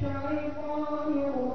Thank you.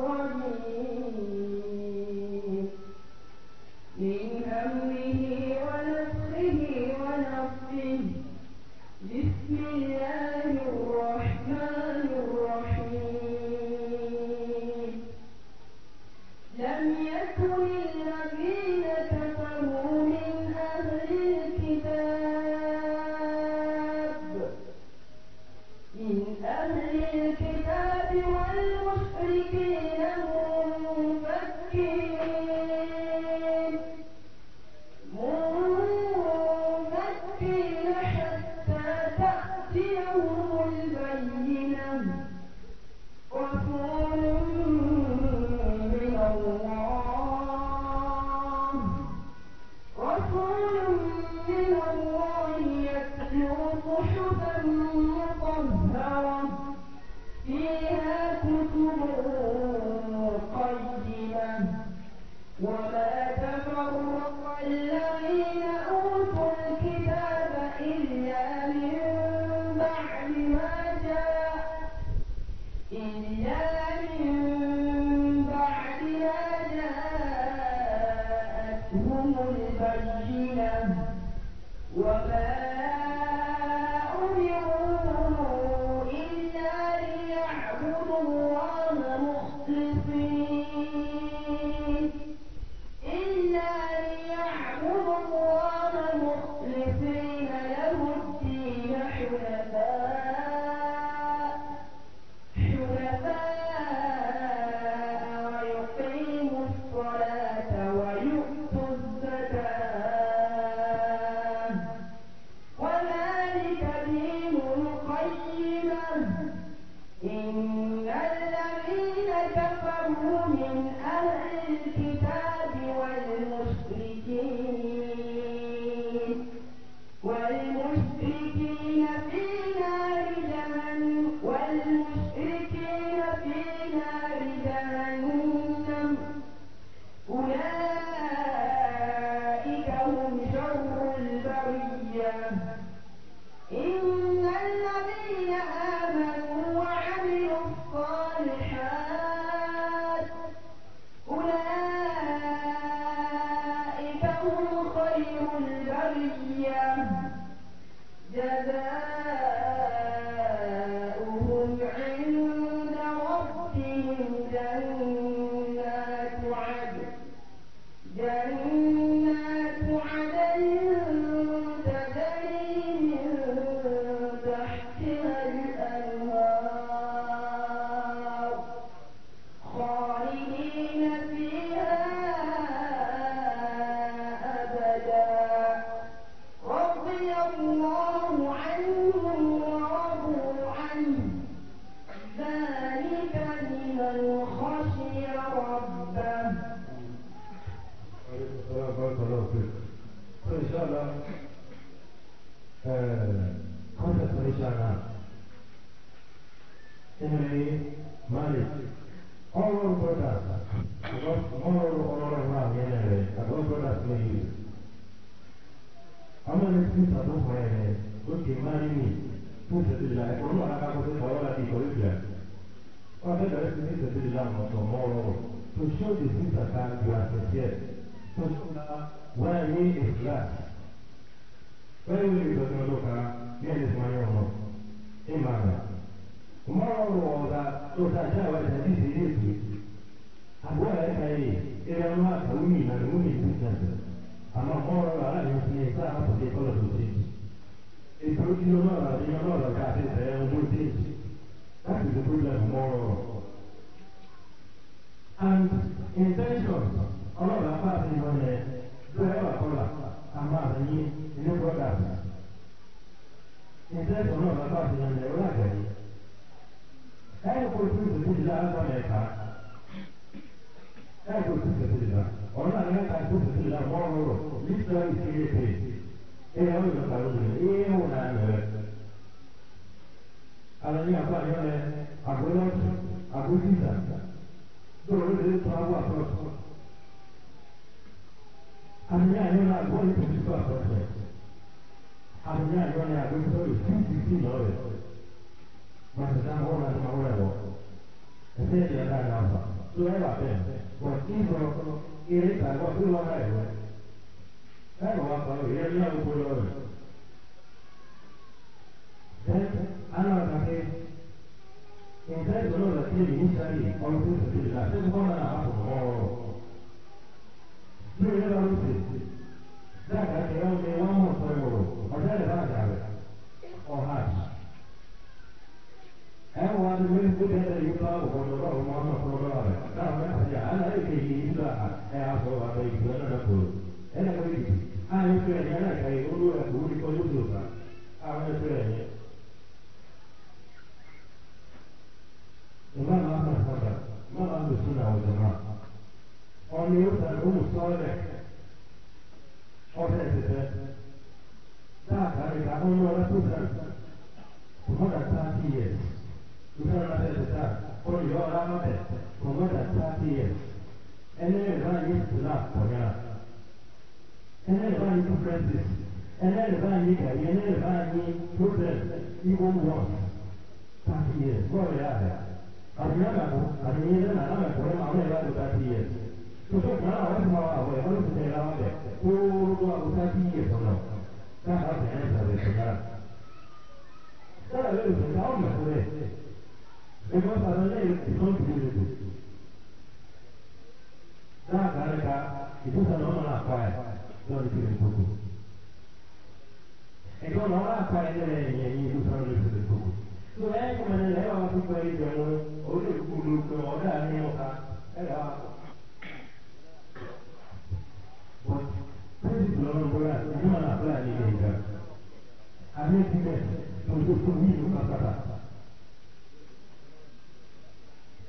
ẹgbẹ́ ẹ̀yẹ yìí ló fẹ́ràn lóṣù tó gbogbo. tó ẹ kọ́mọ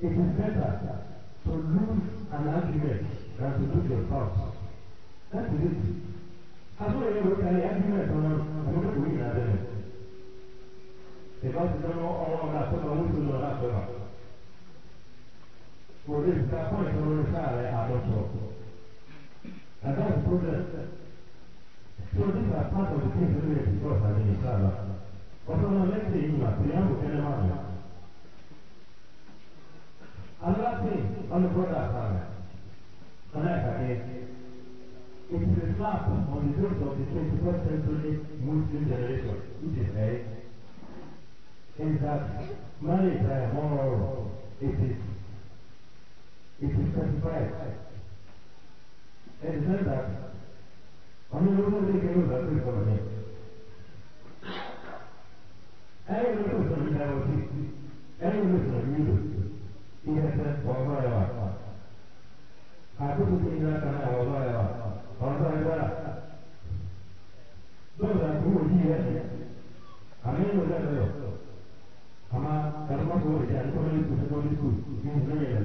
It is better to lose an argument than to lose your spouse. That is it. That's why you look at the argument on a political se e quando sono onorato, sono molto onorato, no. Vuol dire che poi sono restare a dopo. Allora, scusa, se la parte di chi si deve cosa amministrava, ma sono lette in una, speriamo che ne vanno. Allora sì, vanno fuori a fare. Non è perché il privato ogni giorno di 100% di multi generation, tutti sei, is that uh, marriage is moral. It is it satisfied. And then that only women can use that for me. Every person that I will every person you do, he has said, "Oh my God." Aku tu tinggal karena Allah ya, Allah ya. Dosa aku dia, amin dosa dosa. amma ka zama ko da an kuma lissu ta kuma lissu yin zuwa ya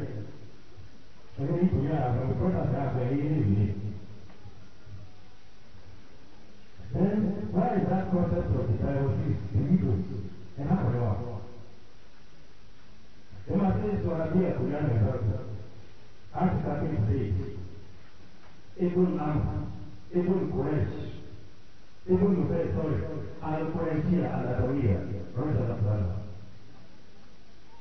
sai ni ko ya ba ko ta da ba yi ne ne then why is that concept of the diocese illegal and how law Ema sisi tunaambia kulani hapo. Hata kama ni Ibn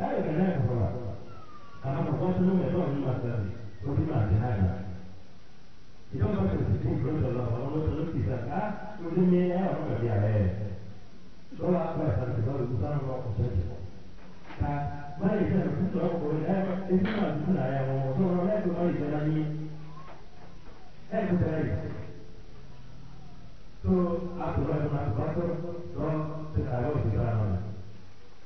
ai da nan kuma amma ba kuma sun ne kawai ma ta ne ko bi ma ta haya idan ya ya ya ya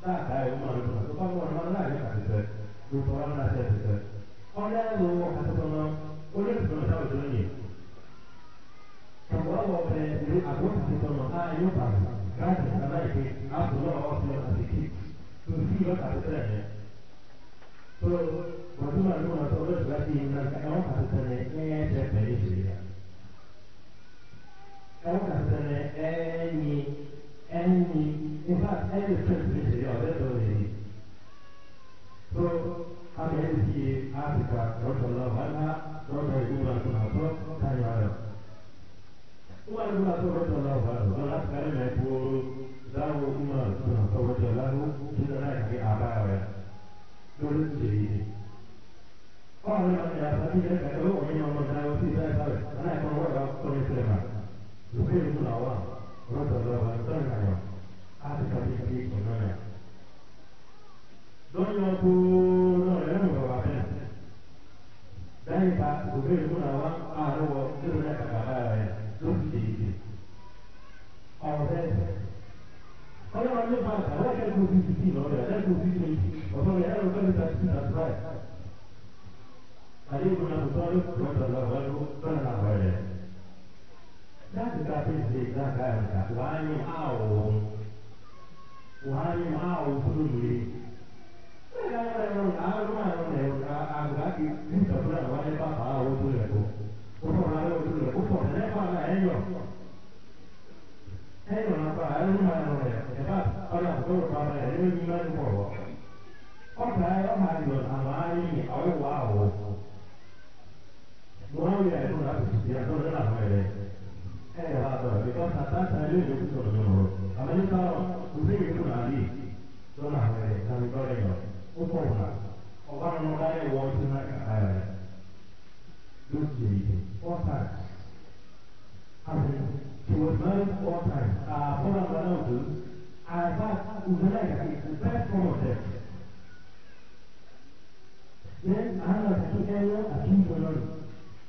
大概有冇人睇？包括我那也看得出，有多少那些不是？后来我还是说呢，我认识了小学你，从我我的你阿公是说呢，他有把干净的那一些，阿婆那我是那些去，就是有啥子的。所以我这么弄了，说我主要是因为刚刚还是说呢，哎，这便宜些的，刚刚还是说呢，哎你。any, in fact, any facility of ability to America, Africa, Dr. Lavana, Dr. Guma Kunato, Tanyaro. Uma Guma Dr. Lavana, Dr. Karime Puru, Zawo Guma Kunato, Dr. Lavu, Kidanaki Abaya, Dr. Jiri. Ọ̀rọ̀ ìrìn àti àtijọ́ ìgbàlódé òun ni ọmọ ìdáyọ̀ sí ìdáyọ̀ sáré, aláìkọ́ wọ́n yà ọ́ sọ́yìn sílẹ̀ máa. Lùkúrò ìmúlò àwọn. علي بن ابي طالب رضي الله عنه كان على Dájúdá fi ṣe ìdáka ẹ̀ka wáyé áwòrán wáyé áwòrán fún mi. Bẹ́ẹ̀ni àwọn ẹ̀rọ àárọ̀ àárọ̀ ẹ̀ka àgbàkì tí ìjọba wáyé bàbá àwọn tó rẹ̀ kó. Ó fọ̀ wáyé ojú rẹ̀ kó fọ̀ lẹ́fọ̀ àlà ẹ̀yọ̀. Ẹ̀yọ̀ nàpa Eh, vabbè, because at that time lei non so cosa loro. Americano, così che tu la lì, non ha mai, non mi correggo, o paura, o vanno a dare vuoi se non è Good day, four times. I mean, she was married four times. Then, I was taking a few dollars.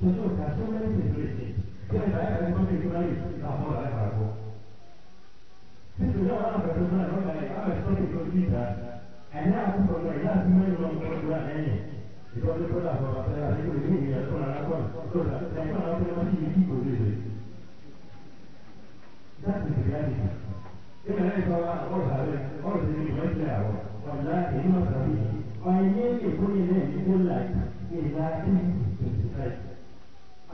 aa aaonye oyela eah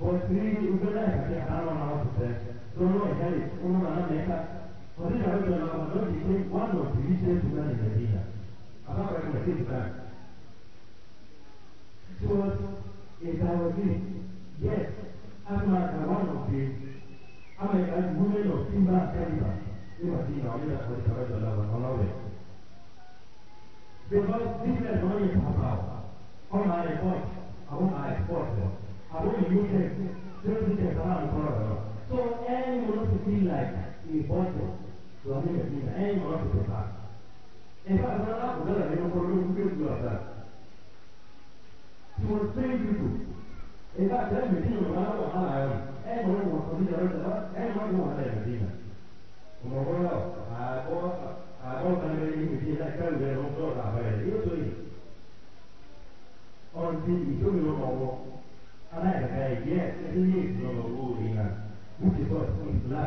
ويستريد وجوده في حرام على السفر ثم يجري ثم على ذلك وذلك رجل على الرجل شيء وأن يستريد شيء من الجديدة أخبر أن يستريد فعلا سورة إذا وزيد yes أما كمان وزيد أما يقال مولد وزيد ما كلمة لما فينا وإلى وذلك رجل الله الله Because this is the money you talk about. How are they going? How are they going? àwọn ìlú tẹ̀ twenty tẹ̀ sábà ń kọ́ ọ̀rọ̀ so any monophysic life in bọ́ọ̀tù ló ní ìdí náà any monophysic life. ẹ̀fọ́ àgbà lákòókò rẹ̀ nínú kọ́ lórí gbé ìlú àgbà tí wọ́n tẹ́ ìdìbò ẹ̀fọ́ àgbà rẹ̀ méjì ló máa wọ̀ hàn áyọ̀ ẹ̀yìn wọn wọ̀ sọ nílẹ̀ rẹ̀ sọ ẹ̀yìn wọn wọ̀ hàn ẹ̀yìn náà. ọmọkùnrin àbọ̀ àbọ̀ kan lè ní ìdí náà kẹ́rù rẹ̀ ló ń àbẹ̀rẹ̀ yóò tó yìí. ọ̀n ti ìjọ́mi ló rääkäijät liitnololuina uutisoistisla.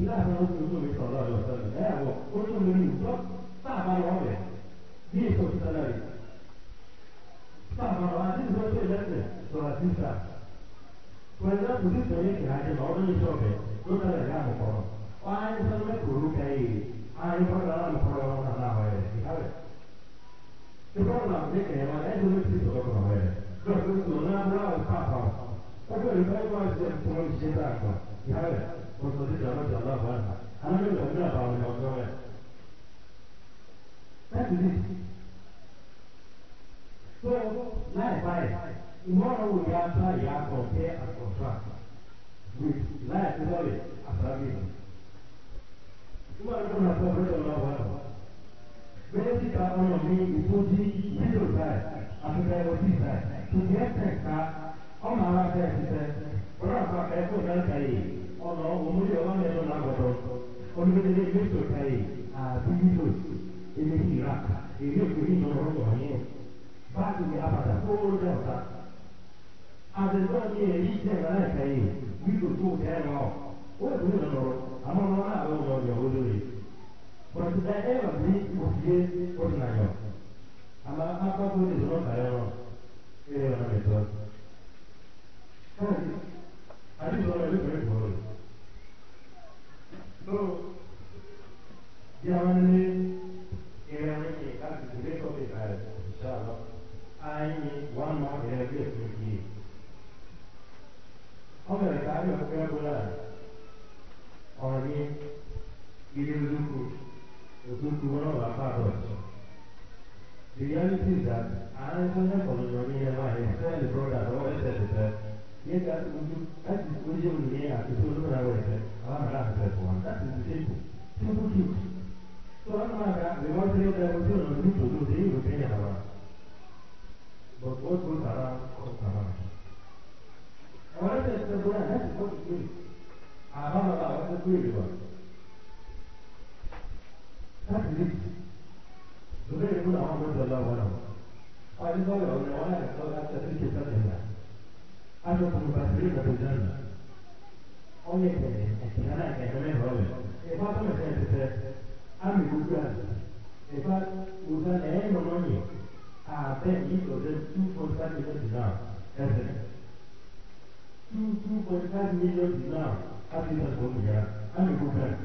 Ilaa Rasulullah sallallahu alaihi wasallam ẹ wọ olóòwò ní ìjọ sáàbà lọ rẹ̀ bí 各位主呢，不要怕哈，他这里开关是不能携带的，你看，我昨天讲到讲到很好，还没有人在打我各位，但是呢，所以那拜，我如果要他也搞些啊搞啥，你来不到的啊啥的，我如果要做不到的话，没有其他方面，你估计没有在，啊没在我自己在。tùnyẹ́tẹ̀ka ọ̀nà ara tẹ̀ ẹ̀sìtẹ̀ ọlọ́ọ̀fà ọrụ ọrụ yìí ọrụ òmùdí ọrụ ẹ̀rọ làbọ̀dọ̀ olùdókòwò ilé ìtòkà yìí àdúgbò ilé ìlà èyí òkú nínú ọ̀rọ̀ wọ̀nyẹn báàgì ní abàdà Ele é o Zucco. O Zucco não vai para a rocha. The reality is that I don't have polynomial by external product or etc. Yet that that is usually me as a solution away. Our last one. That is simple. Simple thing. of زهير بن عمر رضي الله عنه قال ذوي العلماء قال حتى في كتابنا أنكم مبشرين بالجنة أولي كنا كنا هؤلاء إذا كنا كنا أمي وجان إذا وجان أي نماني أبدا يتوجد 2.5 مليون دينار كذا 2.5 مليون دينار أبدا تقول أمي وجان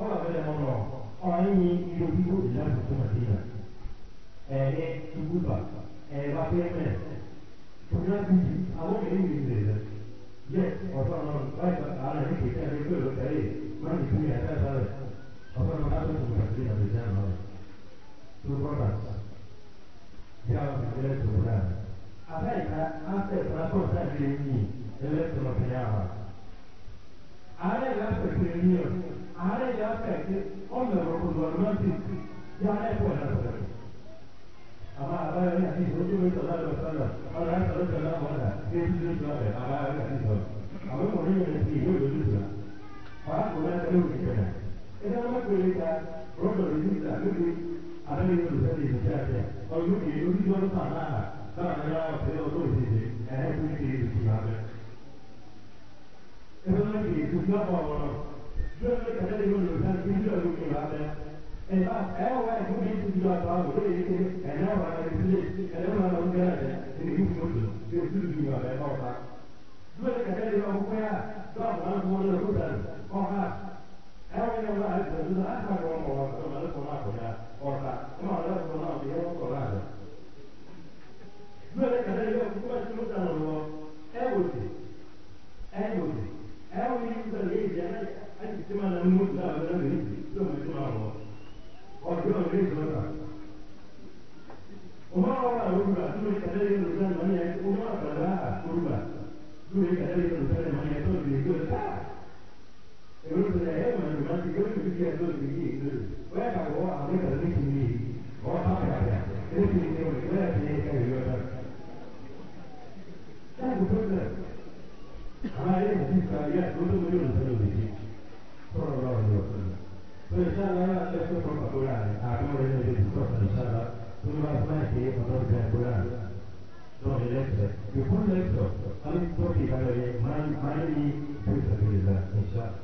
قال هذا ما هو أعيني يجيبه إلى حكومتنا é subúrbano, é permanente. Terminado a longa Yes, a a maara yana a yana cikin wajen amma a and but everyone who needs to do our work is and now I can do aa aa a e a ae Risalva è questo particolare, abbiamo le mie risposte, risalva, prima ormai che io non ho calcolato, sono le lettere, più con le lettere, all'importante, mai, mai, più stabilizzare, insomma.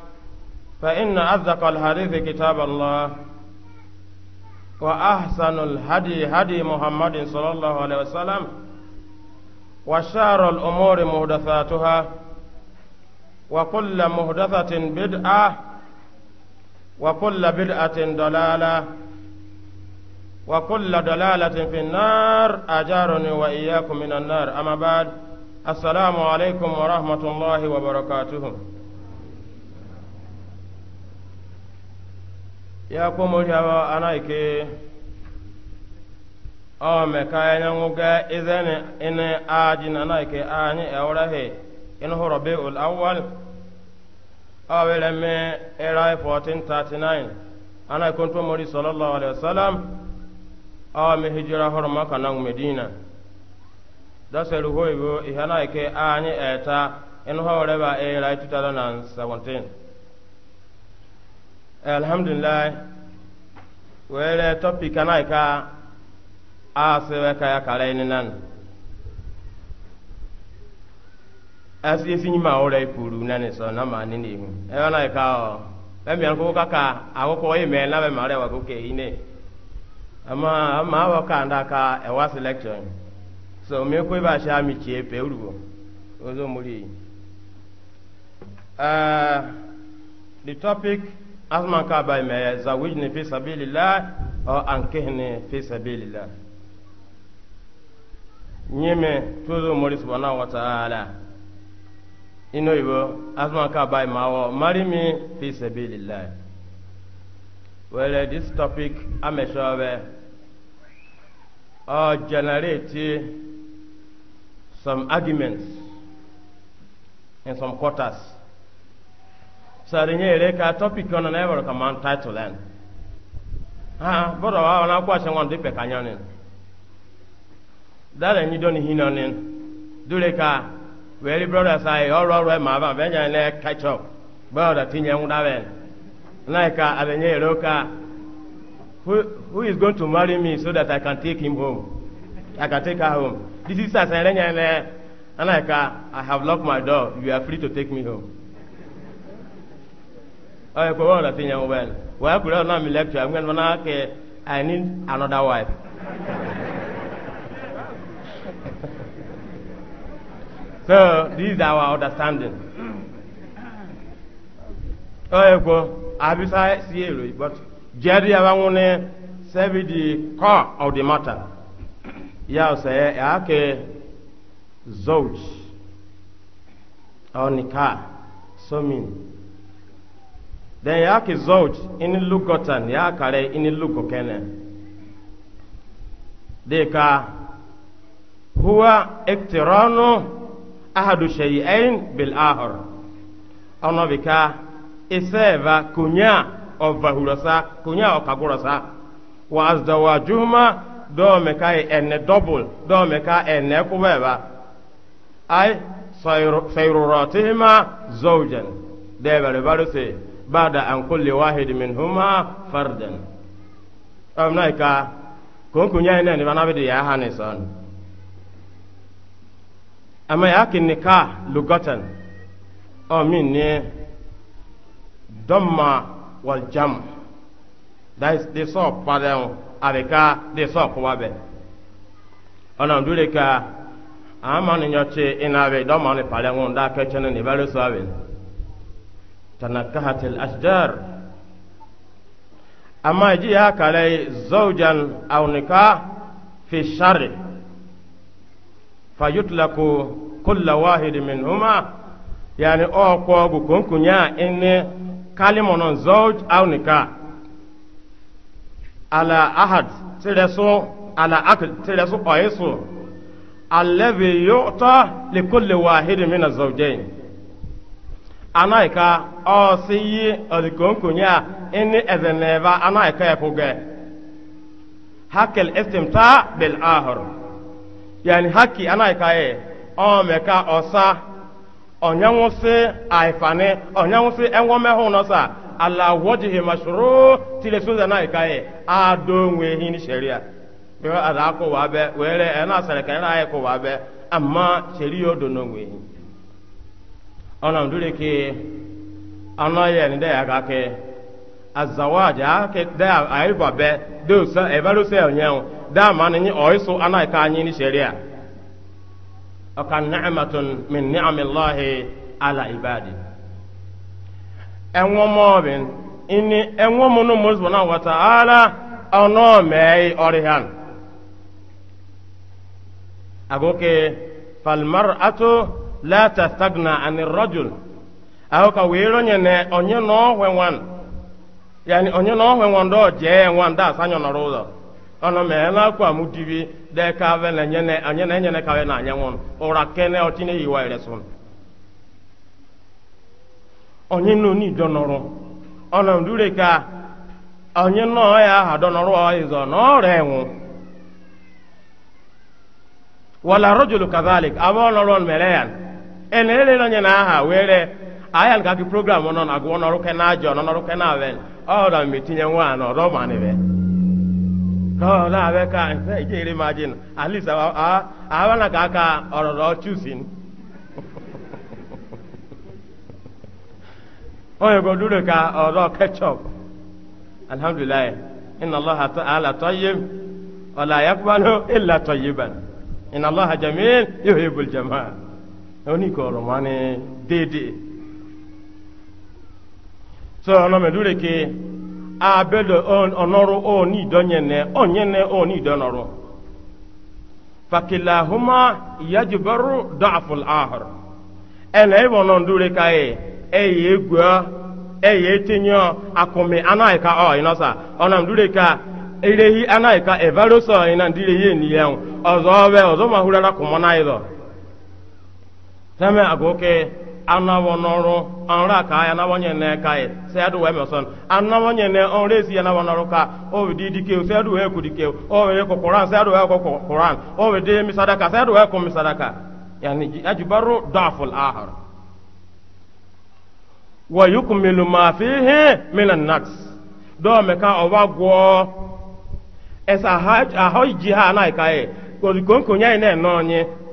فإن أصدق الحديث كتاب الله وأحسن الهدي هدي محمد صلى الله عليه وسلم وشار الأمور مهدثاتها وكل مهدثة بدعة وكل بدعة دلالة وكل دلالة في النار أجارني وإياكم من النار أما بعد السلام عليكم ورحمة الله وبركاته ya kpọmori abụ anaghịkị ọ meka anya ize izeni ine aji na anaghịkị anyị ewereghị ịnụhụrụ bi ul awal ọ were mme ịrai 1439 anaghịkị ntụ mori sallallahu alaihi wasallam o me hijira hụrụ maka na medina dasere huo ibo ihe anaghịkị anyị eta ịnụhụrụ ba ịrai 2017 alhamdulillah wele topic kana ka asewe ka ya kala ni nan asi esi nyima ore ipuru nani so na ma ni ni e na ka o be mi ko ka ka akoko yi me na be mare wa ko ke ine ama ama wa ka nda ka e wa selection so mi ko ba sha mi che pe urugo ozo muri uh, the topic asma ka bai me zawijni fi sabilillah o ne fi sabilillah nyime tuzo mori subhanahu wa ta'ala ino ibo asma ka bai mawo mari mi fi sabilillah well this topic ameshobe o generate some arguments in some quarters sarinyere ka topic ona na eboro ka man title en ha boro wa ona kwa se won de pe ka nyanin dare nyi doni hinonin dure ka weri brother sai e, oro oro e ma ba be nyan catch up brother tinye nguda ben like abenyere ka who, who is going to marry me so that I can take him home I can take her home this is as I like I have locked my door you are free to take me home oye ko wala tinya uben wa kula na mi lecture ngan mana ke i need another wife so this is our understanding oye ko abisa si ero but jeri aba ngune serve the core of the matter ya se ya ke zoj onika somin den yake zauj ini lugotan ya kare ini lugo kene de ka huwa iktiranu ahadu shay'ain bil ahar ono bika iseva kunya ovahurasa kunya okagurasa wa azdawajuhuma do meka ene double do meka ene kubeba ai sayruratihima zawjan de bare bare se ba'da an kulli wahid minhuma fardan am nay ka kon kun yayi ne bana bi ya hane son amma ya kin nikah lugatan o min ne damma wal jam that is so pardon abeka the so kwa be ona ndure ka amani nyoche inabe damma ne pale ngonda kechene ne balo so abe tanakkahat al-ashjar amma ji ya kalai zawjan aw nikah fi sharri fayutlaku kullu wahid minhuma yani o ko gu kunkunya inni kalimonon zawj aw nikah ala ahad tiresu ala akl tiresu oyesu alladhi yu'ta likulli wahid min az-zawjayn anaika ọsị yi ọdịkonkonye a ịnị eze n'ebe anaika ekwuge hakel istimta bil ahụrụ yani haki anaika ye ọmeka ọsa ọnyanwụsị aifani ọnyanwụsị enwomehụ nọsa ala wọjihi mashuru tilesoza anaika ye ado nwehi ni sheria bịa ada akụwa be were ena asịrị ka ị na-ayị kụwa be amma sheria odo n'onwehi ona ndure ke ona ye ni de aga ke azawaja ke da ayi babe do sa e baro se onyan da ma ni oiso ana ka anyi ni sheria aka ni'matun min ni'amillahi ala ibadi enwo mo bin ini enwo mo no mo subhanahu wa ta'ala ono mei orihan la tastagna ani rajul aho ka weero nye onye na ohwe wan yani onye na ohwe wan do je wan da sanyo na rudo ono me na kwa mudibi de ka ve na nye ne onye na nye ne ka ve na anye won ora kene otine yiwa ire sun onye no ni do noro ono ndure ka onye no ya ha do noro o izo na ore enwu wala rajulu kadhalik abon lolon meleyan enelele onye na aha were ahịa nke akị program nọ na agụọ n'ọrụ na ajọ nọ n'ọrụ na aven m etinye nwa na ọrụ manibe ọrụ abe ka ike iri awa na ka aka ọrọrọ chusin onye ka ọrọ tayyib yaqbalu illa tayyiban oníkọ̀ọ̀rọ̀ wọn ni déédéé so ọ̀nà mẹ́dúrẹ́ ke abẹ́dọ̀ ọ̀nọ́rọ̀ òní ìdọ́nyẹ̀nẹ́ ọ̀nyẹ́nẹ́ òní ìdọ́nọ̀rọ̀ fakilahuma yajibaru dọ́àfùl ahọ̀rọ̀ ẹnna ẹ̀ wọ̀n náà dúrẹ́ ka yẹ ẹ̀ yẹ gbọ́ ẹ̀ yẹ tẹ̀yọ́ akọ̀mẹ́ anáyẹ̀ka sa ka eléyìí anáyẹ̀ka ẹ̀fáró sọ̀ sɛmɛ agoke anawɔ nɔrɔ ɔnra ka ya nawɔ nyɛ nɛ ka ye sɛdu wɛ mɛ sɔn anawɔ nyɛ nɛ ɔnre si ya nawɔ nɔrɔ ka o di di kewu sɛdu wɛ kudi kewu ɔwɛ yɛ kɔ koran sɛdu wɛ kɔ koran ɔwɛ di misadaka sɛdu wɛ kɔ misadaka yanni ajubaru dɔafɔl ahar wa yukumilu maa fi hɛn mina naks dɔw mɛ ka ɔba gɔɔ ɛsɛ ahɔ ha n'a ye ka ye nye.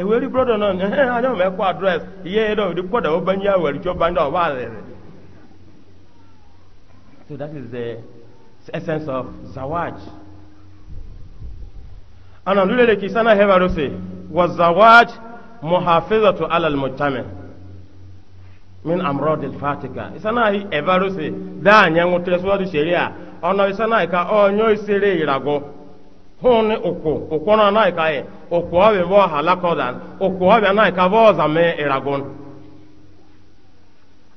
eweri broda non ehe eh, anya me kwa address iye do di broda obanyi awari jo banda oba so that is the essence of zawaj ana lule le kisana heba rose wa zawaj muhafizatu ala al mujtami min amrod al fatika isana hi evarose da anyangu tresuwa du sheria ona isana ka onyo isere irago hụnụ ụkwụ ụkwụ na anaghị ka ya ụkwụ ọbịa bụ ọha lakọdan ụkwụ ọbịa anaghị ka bụ ọza mee ịragun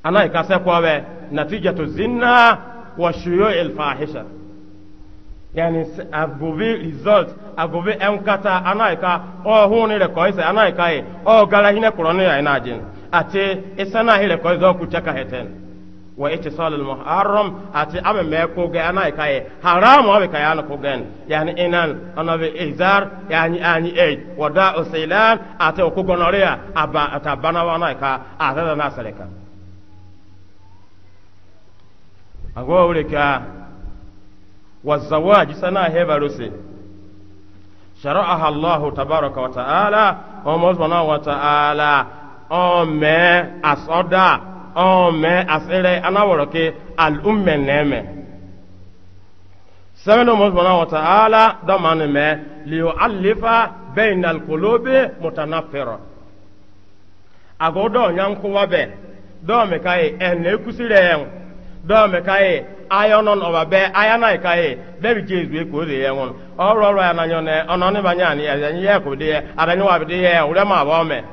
anaghị ka sekwa bụ natijatu zinna wa shuyo ilfahisha yani agobe result agobe enkata anaghị ka ọ hụnụ rekọisa anaghị ka ọ e, gara hine na ya ị na-ajin ati ịsa na ahịrị kọisa ọkụ chekaheten wa itisal al muharram ati abe me ko ge anai kai haram wa be kai an ko gen yani inan anabe izar yani ani e wada usailan ati ko gonoria aba ata bana wa anai ka atada na ago ule ka wa zawaj sana he rusi shara'aha allah tabaraka wa ta'ala wa subhanahu wa ta'ala o me asoda ọmọ asịrị anawọrọ ke al'ummen na-eme sẹ́mẹ́nà mọ́sùmọ́nà wọ̀ta ààlà dọ́mánì mẹ́ lèo alìfà bẹ́ẹ̀ nà kòlóbè mùtànà pẹ̀rọ àgọ́dọ̀ ọ̀nyá nkúwa bẹ̀ dọ́ọ̀mì káyì ẹ̀nà rẹ̀ yẹn dọ́ọ̀mì káyì ayọ́nà ọ̀bà bẹ́ ayánà ìkáyì bẹ́ẹ̀ bí jésù èkó rẹ̀ yẹn wọn ọ̀rọ̀ ọ̀rọ̀ yẹn ọ̀nà ni kò dé yẹ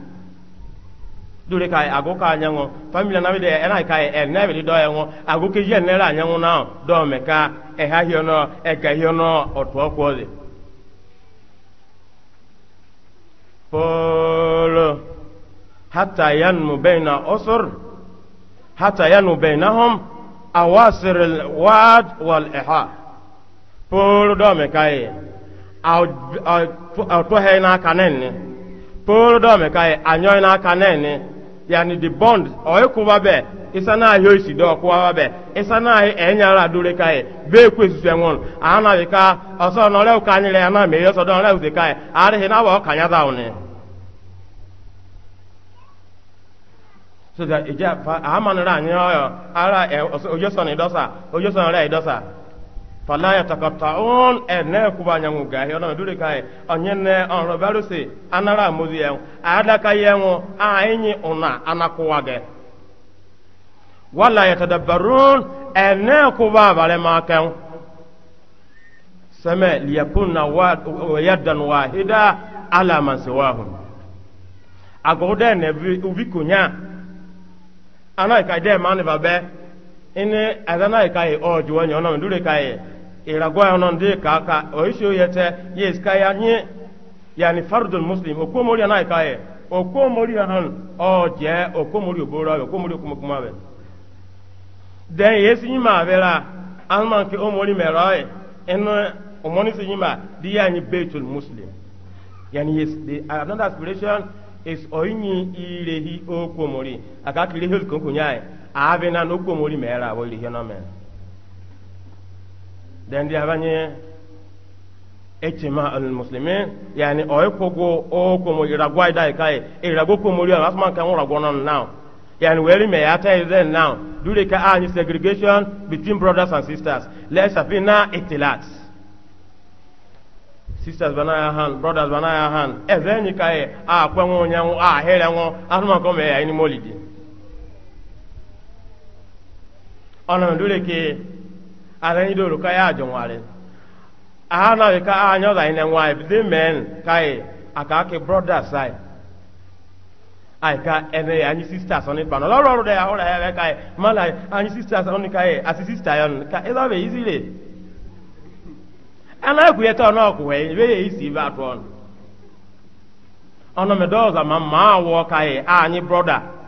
dure kai ago ka nyango family na bi e de na do ago ke na do me ka e ha hi no e no polo hatta yanmu baina usr hatta yanmu bainahum awasir al wad wal iha polo do me kai e. a to he na kanen polo do me e. anyo na yani the bond oye kuba be isa na ahio isi do kuba be isa na ahi enyara dure kai e, be ku esusu enwon ana bi ka oso no le ka nyere na me yo so do le uze kai na ba ka nya dawo ne so ara e, fala yatakattaun ene kuba nyangu gahi ona dure kai anyene onro baruse anara muzi yen adaka yen anyi una anakuwage wala yatadabbarun ene kuba bare maken sama liyakunna yadan wahida ala man siwahum agode ne ubikunya anai kai de manibabe ini azanai kai ojuwanyo ona dure kai iragwa ya dị ka ka oisho yete yes ka ya nye yani fardul muslim okwo mori na ka ye okwo mori han o je okwo mori oboro okwo mori okwo ma vera alman ke omori ma di ya ni baitul muslim yani yes the another aspiration is irehi den dia banye ijtima al muslimin yani o ekogo o ko mo iragwa ida kai irago ko mo ri asman kan ora gonon now yani weri me ya tell them now dure ka any segregation between brothers and sisters let's have na itilat sisters bana ya han brothers bana ya han ezenyi kai a kwenwo nyanwo a here nwo asman ko me ya ni molidi ona dure ke ala ni doro ka ya jonware nwari we ka anyo da ine nwa anyị the men kai aka ke brother sai ai ka ene anyi sisters oni pa no ọrụ ro de ahora ya kai mala anyi sisters oni kai as sister yon ka e da we easily ana ku ye to no ku we we ye isi ba atụ on ọnụ me doza ma ma ka kai ah, anyi brọda.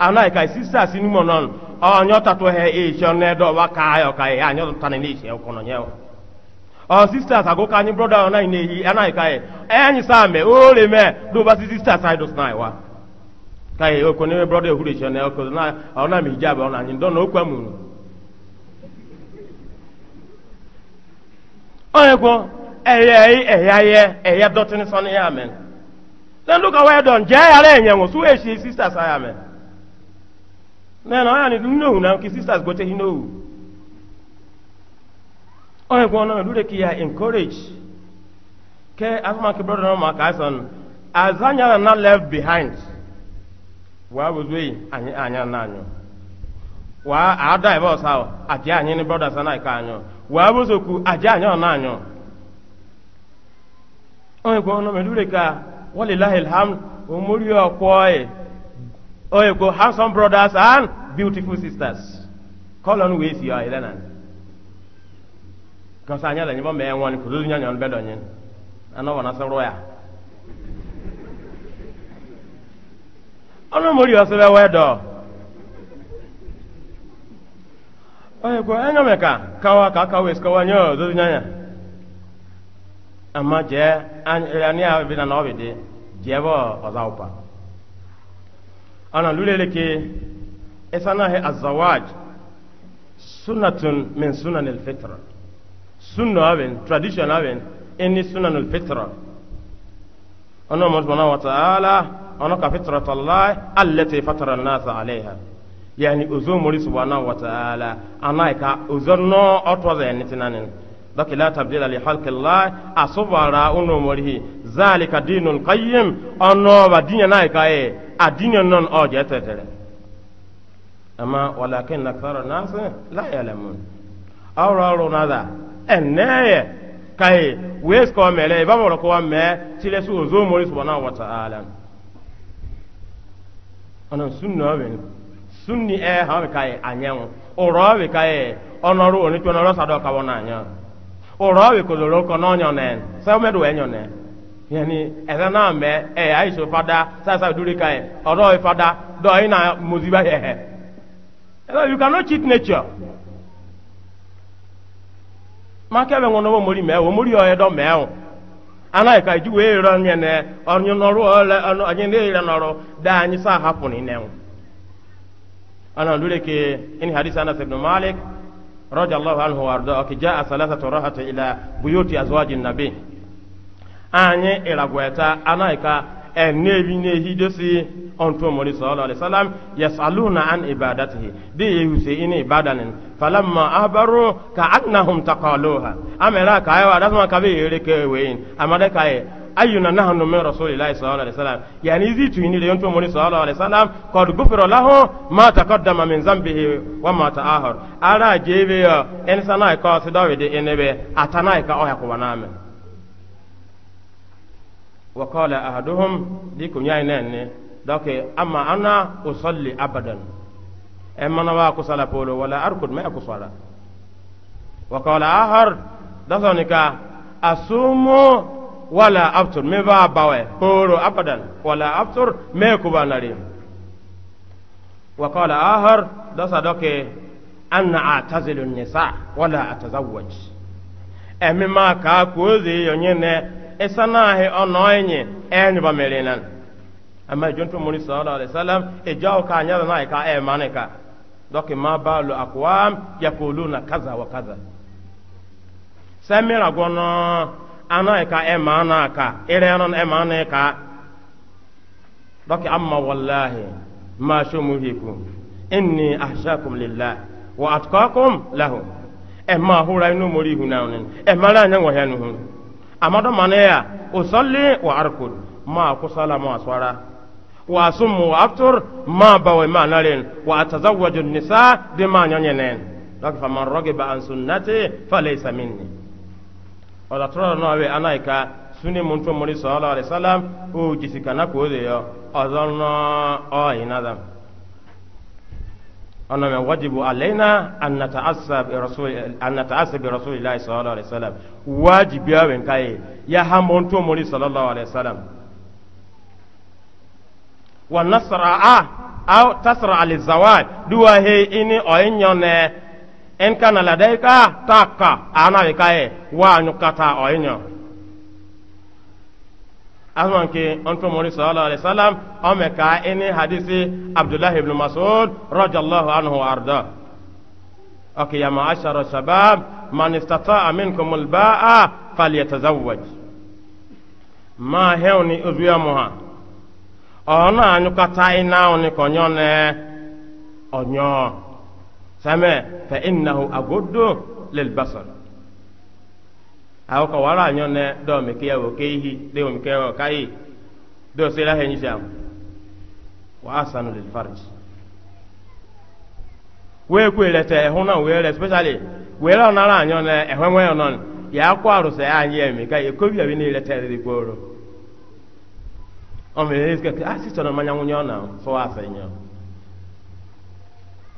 anaika sisa sinumo non onyo tatu he isho ne do wa kayo kai anyo tani ni ishe ukono nyewo o sisters ago anyi brother ona ine yi anaika e enyi same o le me do ba sisters i do snai wa kai o ko ne brother hure isho ne ko na mi ona na mu ya then look su e shi mee na ọnya na know now na sisters sisters gotehi nohu onye gwa ọnụ edure ka ya encourage ke azụmaka brọda na ụmụaka asan as anya na na left behind wa bụzue anyị anya na anyụ wa ada ebe ọsa aja anyị ni brọda sana na ike wa bụzokwu na anyụ onye gwa ọnụ edure ka walilahi alhamd omori ọkwọ ọyị o oh, ye ko handsome brothers and beautiful sisters call on wey ɔ your na kɔsa anya lɛ nyibɔ mɛɛ ŋɔni kudu nya nyɔnu bɛ dɔ nye anɔ wɔna sɛ rɔya ɔnɔ mori ɔsɛ bɛ wɛ dɔ o ye ko ɛnyɔ mɛ ka kawa ka kawa esi kawa nyɔ dudu nya ama jɛ ɛyani a bi na na ɔbi di jɛ bɔ ɔzawo pa. ana lulele ke esana he azawaj sunnatun min sunan alfitra sunno aven tradition aven eni sunan alfitra ono mo subhanahu wa ta'ala ono ka fitrat allah allati fatara an-nas alaiha yani uzo mo subhanahu wa ta'ala ana ka uzo no otwa ze nitinanin dɔki la tabdila li halkillah asubara unu morihi zalika dinun qayyim ɔnɔ ba dinya na ka ye a dinya nɔn ɔ jɛ tɛtɛrɛ amma walakin nakthara nas la ya'lamun awra runa da eneye kai wes ko mele ba mo ko me tile su zo mo subhanahu wa ta'ala ana sunna ben sunni e ha kai anyen oro we kai onoru oni to onoro sado ka wona anyen orowi koloro ko no nyonen sa medu enyonen yani eza na me e aiso fada sa sa duri kai orowi fada do ina muziba he he you cannot cheat nature maka be ngono bo mori me wo mori o edo me o ana e ka ju we ro nye ne onyo no ro ole ono anyi anyi sa hapu ni ne o ana dure ke in anas ibn malik رضي الله عنه وارضاه كي جاء ثلاثة راحة إلى بيوت أزواج النبي أني إلى غويتا أنا إكا النبي نهي دسي أنتو مولي صلى الله عليه وسلم يسألون عن عبادته دي يوسي إني عبادة فلما أبرو كأنهم تقالوها أمي لا كأيوا رسما كبير كوين أمي لا كأيوا ayyuna nahnu min rasulillahi sallallahu alaihi wasallam yani izi tuinile yonto moni sallallahu alaihi wasallam qad ghufira lahu ma taqaddama min zambihi wa ma ta'ahar ara jebe yo en sanai ka sidawide enebe atanai ka oya kubaname wa qala ahaduhum dikunyai nenne doke amma ana usalli abadan en wa kusala polo wala arkud ma kusala wa qala ahar dasonika asumu wala abtur me ba bawe poro abadan wala abtur me kubanari wa qala ahar da sadoke anna atazilu nisa wala atazawwaj emi ma ka kuozi yonye ne esanahi onoyni enye ba merinan amma jonto muri sallallahu alaihi wasallam e jawo ka nyada na ka e manika doki ma balu aqwam yaquluna kaza wa kaza samira gono ana ka e ma ana ka ere ana e ma ana ka doki amma wallahi ma shumuhikum inni ahshakum lillah wa atqakum lahu e ma hura inu mori huna onin e ma la nyango hanu hun amado manaya usalli wa arkud ma kusala ma swara wa asumu wa aftur ma bawe ma nalin wa atazawwaju nisa bima nyanyenen doki faman ragiba an sunnati falaysa minni oda toro no we anaika suni mun to muri sallallahu alaihi wasallam o jisika na ko de yo ozonno o inadam ona me wajibu alaina an nata'assa bi rasul an nata'assa bi rasulillahi sallallahu alaihi wasallam wajibi awe kai ya hamon to muri sallallahu alaihi wasallam wa nasra'a aw tasra al zawad duwa he ini o inyone in kana ladaika taka ana be kaye wa nyukata oyinyo asman ke onto mori sallallahu alaihi wasallam o me ka ini hadisi abdullah ibn mas'ud radiyallahu anhu arda okay ya ma'ashara shabab man istata'a minkum al-ba'a falyatazawwaj ma hewni uzuya muha ona anyukata ina oni konyone onyo سمع فإنه أجد للبصر أو كوارا نيون دو مكيا وكيه دو مكيا وكاي دو سيلا هنجام وأحسن للفرج weekwe lete ɛho na wee especially wee lɛ ɔnara anyɔ na ɛhwɛnwɛ yɔ nɔn yaa kɔ arosɛ anyi ɛmi ka ekobi abi ne lɛ tɛri gboro na na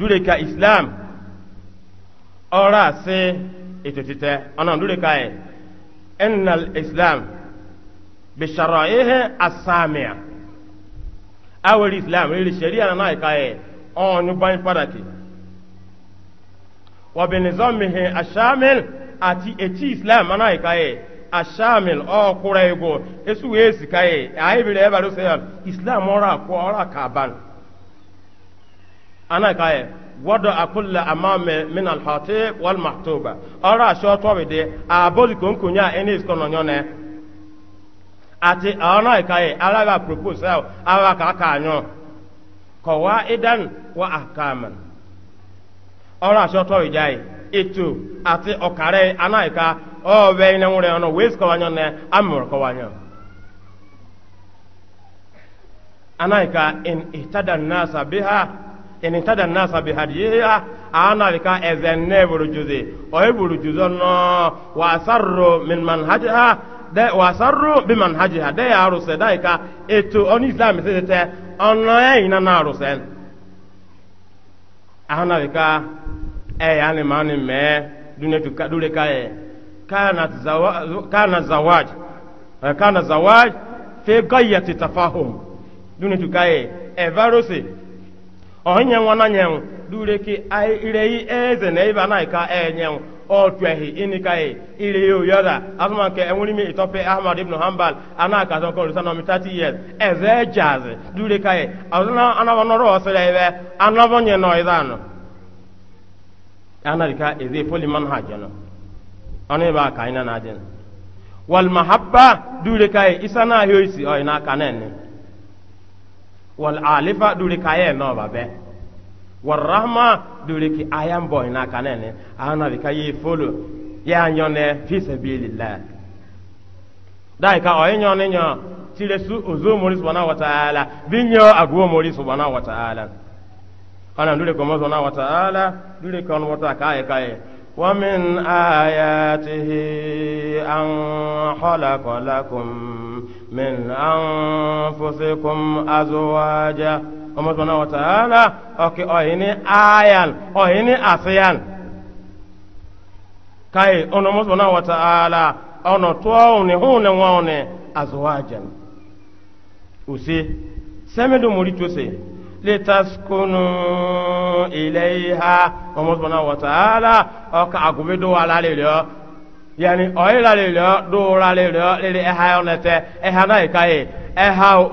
dure ka islam ora se ito tite ona dure ka e innal islam bi sharaihi as-samia awel islam ri sharia na ka e onu ban padaki wa bi nizamihi ash-shamil ati eti islam na ka e ashamil ọkụrụ ego esu wee sika ye anyị biri ebe a islam ọrụ akụ ọrụ akaban ana kaye wado akulla amame min alhati wal mahtuba ora sho to be de aboli kon kunya enis kono nyone ati ana kaye ala ba propose ala ka ka anyo qawaidan wa ahkaman ora sho to be jai etu ati okare ana ka o be ne nwure ono wes ko anyo ne amur ko anyo ana ka in ihtada nasa biha in tada nasa bi hadiyiha ana ka ezenne burujuzi oyi burujuzo no wasarru min manhajiha de wasarru bi manhajiha de ya aruse da ka eto on islam se te ono ya ina na aruse ana ka e ya ni mani me dunetu ka dure ka e kana zawaj kana zawaj eh, kana zawaj fi gayyati tafahum dunetu ka e evarose onyenwe na nyenwu dureki ireyi eze na iba na e ka enyenwu otuehi inikai ireyi oyoda asuma nke enwuri mi itope ahmad ibn hanbal ana ka zo ko lusano 30 years eze e jazz durekai azuna e. anabo noro osere ibe anabo nye no idanu ana ka eze poli manhaj Ọnụ ebe a ka anyị na na-adị ajin wal mahabba durekai isana hoyisi o na-enye. wal alifa duri kaye no babe wal rahma duri ki ayan boy na kanene ana bi yi folo ya nyone fi sabilillah dai ka o nyone nyo tire su ozo mori wata ala, bi binyo agwo mori subhanahu wata ala. ana dure ko mo subhanahu wata ala, dure kon wata kaye kaye ومن آياته أن خلق لكم من أنفسكم أزواجا ọmọ sọ̀nà wọ̀tàálà ọkì ọ̀yìn ní ayan ọ̀yìn ní àṣíyàn káyì ọmọ sọ̀nà wọ̀tàálà ọ̀nà tó ọ̀hún hún ní wọn ní azọ́wájẹ̀ òsì ile iha ọmọ sọmọ wọtaala ọka agobe do ala lele ọ yani ọyila ọ do ra lele ọ lele ẹha ọlẹtẹ ẹha náà ìka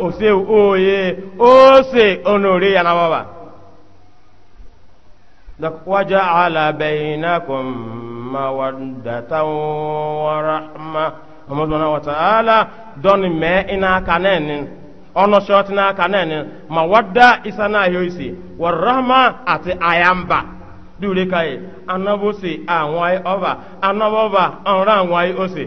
ose oye ose onori yana bọba. wájà alábẹ́yìnà kò má wà dàtà ono short na kanen mawadda isana yoisi warahma ati ayamba dure kai e, anabo se awon oba anabo ba onra awon ose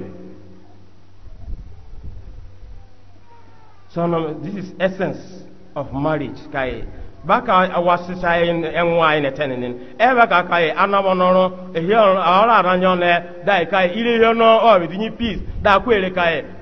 so no, this is essence of marriage kai e. baka awasisa enwa ine tenene ebe ka kai e, anabo noro ehi ora aranyo ne dai kai ile yo no o bi dinyi peace da kwere kai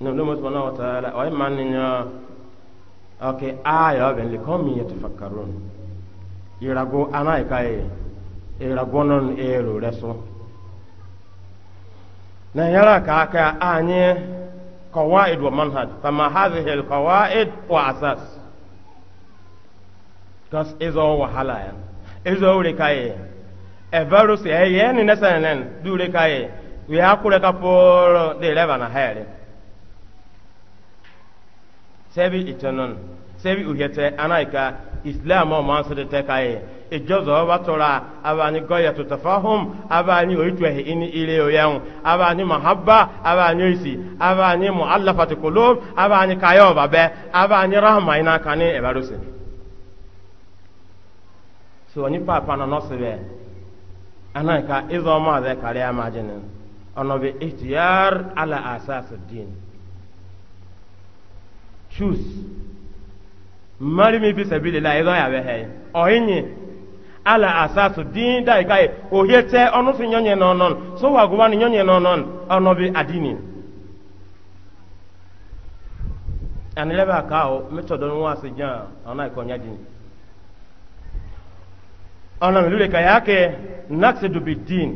no lomo subhanahu wa ta'ala o man nya okay aya ben li kom yatafakkarun irago anai kai irago non ero reso na yara ka aka anye qawaid wa manhaj fama hadhihi al qawaid wa asas kas izo wahala ya izo ure kai e virus e eh, yen nesa nen dure kai we akure ka por de leva na hele sɛbi itanon sɛbi uhɛtɛ anaika islam ɔmo ansɛde tɛka yi ìjọsọ ọba tọra abani gọyà tó tafahom abani oituẹhẹ ini ilé oyẹun abani mahaba abani oisi abani mu alafatikolo abani kayọ babẹ abani rahama iná kan ní ẹbẹrúsẹ. so nípa àpàna nọọsì bẹẹ anaika ìzọ ọmọ àbẹ kàrí àmàjẹni ọ̀nà bíi ihtiyar ala asas diin. shoes mmari mi fi sabili la ɛdɔ yabɛ hɛ ɔyinyi ala asasu diin da ika yi ohie tɛ ɔnu fi nyɔnyɛ nɔnɔn so wa goba ni nyonyo nɔnɔn ɔnɔ bi adini ani lɛ b'a kaa o mi tɔ dɔn wa se jan ɔna ikɔnya di ɔna mi lule ka yaa kɛ nakisi do bi diin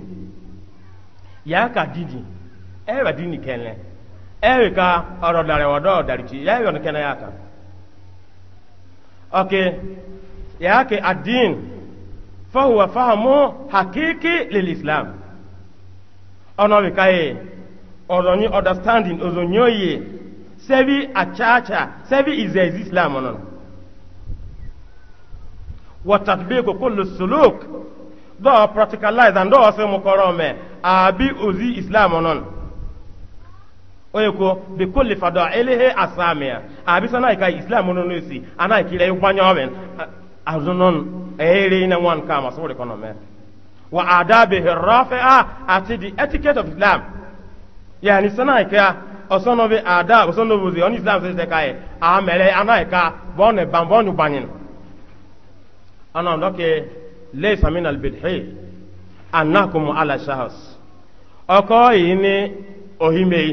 yaa ka didi ɛyɛ ba diini kɛnɛ. Erika ọrọ dara wọdọ darichi ya yọ nkene ya aka oke ya ke adin fahuwa fahamu hakiki lil islam ọnọ wika ye ọzọ ni understanding ọzọ ni oye sebi achacha sebi ize izi islam ọnọ watatbiku kullu suluk dɔɔ practicalize and dɔɔ se mu kɔrɔ ozi islam ɔnɔn onye kwuo bikuli fado elehe asamia abisa na ka islam no no si ana kire yukwanya omen azunon eri ina wan ka masu economy wa adabihi a ati di etiket of islam yani sana ka osono bi ada osono buzi on islam se se a mere ana ka bon bambon yubanyin ana ndoke laysa min albidhi annakum ala shahas ọkọ yìí ni ohimeyi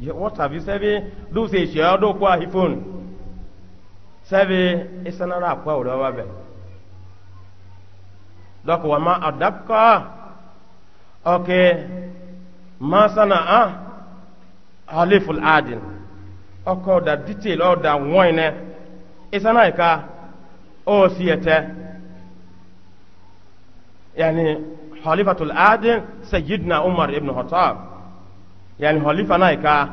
what have you sɛbi do se hyɛ do kɔ ahifon sɛbi isanara akɔ awura wa bɛ dɔk ma adabka ɔke masana a haliful adin ɔkɔ da detail ɔda da nɛ esana yi ka o si ete yani halifatul adin sayyidina umar ibn khattab yani holifa na ka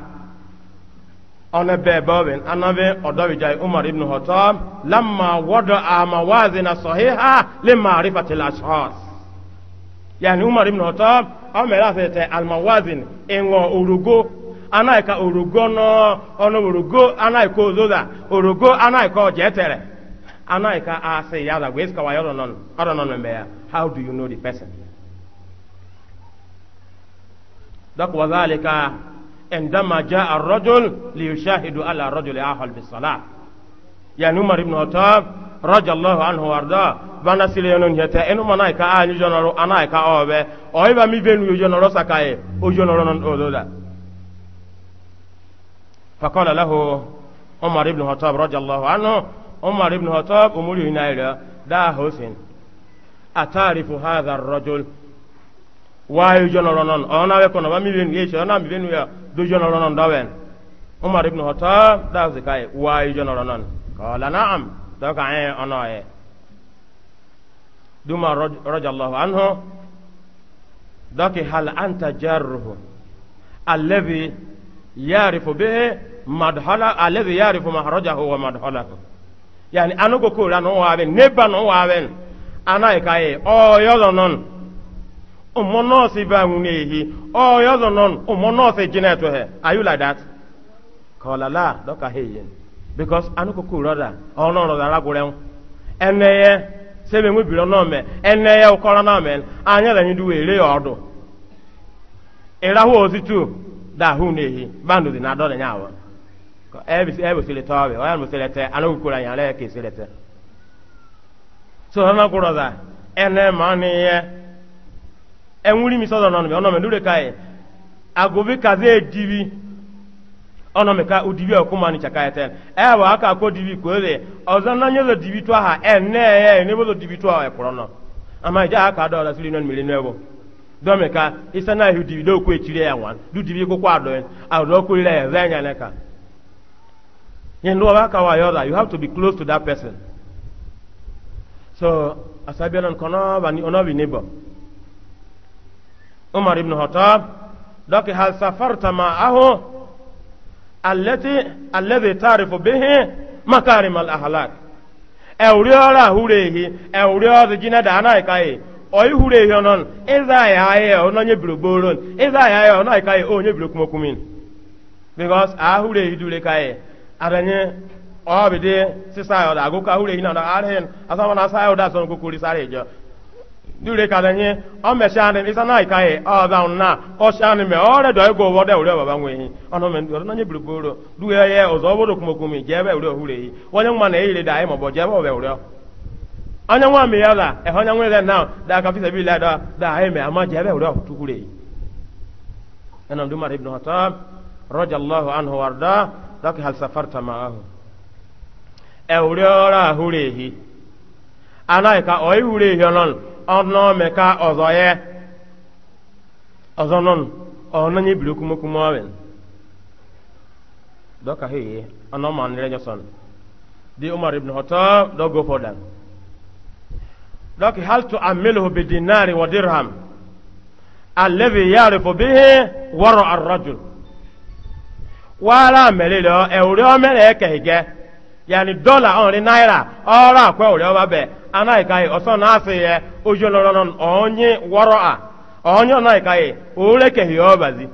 ona be bawin anabe odawija umar ibn khattab lamma wada mawazina sahiha limarifati al-ashkhas yani umar ibn khattab amela fete al-mawazin enwo urugo anaika urugo no ono urugo anaika ozoda urugo anaika ojetere anaika ase yada weska wayoro non oro non me how do you know the person دق وذلك عندما جاء الرجل ليشاهد على الرجل آخر بالصلاة يعني عمر بن الخطاب رضي الله عنه وارضاه bana sile yonon hete enu manai ka anyu jonoro anai ka obe oiba mi venu jonoro sakae o jonoro non ododa فقال له عمر بن الخطاب رضي الله عنه عمر بن الخطاب امري نايرا دا حسين اتعرف هذا الرجل waayo joloronon onawe kono ba miwen mi ona miwen ya do joloronon dawen umar ibn khattab da zikai waayo joloronon qala na'am da ka e onoye duma radiyallahu anhu daki hal anta jarruhu alladhi ya'rifu bihi madhala alladhi ya'rifu mahrajahu wa madhalahu yani anugo ko ranu wawen neba no wawen anaye kai e, o oh, yolonon ụmụ nọọsụ ibe anwụ na-ehi ọya ọzọ nọ ụmụ nọọsụ ejina etu he are you like that ka ọ dọka ha eyi because anụkụkụ rọda ọnụ ọrọda ragwụrụ eneye sebe nwebiri ọnọme eneye ụkọrọ nọme anya na nyidu wee ree ọdụ ịrahụ ozitu da ahụ na-ehi bandụ dị na adọrọ e e ya awa ebesiri tọọbị ọya mesiri ete anụkụkụrụ anya ara ya ka esiri ete so ọnụ ọgwụrọda ene ma ọ enwuri mi sɔdɔ nɔnɔmɛ ɔnɔmɛ lórí ka yɛ agobi kaze dibi ɔnɔmɛ ka udibi ɔkuma ni tsaka yɛ tɛ ɛyà wò aka kó dibi kò lè ɔzɔn náà nyɛlɛ dibi tó aha ɛnɛ yɛ ne bolo dibi tó ɛkplɔ nɔ ama ìdí aka náà yɛ dibi dɔw kó etsi yɛ wọn du dibi kókó adɔ ka umar ibn khattab doki hal safarta ma'ahu allati alladhi tarifu bihi makarim al ahlak ewriora hurehi ewriora jina da anai kai oyi hurehi onon iza ya ya ononye birogboron iza ya ya onai kai onye birokumokumin because ahurehi dure kai adanye ọbịdị sisa ya ọ da agụkọ na ọ da arịhịn na asa ya ọ kokori sáré ìjọ dure ka o me sha ni isa na e, o da na o sha ni me o re do ego wo de ure baba ono me na nye bulugoro ye o zo bo do kumoku je be ure hure yi wonye nwa na e ire da e mo bo je bo be ure anya nwa me ya la e honya nwe da la da da e me ama je be ure tu yi e ana ndu mar o yi ọnụ meka ọzọ ya ọzọ nọ ọnụ nye biri okumokumo ọwịn dọka ha ihe ọnụ ọma nire nyọsọn di umar ibn hoto dogo fodan dọki hal tu amiluhu bi dinari wa dirham alladhi ya'rifu bihi wara ar-rajul wala melilo ewri o mere ekehige yani dọla onri naira ora akwa ori oba be anaghịkaghị ọsọ na-asị ya ojolọrọ onye wọrọ a onye ọnaghịkaghị orekeghị ọbazi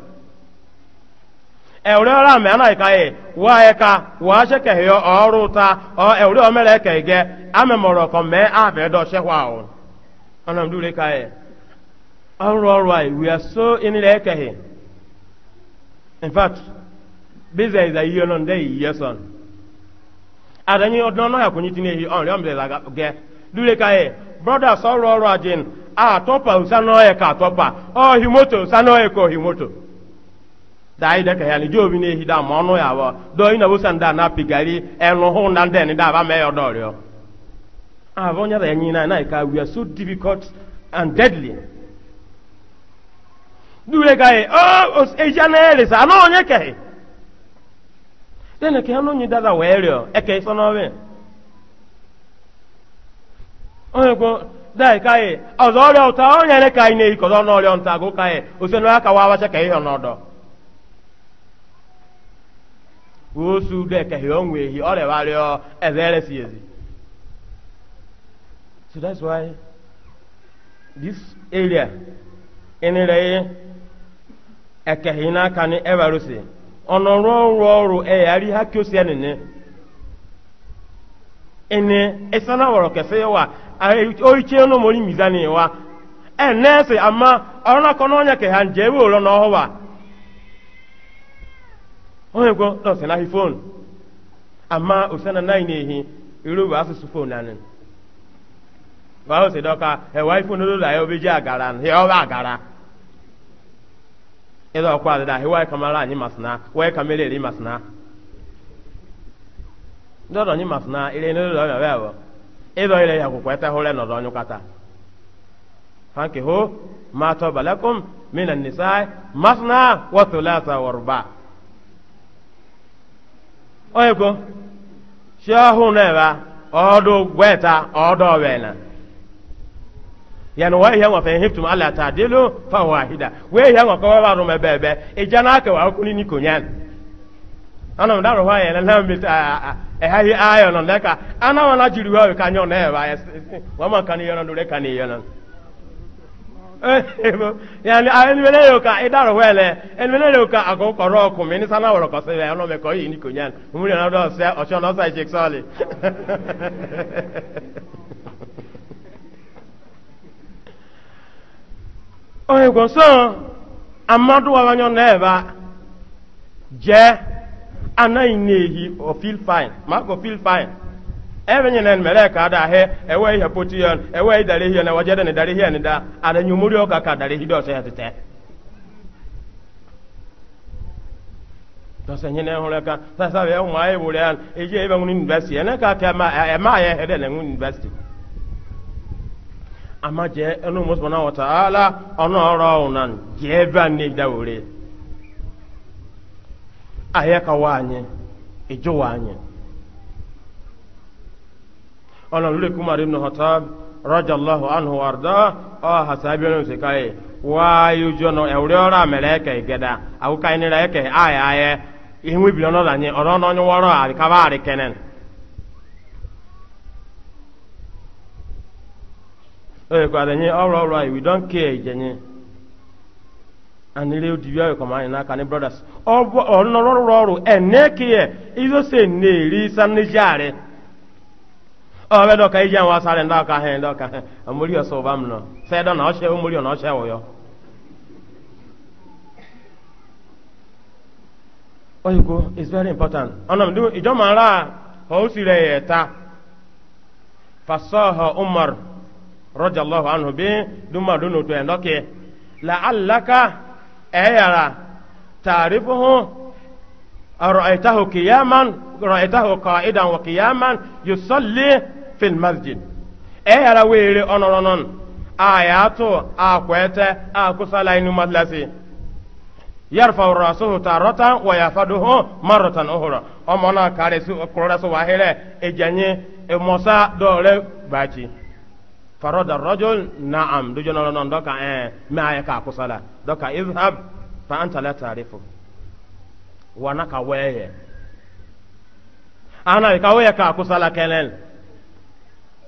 ẹ̀wùrẹ́ ọ̀rá àmì anáìkáyè wá ẹka wà ṣẹ́kẹ̀hì ọrụ ta ọ ẹ̀wùrẹ́ ọmẹ́rẹ́ kẹ̀gẹ́ amẹ̀mọ̀rọ̀ kan mẹ́ àfẹ́dọ̀ ṣẹ́wà ọ̀ ọ̀nàmdúrẹ́ káyè ọ̀rù ọrụ ọrụ we are so inilẹ̀ kẹ̀hì in fact ndị ọdụ dure ka ye brothers ọrụ ọrụ ajin a tọpa usanoye ka tọpa ọhi moto usanoye ka ọhi moto dai da ka ya lijo obi n'ehi da ma ọnụ ya wọ do ina bosa nda na pigari ẹnu hụ na ndị da aba mee ọdọ rịọ ahụ onye ya nyina na ka we are so difficult and deadly dure ka ye ọ eja na eresa anụ onye kehe dene ke anụ onye dada wee rịọ eke isọ n'ọbịa onye kwo dai kai ọzọ ọrịa ụta onye ne kai na ikọzọ n'ọrịa nta agụ kai osenu aka wa abacha ka ihe n'ọdọ osu de ka he onwe ehi ọrịa warịọ eze eresi ezi so that's why this area enere ekehi n'aka ni ewarusi ọnọrọ ọrụ ọrụ eyari ha kiosi ẹnini ẹni ẹsẹ náà wọrọ oichie n'ụmụri mizani wa enesi ama ọrụ akọ n'ọnya ke ha nje ebe ụlọ n'ọhụwa onye kwo dọsi na fon ama osana nai na-ehi iru bụ asụsụ fon anị wa ose dọka ewa ifon olu la ya e, obeji agara ya ọba agara ịdọ e, ọkwa adịda hiwa kamara anyị masịna wee kamara eri masịna dọdọ anyị masịna ire n'olu la ya ọbịa ịdọ ile ya akwụkwọ ete hụrụ ịnọdụ ọnyụ kata fanke ho ma tọ balakum mina nisai masna watulata warba oyeko shi ọhụ na ebe ọdụ gweta ọdụ ọbịa yani wa ihe nwafe hiftum ala ta dilu fa wahida wa ihe nwafe wa baru me bebe ijana ka wa kuni ni kunyan ana mdaro wa yana na mi ehahi ayo nọ, leka ana wana jiri wawe ka nyon eba wama kani yonon dure kani yonon eh, yani enwele yo ka idaro wele enwele yo ka ago koro ku mi ni sana woro ko se le ono me ko yi ni ko nyan mu ni na do se o se no sai jek sali o e go so amadu wa nyon eba je anaghị na-ehi o feel fine ma go feel ebe ebenyere mere ka ada he ewe ihe poti yon ewe idare ihe na wajede ni dare ihe ni da ada nyumuri oka ka dare hido ya hetete dọsa nyene hore ka sasa be mu ayi e wure an eje ebe nguni university ene ka aka ma e ma ye hede le nguni university ama na enu ala wa taala ono oro unan je a na dawure ayakawa anyị ịjụwa anyị ọnà lórí kumar ibn hatab rajallahu anhu warda ọ hasabi ọnà sí káyé wáyé ojú ọ̀nà ẹ̀wúrẹ́ ọ̀rọ̀ àmẹ́rẹ́ ẹ̀kẹ́ ìgẹ̀dà àwùká ẹni rẹ̀ ẹ̀kẹ́ ayẹ ayẹ ihu ibi ọ̀nà lànyẹ ọrụ ọ̀nà ọrụ we don't care and ile odi wiawe kama anyị n'aka ni brothers ọnọrọrụ ọrụ enekiye izose na-eri sanijari ọbẹ dọka ije nwa sáré ndọka hẹ ndọka hẹ amori ọsọ ọba m nọ sẹdọ na ọchẹ omori ọ na ọchẹ wọyọ oyiko is oh, oh, very important ọnà mi ìjọ máa ra ọ sì ta fasọhọ umar rọjà lọhọ anhu bí dumadu nùtọ ẹ ndọkẹ làálàkà. ayara ta'rifuhu ra'aytahu qiyaman ra'aytahu qa'idan wa qiyaman yusalli fil masjid ayara were onononon ayatu akwete akusala inu matlasi yarfa rasuhu taratan wa yafaduhu maratan ukhra omona kare su kurora su wahire ejanye emosa dole bachi faroda rajul na'am dujona lonon doka eh me ayaka akusala dɔka izhab fa anta la ta'rifu wana ka wɛɛyɛ ana ka wɛɛyɛ ka kusala kɛnɛl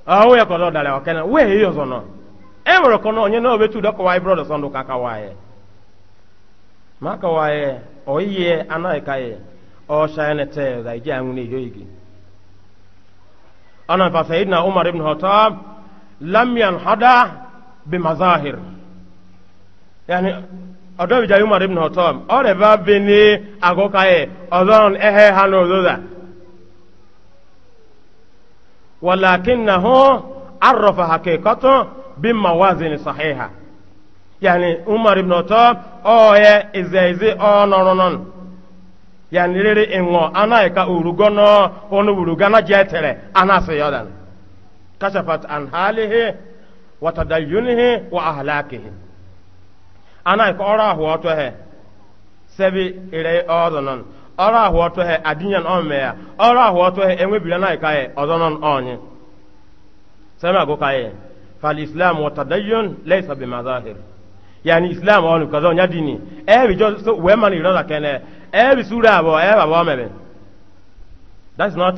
a wɛɛyɛ kɔdɔ dalɛ wa kɛnɛ wɛɛyɛ yɔ zɔnɔ e wɛrɛ kɔnɔ o nye n'o bɛ tu dɔka waa ibro de sɔndu ka ka ma ka waa yɛ ana ka yɛ o tɛ zai jɛ anwuni yɔ yigi ana fa sayidina umar ibn khattab lam yanhada bi yani ọdọ bi jayi na ibn hotom ọrẹ bá bi ní agoka yẹ ọlọrun ẹhẹ ha ní olóra wàlákin na hó arọfa hakekọtọ bí mawazin sahiha yani umar ibn hotom ọyẹ ìzẹ̀ìzẹ̀ ọ̀nọ̀rọ̀nọ̀n yani rere ìwọ̀n anáyẹ̀ka òrùgọ́nà onúwùrùgánà jẹ́ tẹ̀rẹ̀ anásìyọ́dàn kashafat an halihi watadayunihi wa ahlakihi ana ko ora ho to he sebi ire odonon ora ho to he adinyan on meya ora ho to he enwebira na ikaye odonon onye sema go kaye fal islam wa tadayyun laysa bi mazahir yani ya onu kazo nya dini e bi jo so we man iro na kene e bi sura abụọ ebe babo mebe that's not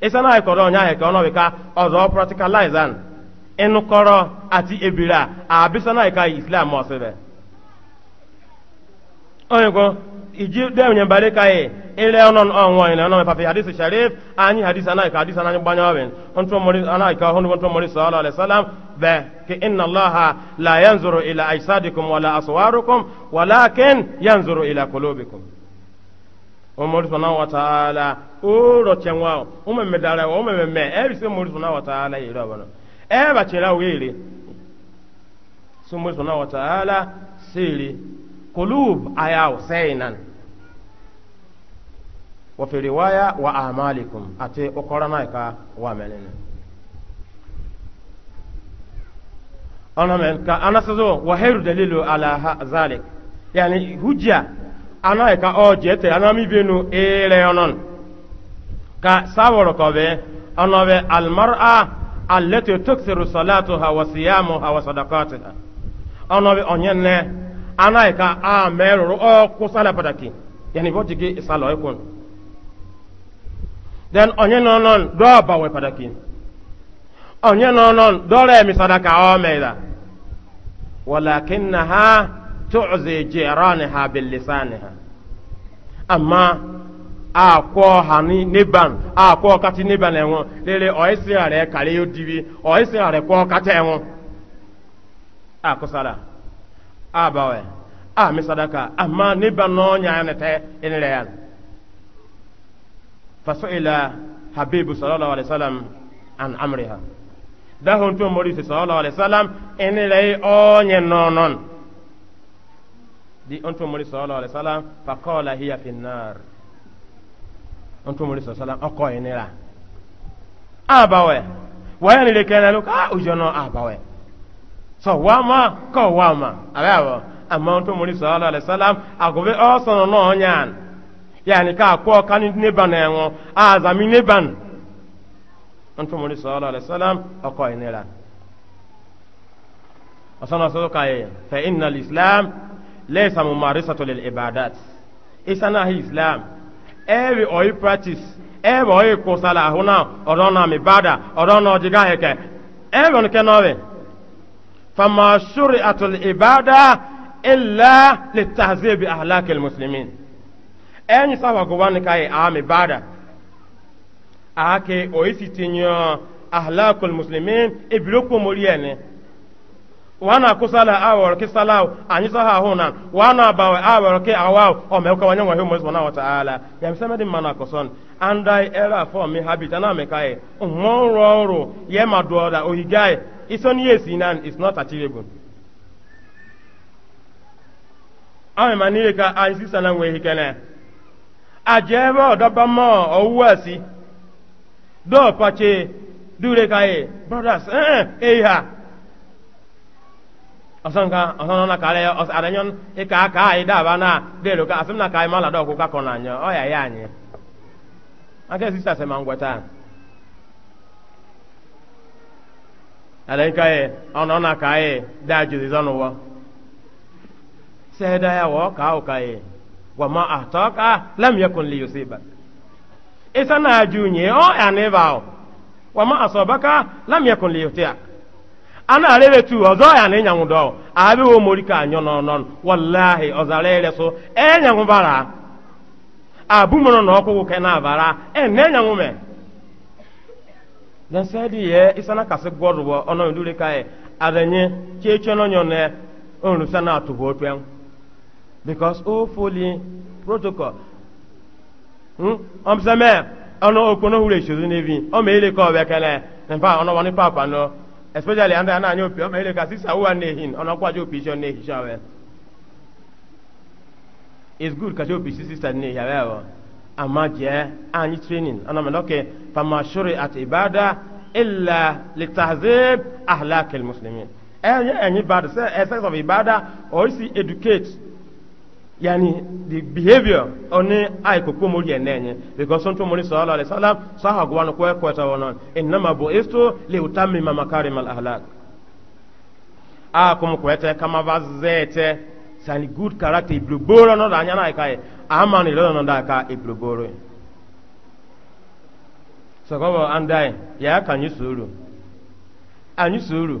isana ikoro nya he ka ono bika ozo practicalize an enukoro ati ebira abisana ka islam osebe oyego iji dem nye bare ka e ile onon onwo ile onon papi hadith sharif anyi hadith ana ka hadith ana gbanya wen onto mori ana ka honu onto mori sallallahu alaihi wasallam be ke inna allaha la yanzuru ila aisadikum wala aswarukum walakin yanzuru ila omori sɔnna wataala o rɔ tiɲɛ wa o mɛ mɛ dara o mɛ mɛ mɛ ɛ bi se mori sɔnna wataala yɛrɛ wa ɛ ba tiɲɛ la o yɛrɛ so mori sɔnna wataala seere kolu a y'a o sɛɛ na wa feere waya wa amalikum a te o kɔrɔ n'a ye ka wa mɛnɛ na ɔnɔ mɛ ka ana sɔsɔ wa hɛru dalilu ala ha zalik yani hujja. ana e ka ọ jete ana mi benu ere onon ka saworo ko be ono be al mar'a allati tukthiru salatuha wa siyamuha wa sadaqatuha ono be onyenne ana e ka a meruru o kusala pataki yani bo jige salo ekun then onyen onon do ba we pataki onyen onon do re mi sadaka o meida walakinnaha tu'zi jiraniha bil amma akwo hani neban kɔ kati neban ŋɔ lele o isirare kare yo dibi o isirare ko kata enwo akosala abawe a mi sadaka amma neban no nya ne te inire yan fasuila habibu sallallahu alaihi wasallam an amriha dahon to mori sallallahu alaihi wasallam inire o nye nonon di onto mori sallallahu alaihi wasallam fa qala hiya fi nar onto mori sallallahu oko inira abawe waya ni lekana lo ka ujono abawe so wama ko wama abawo amma onto mori sallallahu alaihi wasallam agobe osono no onyan yani ka ko kan ne bana enwo azami ne ban onto mori sallallahu alaihi wasallam oko inira asana so kaye fa inna islam laysa mumarisatu lil ibadat isana hi islam ewi oyi practice ewi oyi kusala ahuna odona mibada odona ojiga heke ewi onike nowe fama shuri'atu lil ibada illa litahzibi ahlaki almuslimin enyi sawa gowani kai ami bada ake oyi sitinyo ahlakul muslimin ibirokwo mori ene wana kusala awor ki salaw anyi saha huna wana bawe awor ki awaw o me ko wanyanwa himu subhanahu wa ta'ala ya msema din mana koson andai era for me habit ana me kai won roro ye madoda o higai ison yes inan is not achievable ame manire ka anyi sisa na we hikene ajebe odaba mo owuasi do pache dure kai brothers eh eh eh osan ka osan na kale os adanyon e ka ka ida e bana de lo ka asem na ka e mala do ko ka na nyo ọ ya ya nyi aka sista se mangwata ale ka e ona na ka e da ju di n'ụwa. wo se ya wo ka o ka e wa ma ah, ka lam yakun li yusiba isa na ju nyi o ya ne ba wa ma asabaka ah, lam yakun li yutiak ana arebe tu ọzọ ya na ịnyanwụ dọ abe wo mori ka anyọ n'ọnọ wallahi ọzara ere so enyanwụ bara abumọrọ na ọkụ ke na abara ene enyanwụ me dan sai di ya isana kasi gọdụ e. e. bụ ọnọ ndure ka ye adenye cheche n'ọnyọ na onrusa na atụbụ otu ya because o oh, foli protocol hmm? ọmseme ọnụ okpono hụrụ eshozi n'ebi ọ ma ele ka ọ bụ ekele mpa ọnụ wani papa n'ọ especially under na anyo pio mele ka sisa uwa nehin ona kwa jo pisho nehi shawe It's good ka jo pisi sisa nehi yawe ama je anyi training ona meloke fama shuri at ibada illa litahzib ahlak almuslimin enyi eh, enyi bad se essence eh, of ibada or si educate yani the behavior oni ai ko ko mori enenye because son to mori sallallahu alaihi wasallam saha gwan ko ko ta wonon innama le li utammi ma makarim al ahlak a ko ko eta kama vazete sani good character ibloboro no da nyana ai kai ama ni lo no da ka ibloboro so ko andai ya kan yi suru anyi suru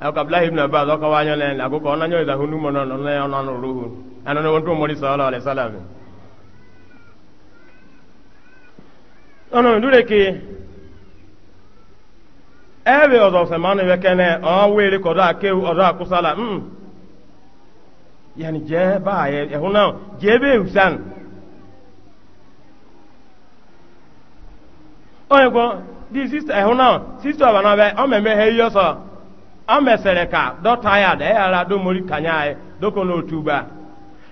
abdullahi ibn abbas ọkọ wa nyọlẹ ní akókò ọ nyọ ìdàhùn ní nọ ọ̀nà ọ̀nà ọnụ ruhu ẹnu ni wọn tún mọ̀rí sọ̀rọ̀ ọ̀lẹ̀ sálàmì. ọ̀nà ìdúró ke ẹ̀ẹ́bẹ̀ ọ̀dọ̀ ọ̀sẹ̀mánu ìwé kẹ́nẹ̀ di ọ amesere ka dọ taya da ya ra do mori kanya doko no tuba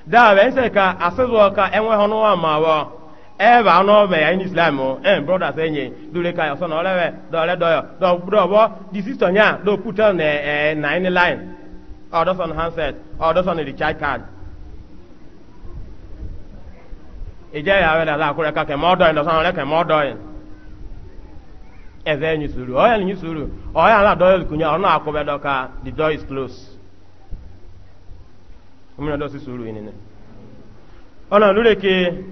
da we se ka enwe ma ebe ya in islam o en brother dure ka so no lewe do le do yo do nya do put on eh, eh nine line or does on handset on card ije ya ka kem eze enyi suru oya enyi suru oya ala doyel kunya ona akobe doka the door is closed omina dosi suru inene ona lure ke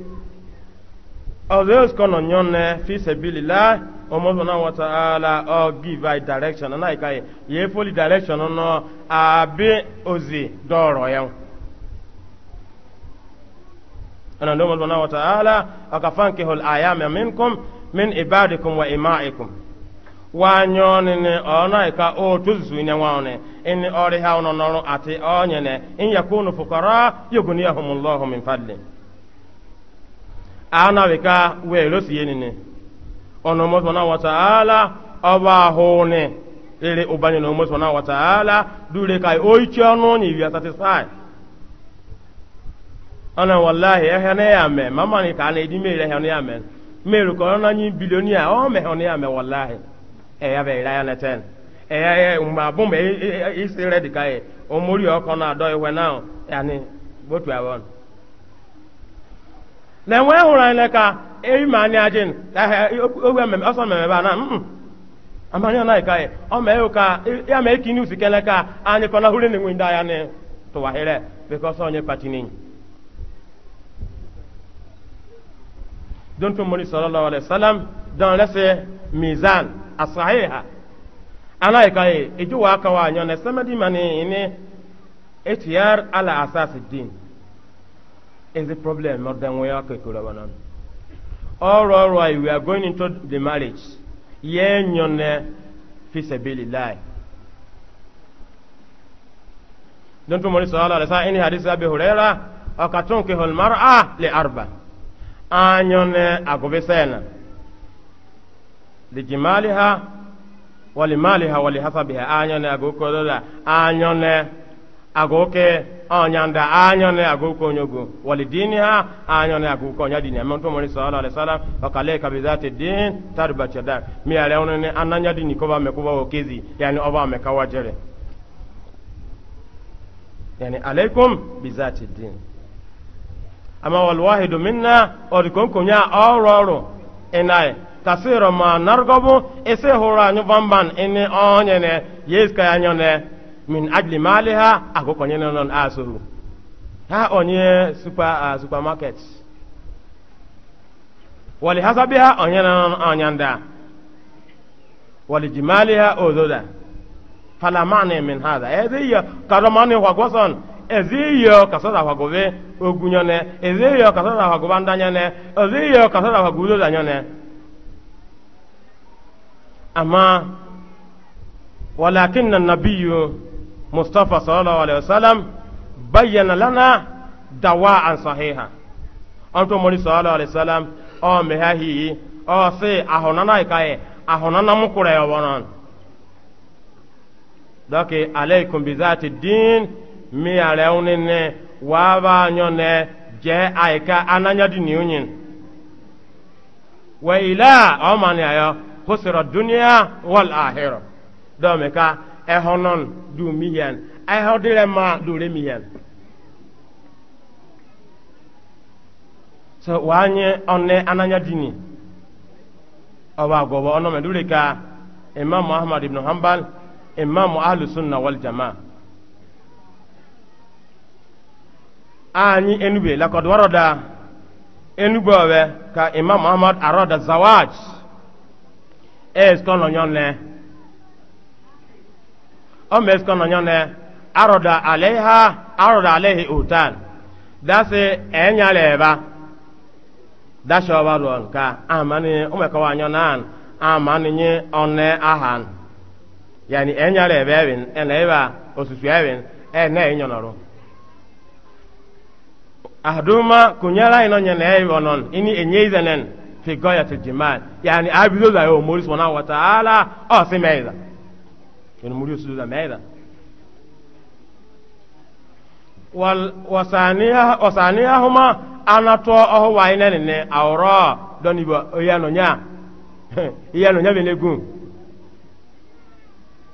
ọzọ kono nyonne fi sabilillah omo sona wa ta'ala o give i direction na ikai ye fully direction no abi ozi doro yan ana ndo mo sona wa ta'ala akafankihul ayama minkum min ibadikum wa ima'ikum wanyonene onaika otuzuine waone ha ati in yakunu fukara min fadli ono mo wa ta'ala oba hone lele ubani no mo subhanahu wa ta'ala dure kai oichano ni ya satisfy ana wallahi ehene ya me mama ni ka na edime ehene ya me meru ko na nyi bilionia o me ehene ya me wallahi eya be ila ya neten eya e umma bombe isi ready kai o muri e na do iwe now yani botu na enwe hụrụ anyị ka eyi ma anyị ajin ogwe mmemme ọsọ mmemme ba na mm, mm. amara e e. ya ka ka ya ka ka anyị na hụrụ na enwe onye patini don tumori mizan asahiha ana ka ye eju wa ka wa nyone samadi mani ini etiyar ala asas din is the problem not than we are kekura banan all all right we are going into the marriage ye nyone eh, fisabilillah don to mori sallallahu alaihi wasallam ini hadith abi hurairah akatunki hul mar'a le arba anyone eh, agobesena lijimaliha walimaliha walihasabiha anyone agokodola anyone agoke onyanda anyone agoko onyogo walidiniha anyone agoko onyadini amonto mori sallallahu alaihi wasallam wakale kabizati din tarbati da mi ale onene ananyadini ko ba mekuba okezi yani oba mekawajere yani alaikum bizati din ama walwahidu minna odikon kunya ororo enai kasịrị ma nargọbụ isi hụrụ anyị bamban ịnị onye ne yeska ya nyone min ajli mali ha agụkọnye nọ asụrụ ha onye super supermarket wali hasabi ha onye nọ ọnyanda wali jimali ha ozoda falamani min hada eziyo karomani hwagwason eziyo kasada hwagobe ogunyone eziyo kasada hwagoba ndanyone eziyo kasada hwaguloda nyone amma walakin annabiyyu mustafa sallallahu alaihi wasallam bayyana lana dawa'an sahiha anto mori sallallahu alaihi wasallam o mehahi o se ahonana ikaye ahonana mukure yobonon doke alaikum bi zati din mi areunene wa ba nyone je aika ananya di niunyin wa ila o mani ayo husra dunya wal akhirah do ka e du miyan e hodire ma du miyan so wanye onne ananya dini oba gobo ono me dure ka imam ahmad ibn hanbal imam ahlus sunna wal jamaa enube enube owe ka imam zawaj esikɔ nɔnyɔnɛ ɔmɛ esikɔ nɔnyɔnɛ aroda aleha arɔda alehi otan dasi ɛnyalɛba dasi ɔba do nka amani ɔmɛ kɔwa nyɔnan amani nye ɔnɛ ahan yani ɛnyalɛba ɛwin ɛnɛyiba osusu ɛwin ɛnɛ ɛnyɔnɔrɔ ahaduma kunyala yi nɔnyɛ nɛɛyi wɔnɔn ini enyeyi zɛnɛn. fi gayati jimal yani abido da yo mori subhanahu wa ta'ala o si meida yani mori su da meida wal wasaniha wasaniha huma anato o wa ina ne awro doni bo ya no nya ya no nya be legun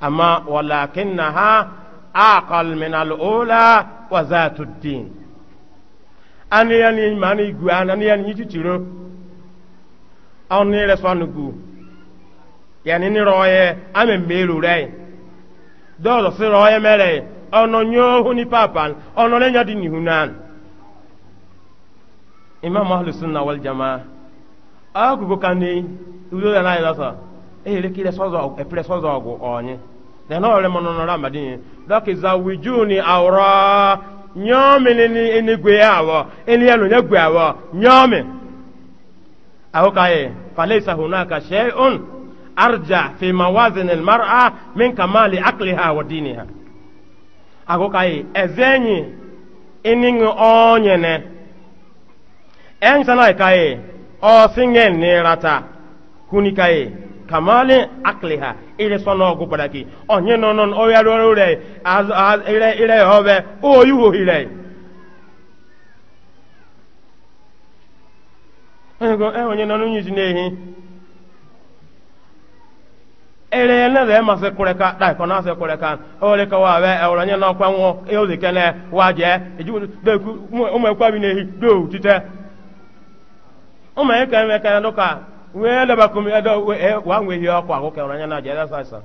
amma walakinnaha aqal min al-ula wa zatu ad-din ani yani mani guana ani yani chitiro awon ni reswanuku yani ni roye ame mbelu rei ọzọ si roye mere ono nyohu ni papan ono ne nyadi ni imam ahlus sunna wal jamaa akugo kani ulo na nayi lasa e kile sozo epre sozo na ni ni أو كاي فليس هناك شيء أرجع في موازن المرأة من كمال عقلها ودينها أو كاي أزيني إنين أونين أنسانا كاي أو سنين نيراتا كوني كاي كمال عقلها إلى صنع قبلكي أو نينونون أو يالولولي إلى إلى هوبي أو يوهو إلي أو onyego enwenye na onye ji n'ehi. ehi ere ne da masị kwere ka da ko na asị kwere ka ole ka wa we ewro nye na ọkwa nwụ ihe ozi kene wa je eji deku ụmụ ekwa bi na-ehi do tite ụmụ ya ka eme ka na ka wee e e e daba kum e edo wa nwe ihe ọkwa agụ ka ewro nye na je da sa sa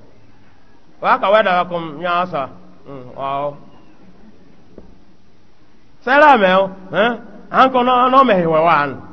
wa ka wa daba kum nya asa mm, ọ sara meo eh an ko no no me wa wan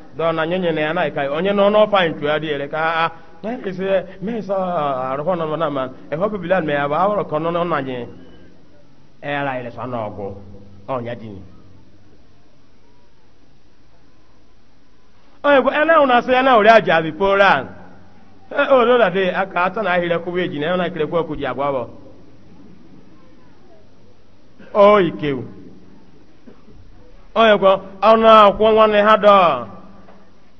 dɔɔ na nyɛnyɛ na yana ka onye na ɔnɔ tuya di yɛrɛ ka a mɛ mɛ arɔfɔ nɔnɔ na ma ɛfɔ bibi la mɛ na nyɛ ko ɛnɛ wuna se ɛnɛ wuli a jaabi ɛ o la de ka na ahirɛ kubu ejina ɛnɛ na kele kɔ kudu a bɔ ko ɔnɔ ha dɔɔ.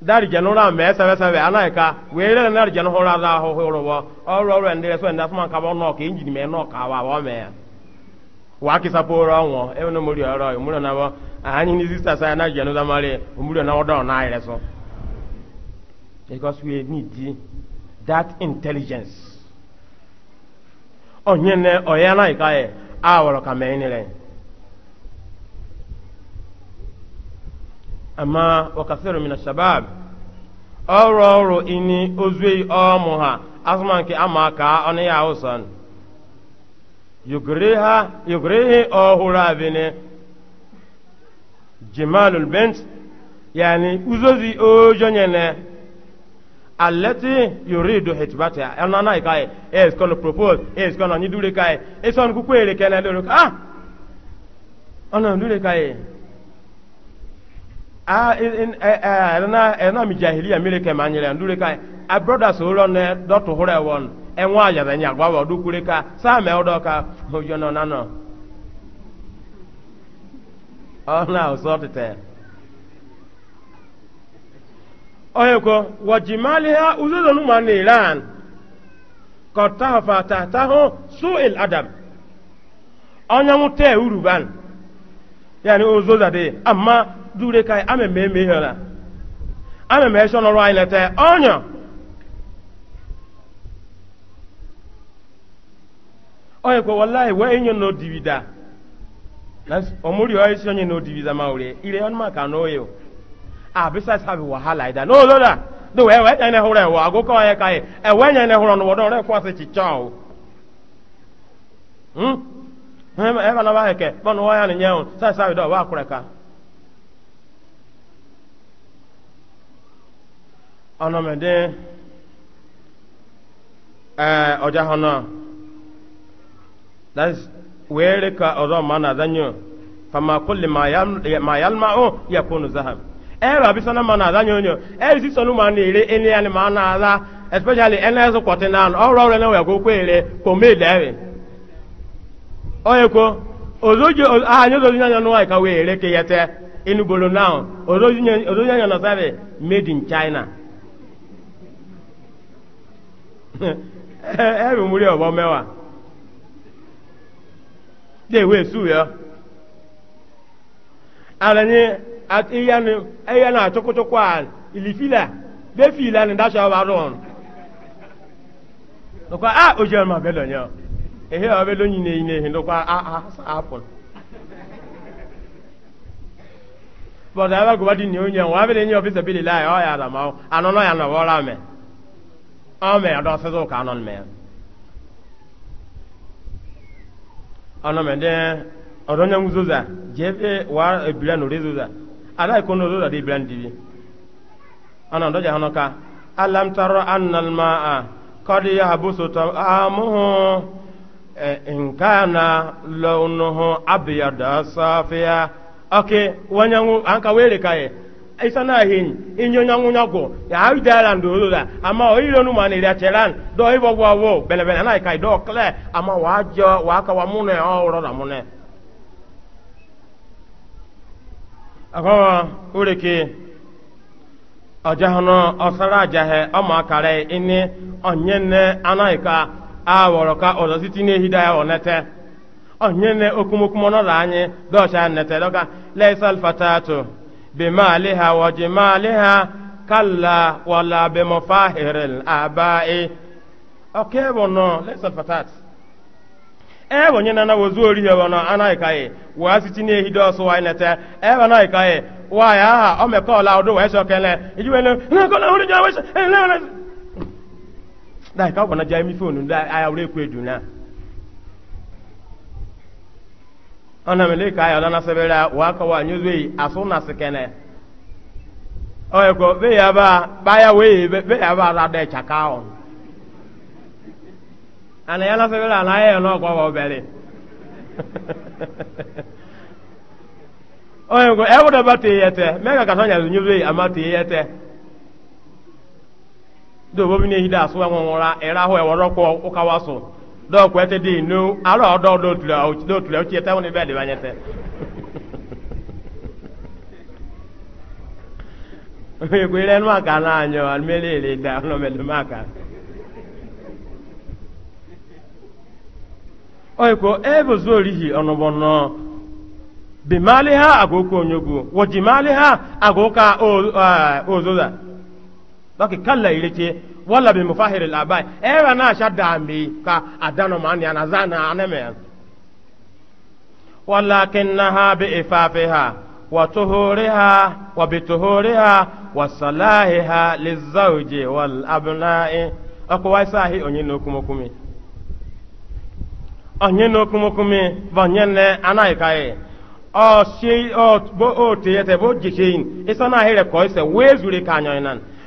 dari janu ra mɛ sɛbɛ sɛbɛ ana yi ka wele na dari janu hɔra la hɔrɔ wɔ ɔrɔ ɔrɔ ɛn dɛrɛ so ɛn ka bɔ nɔ k'e ka wa wɔ mɛ wa kisa pooro ŋɔ e bɛ ne na bɔ a hanyi ni sisa sa na na n'a because we need that intelligence ka e. ka amma wakasiru min shabab ọrụ ọrụ ini ozu ọmụ ha asụma nke ama ka ọnụ ya awụsan yugrihi ọhụrụ abini jimalul bent yani uzozi ojo nyene alati yuridu hitbata ana na ka kai e, e is gonna to propose e is going to nyidure kai is on kukwere kenelo ah ana ndure kai a ah, eh, eh, eh, na ena mi jahiliya mere ke ma nyere ndure ka a brothers oro ne dotu hore won enwa ayara nya gwa wodu kure ka sa me odo ka hojo oh, no na no oh, o na so tete oye oh, ko wajimali ha uzuzo nu ma ni iran ko tahfa tahtahu su'il adam onyamu te uruban yani uzuzo de ama dure ka amemme eme ihe na amemme esho nọrọ anyị leta ọnya onye kwa wallahi wee inyo no divida omuri oyi si onye no divida ma ore ire on ma ka no yo ah besides have wahala ida no no da do we we nyane hore wa go ko ye kai e we nyane hore no wodo re kwa se ebe chao hm e ba na ba heke ba no wa ya ne nyawo sa sa do wa kureka ọnọmọdé ẹ e, ọjà hàn náà wéèrè ka ọ̀rọ̀ mọ́ náà ma famakoli mayalma ó yẹ kó nu zahab ẹ e, bá bisọ́nà ma náà dányọ̀ nyọ̀ ẹ sì sọ́nù mọ́ ẹni ẹni náà dá especially ẹni ẹsọ kọ̀tì náà ọ̀rọ̀ rẹ̀ náà wẹ̀ kó kó eré kò mí dẹ́rẹ̀ ọ yẹ kó ozoji ahanyɛ ozoji nyanya no a ka e ozoji nyanya made in china ẹ bí múrí ọ̀bọ mẹ́wàá dé ìwé yọ alẹ́ ní ẹyẹ náà a à ìlìfílà bẹ́ẹ̀ fi dáṣọ ọba rọrùn lọ́kọ́ a òjò ẹ̀ ma bẹ́ẹ̀ lọ yẹn ọ ọbẹ̀ lóyìn ní ẹ̀yìn ẹ̀yìn lọ́kọ́ a àpọ̀ bá ní oúnjẹ wọn á ní ɔmɛ ɔdɔ sɛso ka anɔ mɛ ɔnɔ mɛ dɛ ɔdɔ nyɛ ŋuzo za jɛbe wa ebira no rezo za ala yi kono dị de ebira no dibi ɔnɔ ɔdɔ jɛ hɔnɔ ka alam tarɔ analma a kɔdi yahabuso tɔ amuhu ɛ e, nkana lɔnuhu abiyada safiya ɔke wɔnyɛ ŋu an ka wele ka isana hin inyo nyangu nyago ya awi dala ndolo da ama o ilo numa ni ya chelan do ibo gwa wo bele bele na kai do kle ama wa jo wa ka wa mune o ro na mune akawa ureke ajahano osara ajahe ama kare ini onyenne anaika aworo ka odoziti ne hidaya onete onyenne okumokumo no ranye do sha nete doka laisal fatatu بمالها وجمالها كلا ولا بمفاهر الآباء أكيد نو ليس الفتاة ebe nye na anaghị ozu ori ya wana anaghịka ya wee na ehide ọsụ nete ebe anaghịka ya nwaanyị aha o mekọla ụdụ wee sọ kele iji wee nekọla hụrụ ji awesị dai ka ọ na ji emi fonu ndị agha ekwu edu na ana mele ka ya dana sebera wa ka wa nyuzi asuna sikene oye ko be ya ba ba ya we be ya ba ra de chaka on ana ya na sebera na ya no kwa wa bele oye ko e wodo ba te yete me ka ka sonya nyuzi ama te yete do bo bi ne hida so wa ngora era ho e woro ko ukawaso dɔw kɔ ɛtɛ di nu alo dɔw do tile o do tile o tiɛ tɛ wani bɛɛ de ba ɲɛ tɛ ko nu aka náà nyɔ alimɛli yɛlɛ da ɔlɔmɛ nu ma kan e ɔnubɔnɔ ha agogo onyogo ka ozoza kala wala bi mufahir al abai ewa na shadda mi ka na-aza adano mani anazana aneme walakinnaha bi ifafiha wa tuhuriha wa bi tuhuriha wa salahiha lizawji wal abna'i akwa sahi onye nokumokumi onye nokumokumi vanyene anaikai o shi o bo o tiyete bo jishin isana hire ko ise wezure kanyoinan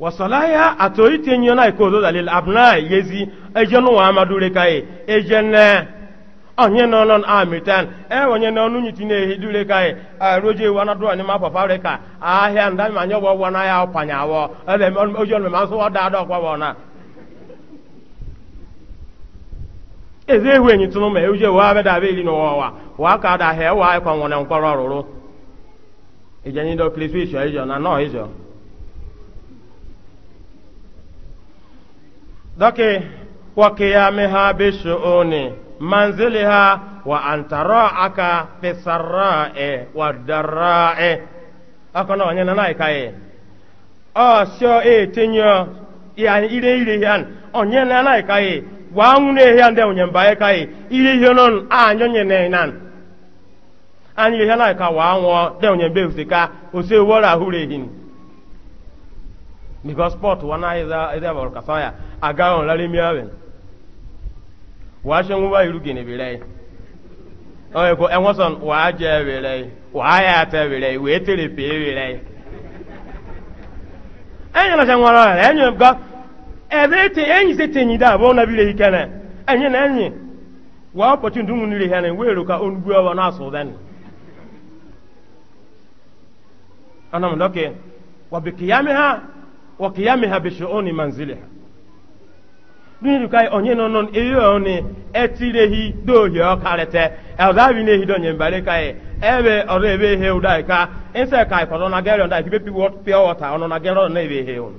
wasalaya ya itinye na iko ozoda lil abna yezi ejenu wa amadure kai ejenne onye no non amitan ah, e onye no nu nyiti na ehidure kai wa na ani ma papa ahia nda ma na ya opanya wo ele ojo ọrụ ma so wa da do kwa na eze enyi tunu wa da be wa wa ka da wa e, dɔke wa qiyamiha bi shu'uni manziliha wa an tara'aka fi sarra'i wa darra'i aka ɔnyɛ nana yi ka ye ɔ sɔ e, e. e tenyɔ yani ire ire yan ɔnyɛ nana yi ka ye wa yan dɛ ba ka ye ire yɔnɔn a nyɔ nɛ nan an yan na yi ka wa ŋɔ dɛ ɔnyɛ bɛ ka o se wɔra yin. because sport wana iza iza bal kasaya aga on lali miawen wa shan wa iru gene birai oye ko en wason wa je birai wa ya ta birai we tere pe birai en na shan wara en yo ga everything en se nyi da bo na bire na enye wa opportunity dun ni re eh? hanen we ro ka onugbu wa na so then anam wa wa qiyamiha bi shu'uni manziliha dunidu kai onye no non eyo ni etirehi dohi okarete eldavi ne hido nye mbale kai ebe ore ebe he udai ka inse ka ko na gero ndai be piwo pure water ono na gero na ebe he on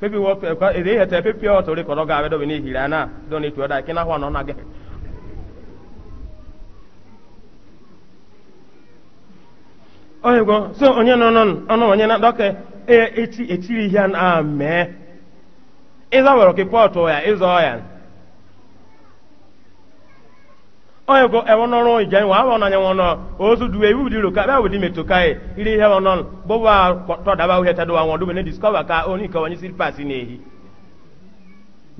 pepi wo ka ede he te pepi o tori ko ga be ni hira na do ni tuoda kina ho no na ge oyo go so onye no non ono onye na doke Eh, etiri ihe na mee ịza were ka pọtụ ya ịza ya onye go ewo n'ọrụ ije nwa awọ n'anya nwa nọ ozu duwe iwu dị roka bịa wụdị metụ ka e, iri ihe ọ nọ bọbọ a tọdaba uhe tadụwa nwa ka onye ike onye siri pasi na-ehi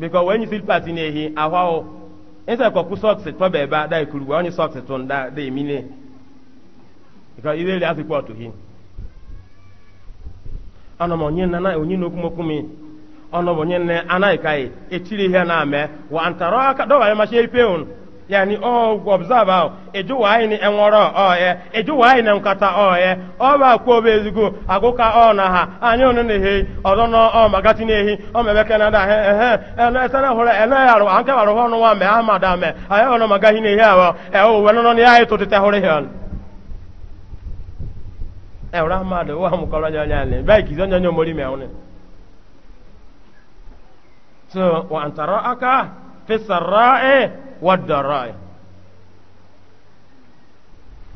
bikọ wee na-ehi ahụ ahụ ịsa kọkụ sọks tọba ebe a da ikuru onye sọks tụ da emine bikọ ile ri ana m onye na onye na okwumokwu mi ọnọ bụ onye nne anaghị ka etiri ihe na-ame wa ntara aka dọwa ya machi ipe un yani ọ gwa observe ahụ ịjụwa e wa anyị enwọrọ ọhịa e, eju wa anyị na nkata ọhịa e. ọ bụ akwa obe ezigbo agụka ọ na ha anyị ọnụ na ehi ọzọ na ọ magati na ọ mebe kanada he ehe ene esere hụrụ ene ya arụ anke arụ ọnụ nwa mbe ha mada me anyị ọnụ magahi na ehi ahụ ewu wee nọ na ya anyị tụtụte hụrụ ihe ọnụ e rahmad wa mu koro nyonya le bai ki zo nyonyo mori me one so wa antara aka fi sarra'i wa darai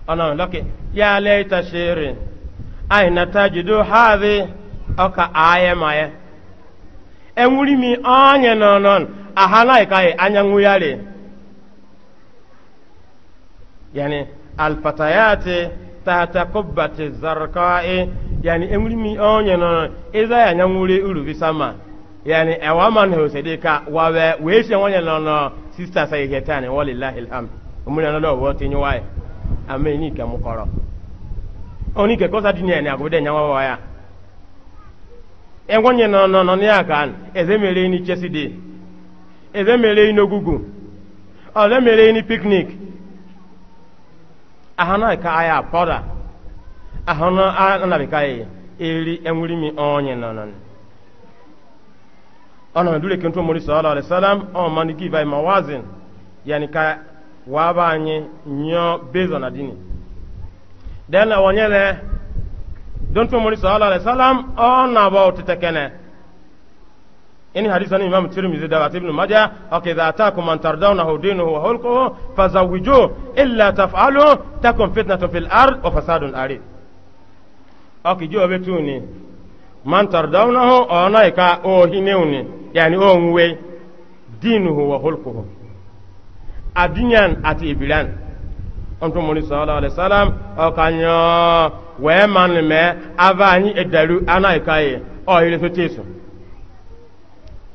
ana lake ya laita shirin aina tajidu hadhi aka aye maye enwuri mi anya nonon ahana ikai anya nguyare yani alfatayati tata kubbati zarqa'i yani emrimi onye no iza ya nyamure urubi sama yani ewa man ho se dika wawe we se onye no no sister say getani wallahi alhamd umuri no do woti nyuwae ame ni ke mukoro oni ke kosa dinya ni agobe nyawa wa ya engonye no no no ni akan ezemere ni chesidi mere ni ogugu ole mere ni picnic ahana ka aya poda ahana ana ka e, eri enwuri mi onye nanan ana dule kento muri sallallahu alaihi wasallam on man give mawazin yani ka waba anyi nyo bezo na dini dela wonyele don to muri sallallahu alaihi wasallam on about tekene ini hadisi ni imam tirmidhi da ibn majah akidha atakum man tardawnahu dinuhu wa hulquhu fazawwiju illa taf'alu takun fitnatun fil ard wa fasadun arid akijo betuni man tardawnahu onaika o hineuni yani o nwe dinuhu wa hulquhu adinyan ati ibilan onto moni sallallahu alaihi wasallam akanyo we man me avani edalu anaika ye o ile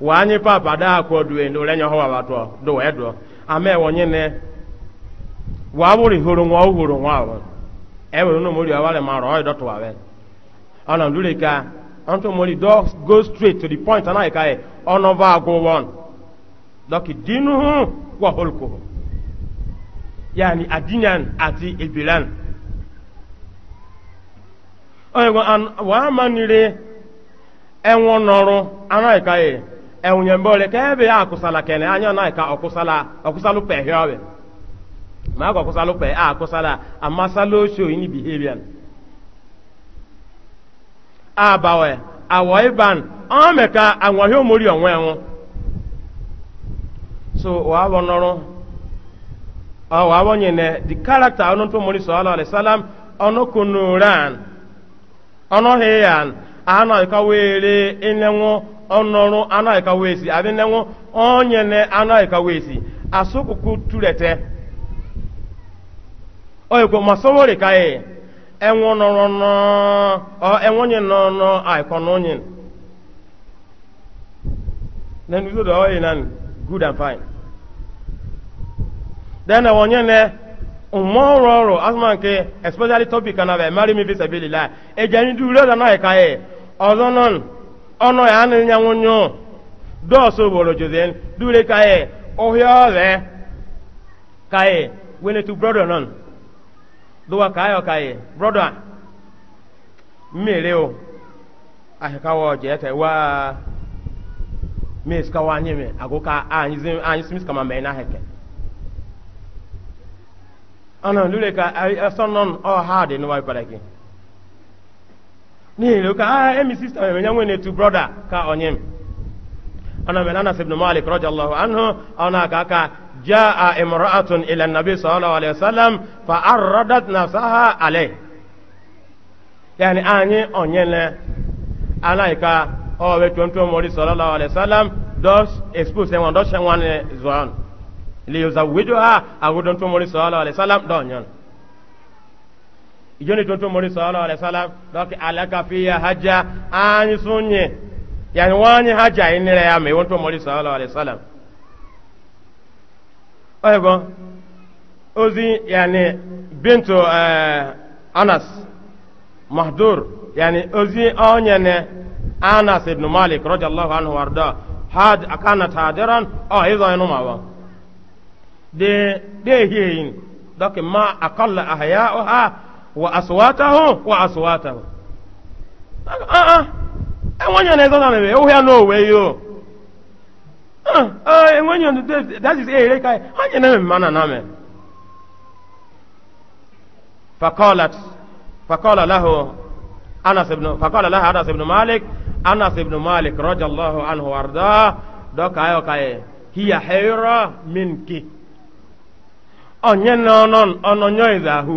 wanyi papa da ko duwe ndo lenya ho wato do edo ame wonye ne wa buri horo nwa ọhụrụ nwa wa e no mori awale ma ro edo wawe ka onto mori do go straight to the point ana e ono va go won doki yani adinyan ati wa enwo e noru ana e enwunye mbole ka ebe ya akụsala kene anya na ka ọkụsala ọkụsalụ pehie ọbịa ma ka ọkụsalụ pehie a akụsala amasala osho ini bihirian abawe awọ iban ọ mee ka anwaghị omori onwe enwu so wàá wọ nọrọ ọ wàá wọ nyine the character ọnụ tó mori sọlọ alisalam ọnụ kunuran ọnụ hiyan ahụ na ịkọ were ịnenwu ọnụrụ anaghịka wesi adịnenwu onye na anaghịka wesi asụkụkụ turete oyekwe masowori ka ị enwe nọrọ nọ enwe onye nọ nọ aikọ na onye then you do the oil and good and fine then uh, onye na ụmụ ọrụ ọrụ asụma nke especially topic na bụ emari mi visabilila ejenyi duro da na ịka ị ọzọ nọ ọnụ ya anụ ya nwụnyụ dọọsụ obodo jose dure ka ye ohia ọrịa ka ye wenetu brọdọ nọn dụwa ka ayọ e, ka ye brọdọ mmiri o ahịkawa ọjọ ete waa mes kawa anyị me agụka anyị anyị simis kama mee na heke ana lure ka asọ nọn ọ ha dị n'ụwa ịpara gị niile ka ah emi sista meme nyanwe ne tu brother ka onyem ana men anas ibn malik radiyallahu anhu ana ka ka jaa imra'atun ila nabi sallallahu alaihi wasallam fa arradat nafsaha alayh yani anyi onyele alaika owe tonto mori sallallahu alaihi wasallam dos expose wan dos wan zon li yuzawijuha agudon to mori sallallahu alaihi wasallam donyon ijoni to tumori sallallahu alaihi wasallam doki alaka fiya hajja ani sunye yani wani hajja inira ya me wonto mori sallallahu alaihi wasallam aygo ozi yani bintu uh, anas mahdur yani ozi onyene anas ibn malik radiyallahu anhu warda had akanat hadiran oh hizo inuma wa de de hiyin doki ma akalla ahya'uha wa aswatahum wa aswatahum ah ah enwenyo na ezona mebe ohia no we yo ah enwenyo ah, ah, that is ere kai anya na mana na me فقالت فقال له انس بن فقال لها انس بن مالك انس بن مالك رضي الله عنه وارضاه دوك ايو كاي هي حيره منك onye nọ ọnọ nyọ ịza ahụ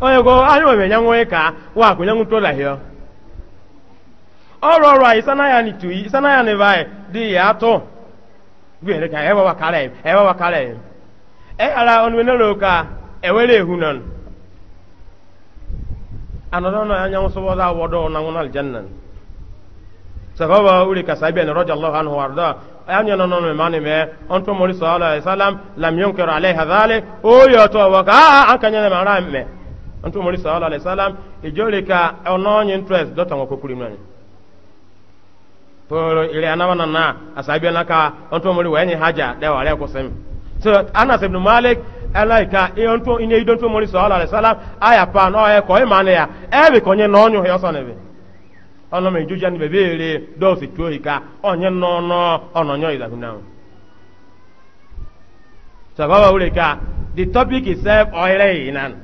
onye go anyị nwere nyanwụ ka wa akụ nyanwụ tola hịọ ọrụ ọrụ a isanaya ni tu isanaya ni vai di ya atụ gwiere ka ewa wakara e ya ewa wakara ya e ara onu enero ka ewere ehu nọ anọdọ nọ anyanwụ sọbọ da wọdọ na nwụna aljanna sababa uri ka sabi ne radiyallahu anhu warda anya no no me mani me on to mori sallallahu alaihi wasallam lam yunkiru alaiha dhalik o yo to wa ka an kanya ne mara me ntu mori sallallahu alaihi wasallam ijori ka ono nyin tres dota ngo kokuri nani poro ile anamana na asabi na ka ntu mori wenyi haja de wale ko sem so anas ibn malik alaika ntu ine idon tu mori sallallahu alaihi wasallam aya pa no e ko imane ya e bi ko nyin no nyu he osonebe ono me juja ni bebere do si tu hika onye no no ono nyo ida hunan sababa ule ka the topic itself oire inan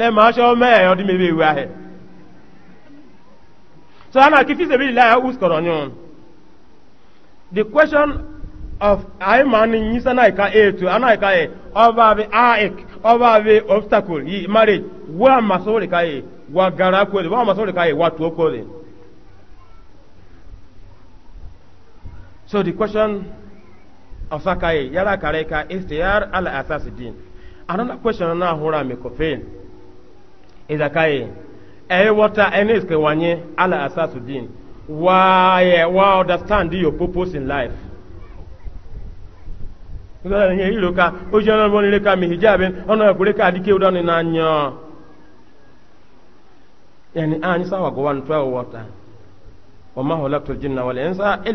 na ma asho me yo di mebe ewu ahe so ana kiti se bi la us koronyon the question of i man ni sana ka e to ana ka e over the aik over the obstacle yi marriage wa masore ka e wa gara ko wa masore ka e wa to ko so the question of sakai yara kare ka istiyar ala asas din another question na hura me ko izakaye ɛyɛ wɔta ɛne iske wanye ala asasu din waayɛ eh, wa understand your purpose in life nígbàdàn yẹn yìí ló ka ojú ọ̀nà ìbọn nílé ka mi hijab ọ̀nà ẹ̀kúrẹ́ ká àdíkè ọ̀dọ́ ni náà yàn a ah, ní sáwà gọ́wà ní twelve water wọ́n máa hó lọ́kùtù jìnnà wọlé ẹ̀ ń sá ẹ̀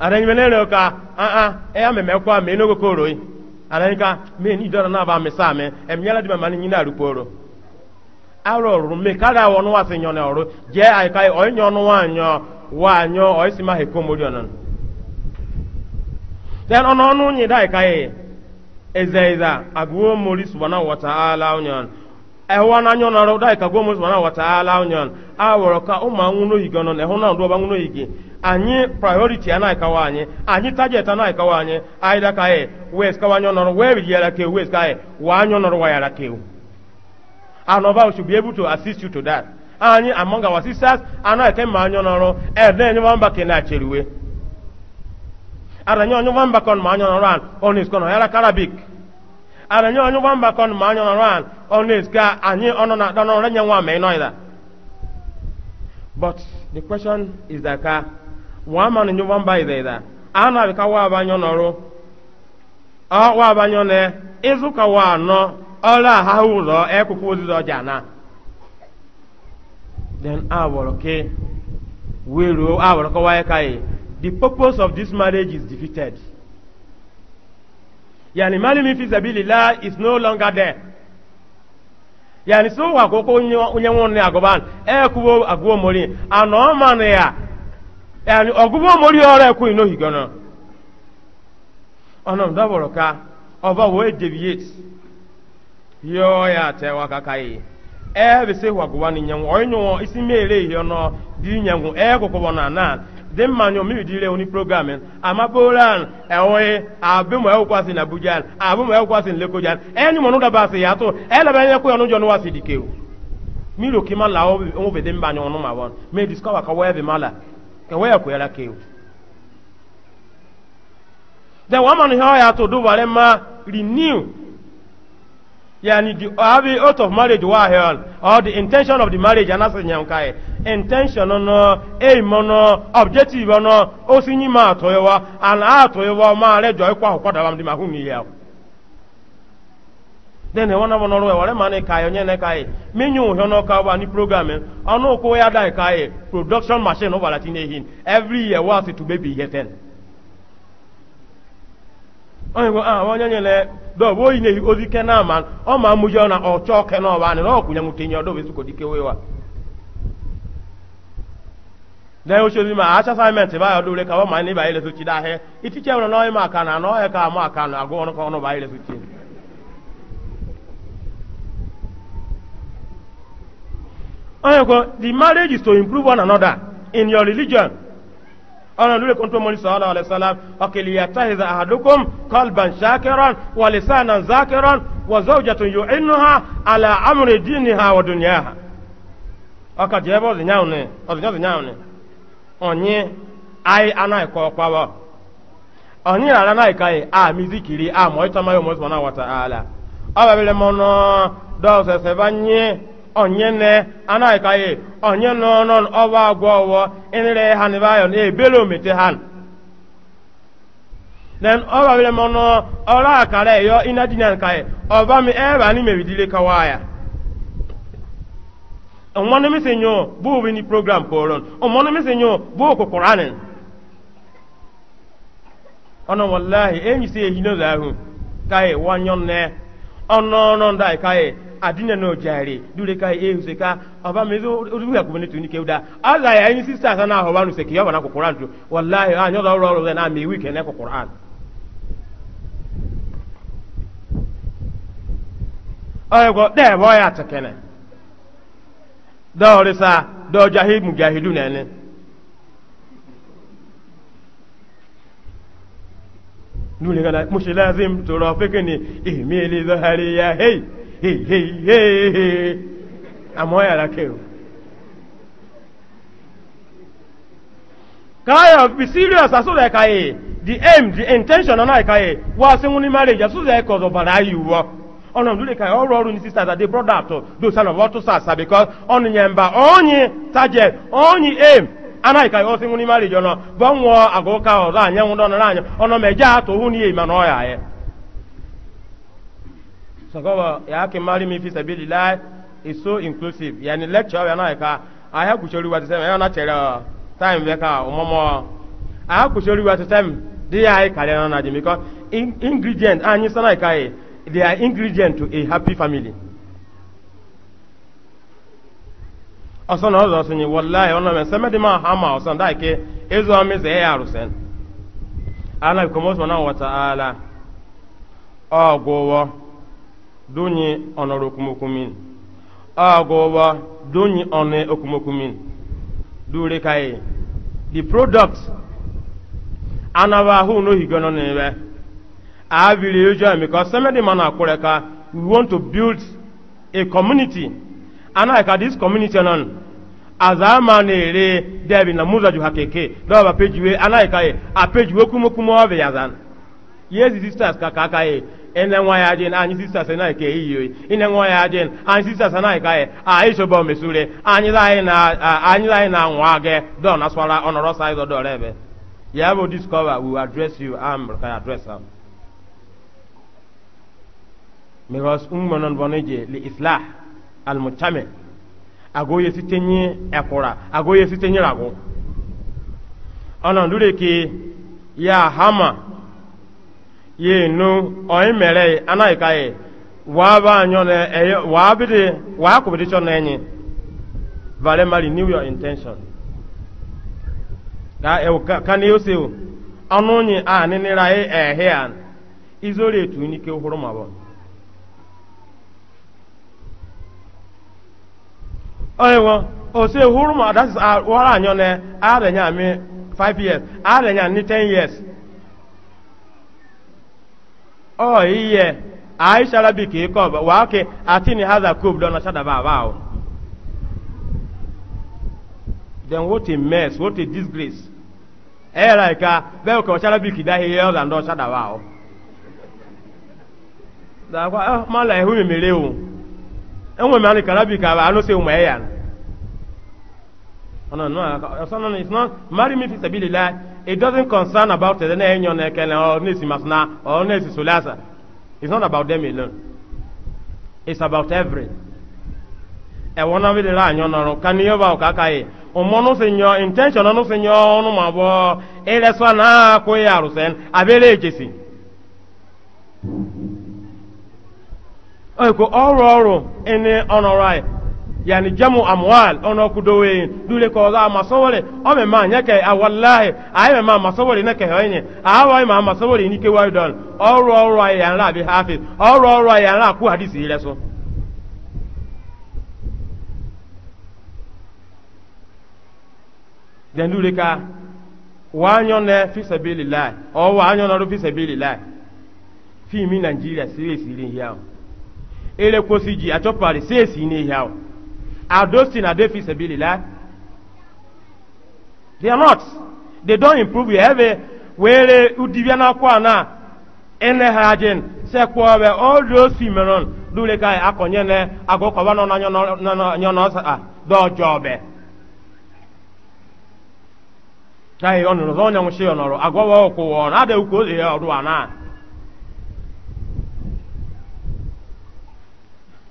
anaghị m na-ere ka aa ya memekwa ma enogo koro yi anaghị ka mee ni dọrọ na aba mesa ame emnyala dị mamani nyina ruporo aro ruru me kada awọ nwa si nyọ na ọrụ jee aịka ọyị nyọ ọnụ nwanyọ wanyọ ọyị si ma heko mori ọnụ then ọnụ ọnụ nyị da aịka eze eze agụwo mori subhanahu wa ta'ala onye ọnụ ewa na anyo na roda ka gomo subhana wa ta'ala onyon aworo ka ụmụ ma nwuno yigi ono na ehuna ndo ba nwuno yigi anyi anyị ana ka wa anyi anyi target ana ka wa anyi aida ka e wes ka wanyo no we bi yara ke wes ka e wa anyo no wa yara ke anova we should be to assist you to that anyi among our sisters ana ke ma anyo no e then nyo mba ke na cheriwe ara nyo nyo mba kon ma anyo no ran on is kono yara karabik ara nyo nyo bamba kon ma nyo ran on is ka anyị ono na don on renye nwa me no ida but the question is that ka wa ma nyo bamba ida ida ana ka wa ba nyo noro ọ wa ba nyo ne izu ka wa no ola ha hu zo e ku ku zo jana then awol ke we ro awol ko wa kai e, the purpose of this marriage is defeated yani mali mi fi sabilillah is no longer there yani so wa koko onye nwụrụ na agụban ekwuwo agụwo mori ana ọmanụ ya yani ọgụgụ mori ọrụ ekwu inohi gọnọ ọnụ dọbụrụ ka ọba wee deviate yọọ ya tewa kakaghị ebe eh, si hwagụwa n'inyenwu onye nwụọ isi mere ihe ọnọ dị inyenwu ekwukwọ eh, na na din manyo mi dire oni program ama bolan ewe abimu ewe kwasi na bujan abimu ewe kwasi lekojan enyu monu da basi yato ele benye ko onu jonu wasi dikeu mi ro kima la o ve din manyo onu ma won me discover ka webe mala ke we ko ya keu de wa manu ha ya to do bare ma renew yani the abi out of marriage wa hell or the intention of the marriage and as nyam kai intention no aim no objective no o sinyi ma to yewa and ato yewa ma re jo kwa kwa da ma hu ni ya then wona wona ro wa ma ne kai onye ne kai menyu hyo no ka wa ni program onu ko ya dai kai production machine over latin hin every year wa to baby here 10 onye gwe aha onye nyere dọbụ oyi na ozi ke na ama ọ ma mụji na ọchọ ke na ọba anị na ọkwụnye m kenye ọdọ ezukọ dike wewa dẹ́yìn oṣooṣi ma ba ya aṣọ assignment báyọ̀ lóore kàwọ́ màá ní ìbáyé lẹ́sọ̀tì dáhẹ́ ìtìjẹ́ wọn náà ka àkànà àná ẹ̀ka àmọ́ àkànà àgọ́ ọ̀nà kan ọ̀nà ìbáyé lẹ́sọ̀tì. ọ̀yẹ̀kọ̀ the marriage is to improve one another in your religion أنا لولي كنت مولي صلى الله عليه وسلم أقل يتهذ أحدكم قلبا شاكرا ولسانا ذاكرا وزوجة يعنها على أمر دينها ودنياها أكا جيبو زنياوني أزنيا زنياوني أني أي أنا يكوى قوى أني أنا أنا يكاي آمي ذكري آمي تما يوم سبحانه وتعالى أبا بلمنا دوسة سبانيه onye ne anaghịkaghị onye nọ nọ ọba agwọ ọwọ ịnịre ha n'ebe ayọ na-ebelo omete ha then ọba bere m ọnụ ọrụ akara ịyọ eyo na kaghị ọba mi ebe anyị mebidile kawa ya ọmọnụ mi si nyo bụ wini program koron ọmọnụ mi si nyo bụ okokoro anị ọnụ wallahi enyi si ehi n'ụzọ ahụ kaghị wanyọ nne ọnụ ọnụ ndị kaghị adina no jare dure kai e a ka aba mezo uruga kumene tuni keuda ala ya yin sister sana ho banu se na Qur'an tu wallahi a ah, nyoda ro ro na mi weekend na Qur'an ayo go de tekene do risa do jahid mujahidu kana ihmili dhahari ya hey hei hei hei hei amoya la keo be serious e the aim the intention na ka e wa se wuni marriage aso da ko zo bara yi wo ono ndule ka oru oru ni sisters ade brother ato do son of what to sa because onyi target onyi aim ana ka o se wuni marriage no bo nwo agoka o da anyanwu do na anyo ono ma sokobo ya ki mari mi fi sabili lai is so inclusive yani lecture ya na ka a ya kushori wa tsema ya na chere time be ka omomo a ya kushori wa tsema di ya ka le na di because ingredient anyi sana ka e they are ingredient to a happy family ọsọ na ọzọ sịnye wọlaị ọ nọmị sẹmẹdị ma ha ma ọsọ ndị ike ịzụ ọmị zee ya arụsị ala ikomosọ na wọta ala ọgwụwọ dunyi onor okumukumin agoba dunyi one okumukumin dure kai the product anaba hu no higono nebe a biri ujo because somebody man akwere ka we want to build a community ana ka this community non azama na-ere debi na muzaju hakeke keke dọba pejiwe anaghị ka a pejiwe kumokumo ọbịa yazan ye ezi sisters ka ka aka ene nwa ya jin anyị sista sanai ka eyi yoyi ine nwa ya jin anyị sista sanai ka ye a isobo mesure anyị lai na anyị lai na nwa ge do na swara onoro saizo do rebe ya bo discover we will address you am ka address am because ummanon boneje li islah al mutame agoye sitenye ekura agoye sitenye rago ona ndure ya hama ye nu oyi mere anaghị ka ye waa ba anyọ na eye waa bidi waa kubidi chọ na enyi vale mari new york intention ka ewu ka ka n'ihe ose ọnụ onye a nịnịra ye ehe a izori etu n'ike hụrụ ma bụ oyewo ose hụrụ ma that is our wara anyọ na ara nya ami five years ara ni ten years ọ oh, iye aisha rabi kìí àti ní haza kóòbù lọ́nà ṣàdàbà àbá then what a mess what a disgrace ẹ ìka bẹ́ẹ̀ kọ̀ ọ̀ṣà kìí dáhìí yẹ ọ̀là ńdọ́ ṣàdàbà o. dàgbà ẹ má la ẹ̀hún mèmèrè o ẹ̀hún mèmèrè kà rabi kà sí ọmọ ẹ̀yà. ọ̀nà náà ọ̀sán náà it's not marry me fi sabilillah. it doesn't concern about it na ekele or sulasa it's not about them alone it's about every ẹwọn náà bìrì láàyàn nọrùn bá káyè intention sì yan mà ẹrẹsọ náà kó yẹ ẹni ọ̀nà ọ̀rọ̀ yani jamu amwal ono kudowe dule ko za masawale o me ma nyake a wallahi ay me ma masawale ne ke hoye a wa ma masawale ni ke wa don oro oro ay yan la bi hafiz oro oro ay yan la ku hadisi ile so den dule ka wa nyone fi sabilillah o wa nyone ro fi sabilillah mi Nigeria sire sire ele kosi ji Are those things, are they feasible? Like? They are not. They don't improve. You have a where uh, Udiviana Kwana, Enehajin, Sekwawe, all those women, Duleka, Akonyene, Agokavana, Nyonosa, Dojobe. Kayi ọnụ n'ụzọ onye nwụchi ọnọrọ agwọwa ọkwụ ọ na-adịghị ka o dị ya ana a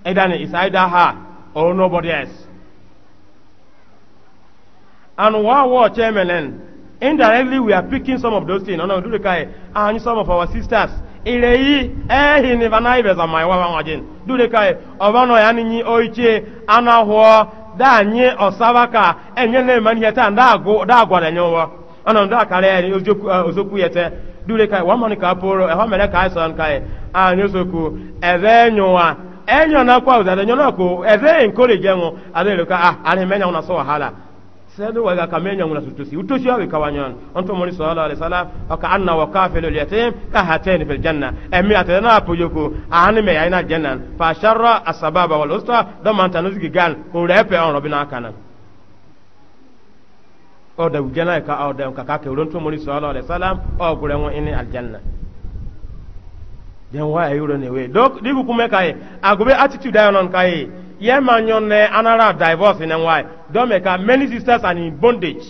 na ịdani isa ịda ha or oh, nobody else. And while war chairman, indirectly we are picking some of those things. And ah, some of our sisters. ireyi ehi ni vana ibeza mai wa wa jin. Do the kai obano ya ni oiche anaho da nye osavaka enye ne man yeta nda go da gwara nyowa. Ana ah, nda kare eh, ni ojoku eh, ozoku yete. Eh, do kai wa moni ka poro e ho mele kai son kai. Ah, Anyosoku eve nyowa. enyo na kwa uzada nyono ko eze encourage ngo adele ka ah ari menya una so wahala sedo waga kamenya una sutusi utoshi awe kawanyan onto muri sallallahu alaihi wasallam aka anna wa kafilul yatim ka hatain fil janna emi atena apojoko ahani me yaina janna fa sharra asbaba wal usta do man tanuzi gal ko repe on robina kana o da ujana ka o da ka ka ke uronto muri sallallahu alaihi wasallam o then why are you running away dok digu kume kai agobe attitude ayon kai ye manyon ne anara divorce ne why don make many sisters are in bondage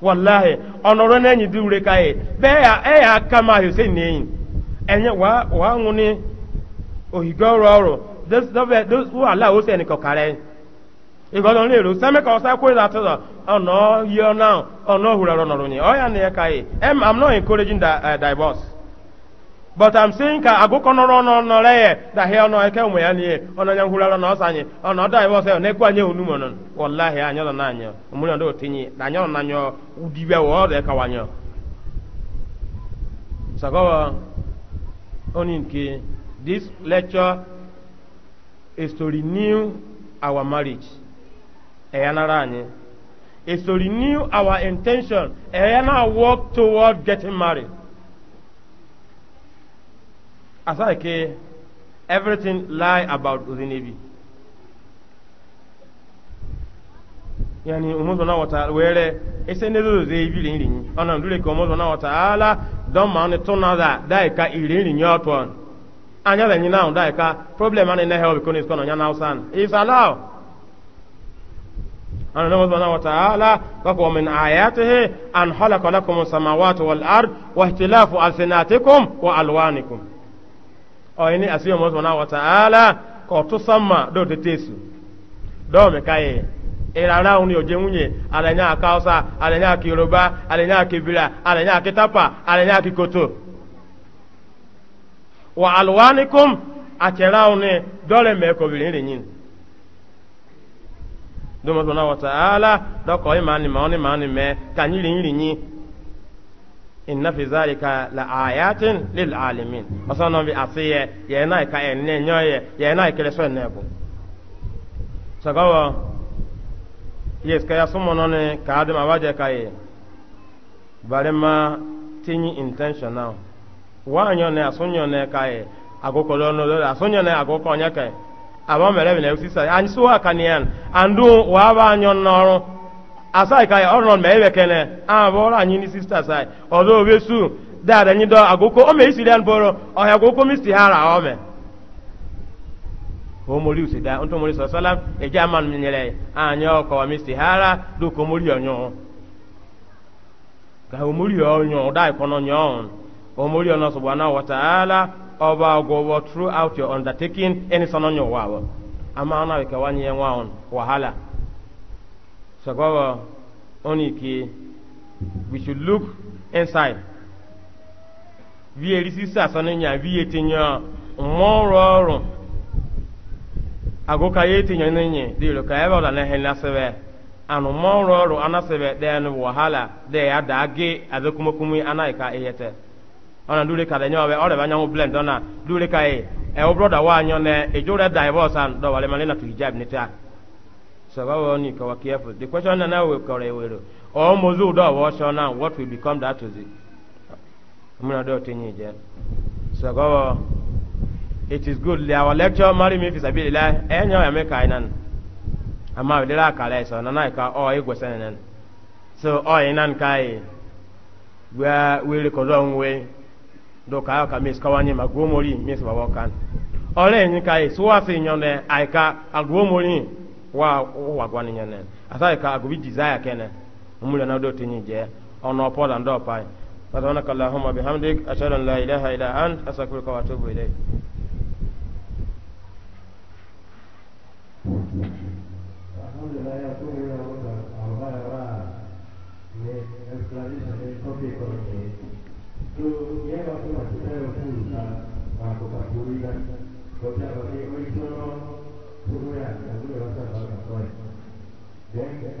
wallahi onoro ne nyi diure kai be ya e ya kama he say ne enye wa wa nguni ohigoro oro this those who allah o say ni kokare ìgbọ́dọ̀ ní èrò sẹ́mẹ́kà ọ̀sá kó ìlà tó ọ̀nà yọ náà ọ̀nà òhùrẹ̀ ọ̀rọ̀ ni ẹ̀ka yìí i'm not encouraging uh, divorce but I'm saying ka agụkọ nọrọ n'ọnọrọ ya dahi ọnụ eke ụmụ ya niile ọnụ anya nkwuru ọnụ ọsọ anyị ọnụ ọdọ anyị ọsọ ya na-ekwu anyị onu mọnụ wallahi anyị ọnụ n'anya ọmụrụ ndị otinye na anyị ọnụ n'anya udiwe ọ ọdọ ịkawa anyị sagawa onye nke this lecture is to renew our marriage ẹ̀yà nara anyị is to renew our intention ẹ̀yà na work toward getting married asa ke everything lie about uzinibi yani umuzo na wata were ese ne zo ze ibi rin rin ona ndure ko umuzo wata ala don ma ne tuna da dai ka irin rin yoto anya da ni now dai ka problem ani na help ko ni ko na nya now san is allow ana na umuzo wata ala wa ko min ayatihi an khalaqa lakum samawati wal ard wa ihtilafu alsinatikum wa alwanikum ọyini asiyo mọsọ na awọta ala kọ tusamma do tetesu dɔw mi ka ye ìlànà nwunye ala ní àka ọ̀sà alẹ́ ní aka yorùbá alẹ́ ní àka ibira alẹ́ ní tapa ala ní àka koto. inna fi zalika la ayatin lil alimin ọsàn náà bi àṣeyẹ yẹn náà ka ẹni ẹnyọ yẹ yẹn náà kẹlẹ sọ ẹni ẹbù sọgọwọ yẹ sikẹyà súnmọnà ni kàádùn àwájẹ ká yẹ barima tinyi intentional wàányọ ni àsúnyọ ni ká yẹ àkókò lọnà lọrẹ àsúnyọ ni àkókò ọnyẹ ká yẹ àwọn mẹrẹ mi nà ẹ sísá ànyísíwò àkànìyàn àndó wàá bá ànyọ nọrọ. asai ka ọ nọ ma ebe kene abụọrọ ah, anyị ni sista sai ọzọ obe su dada anyị dọ agụkọ ọ ma esi ọhịa agụkọ mi ha ra ọ omori usi da ntọ mori sọsọla eji ama ah, nyere anyị ọkọ mi ha ra dụka omori ka omori ọnyụ da ikọnọ nyọ omori ọnọ sọgbọ na wọtaala ọba ọgwọwọ throughout your undertaking any sababu only ki we should look inside vi erisi sasa n'enya vi etinye mmụọ ọrụ agụka ya etinye n'enye dịrị ka ebe ọ da n'ehe n'asịbe anụ mmụọ ọrụ ọrụ anasịbe dee wahala dee ya daa gị adekumekumi anaghị ka ihete ọna dure ka denye ọbẹ ọrẹ blend dure ka sababu ni kawa careful the question na nawe kore wero o mozu do wo so now. what will become that is it muna do tinyi je sababu it is good our lecture mari mi fi sabili la enyo ya meka inan amma we dira kala so na na ka o igwe senen so o inan kai gwa we record on we do ka ka mis kawanye magomori mis bawokan ole nyi kai suwa se nyone aika agomori wa wa gwani nyane asai ka agubi desire kene umule na do tinyi je ono pola ndo pai subhanaka allahumma bihamdik ashhadu an la ilaha illa ant astaghfiruka wa atubu ilayk alhamdulillah ya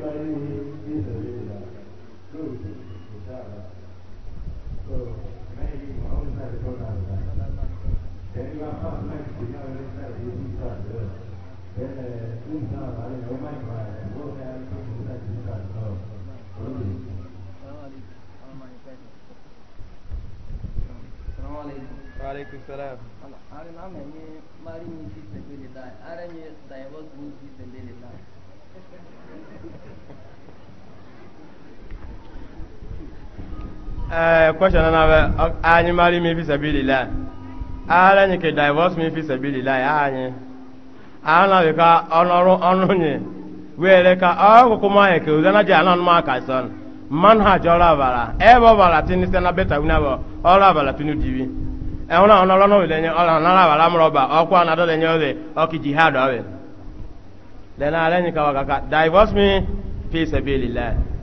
imani fi sabilillah rubutu insha Allah to mai ma'amun da ko da Allah dan ma fa mai dina ne sai yi ta da dan in da ba ne ko mai ba ko da an ko da ji ta to وعليكم السلام أنا ما مني ما ريني في سبيل الله أنا مي دايما في سبيل الله eh question na anyị mara mari fi sabilillah ala divorce mi fi sabilillah ana be ka onoru onunye were ka akuku ma e ma ka son mmanụ ha jora bara e bo bara na beta una bo diwi e ona na lono le nye ora na ra bara na do ọrụ divorce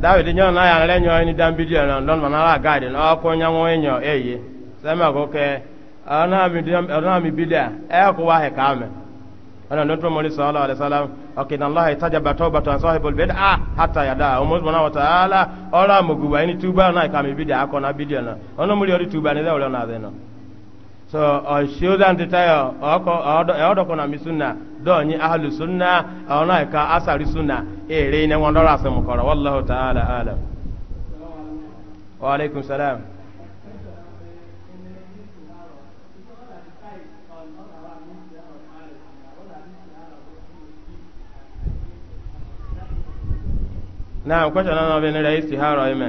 dawidi nyo na yan lɛ nyɔ ni dan bidiyo na lɔn ma na la gaadi na ɔkò nyamu nyɔ eye sɛmɛ ko kɛ ɔna mi dan ɔna mi bidiya ɛ e ko wa hɛ kaa mɛ don to mɔri sɔɔla alayi salam ɔkè na lɔhi taja batɔ batɔ sɔhi bol bɛdi a hata ya da ɔmɔ sɔmɔ na wata ala ɔra muguba ɛni tuba na kami bidiya akɔ na bidiyo na ɔna muri yɔri tuba ni dɛ wuli ɔna zɛ na. so ọ̀ṣọ́dáǹtì táyọ̀ ọkọ̀ ọ̀ọ́dọ̀kọ̀ na mi sunna dọ̀ọ̀nyi ahalu sunna ọ̀nà ìka asari sunna èrè iná wọn lọ́rọ̀ àsẹ̀mù kọ̀rọ̀ wàlláhu ta'ala alam. wa aleykum salaam. naam kwesịrị na ọ bụ nire istihara ime.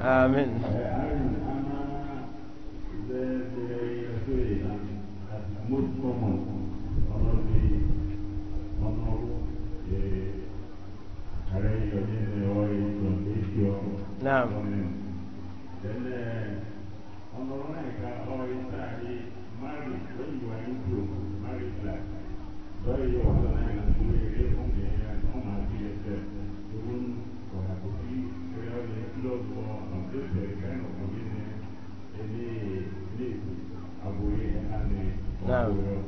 Amin. Naam. Naam. No.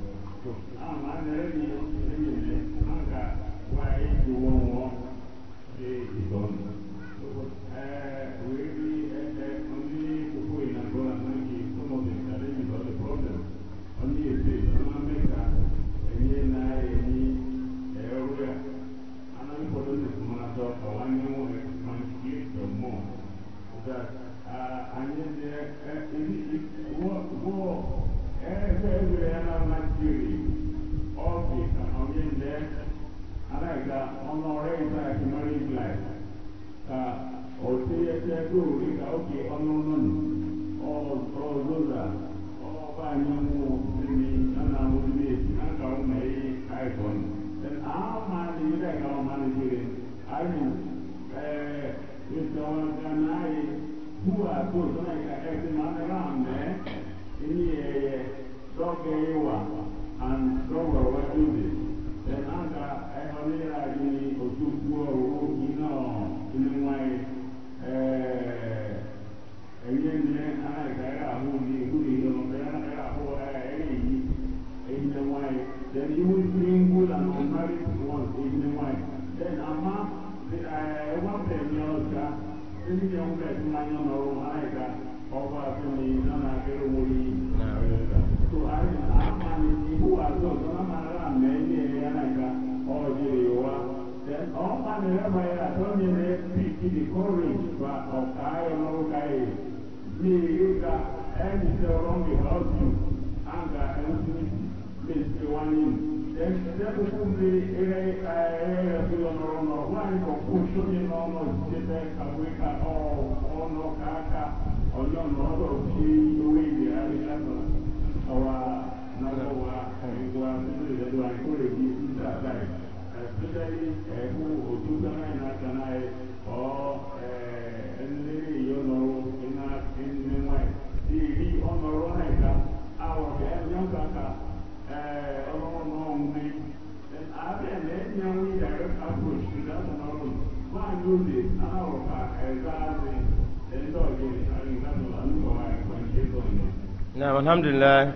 alhamdulillah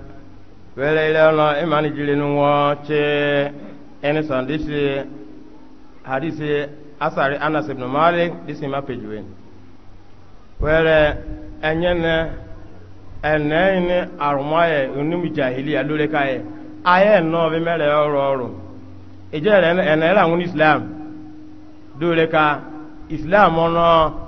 wele ile ona imani jili nuwo che eni san disi hadisi asari anas ibn malik disi ma pejuwe wele enyene eneini arumaye unumi jahiliya lule kaye bi mere ọrụ ọrụ ijere enere anwun islam lule ka islam ọnọ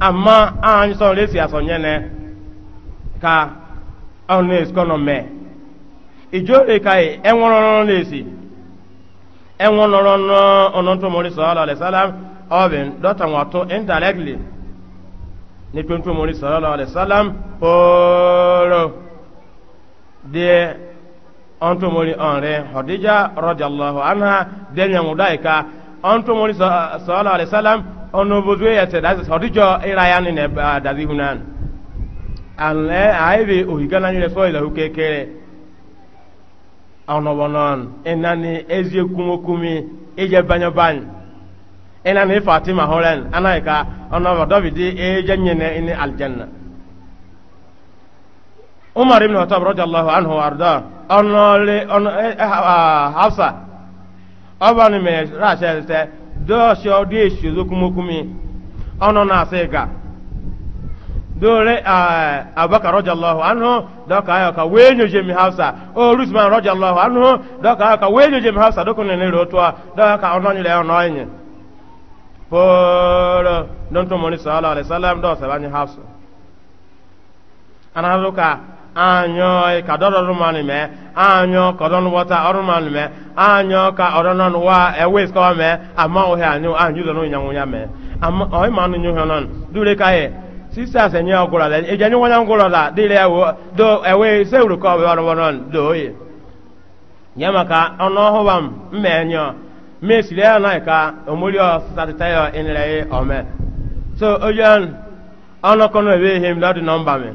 amma an son le siyaso na ka on ne skono me ijo e kai enworo si enworo no onon to mori obin dota wato indirectly ne to to mori oro de on to ọdịja onre anha de nyamudaika on to mori ono bozwe ya te dazis hodijo ira ya ni ne dazi hunan anle aibe ohigana ni reso ila hukekere ono bonon enani ezie kumo kumi eje banyo banyo enani fatima holen anaika ono bodobidi eje nyene ini aljanna umar ibn khattab radiyallahu anhu arda ono le ono hafsa ọba ni me ra ṣe ṣe dɔɔsɛ de sozo kumokumi ɔnɔ naase ga dore ɛɛ abubakar rɔjallahu anu dɔka ayɔ ka wee nyoje mi hausa o rusman rɔjallahu anụ dɔka ayɔ ka wee nyoje mi hausa dɔkun nene ro toa dɔka ɔnɔ nyilɛ ɔnɔ enye pooro dɔntumuni sɔɔlɔ alayisalam dɔɔsɛ ba nye hausa ana ka. E anyo ka dọrọ mmanụ mee anyọ ka ọdọ nwọta ọrụ mmanụ mee anyọ ka ọrụ nọ nwa ewe iskọ mee ama ohe anyụ anyụ zọrọ nyanwụ ya mee ama ọyị mmanụ nyụ hịọ nọn dure ka sisa sisters enye ọgwụrọ la eji enye nwanya ngwụrọ la dịrị ewe do ewe ise uru ka ọbụ ọrụ ọrụ do oye nye maka ọnụ ọhụwa m mma enyo mesiri ya na ka omori ọsatịta ya ịnere ome so oye ọnụ ọnụ kọnụ ebe ihe m lọdị nọmba mee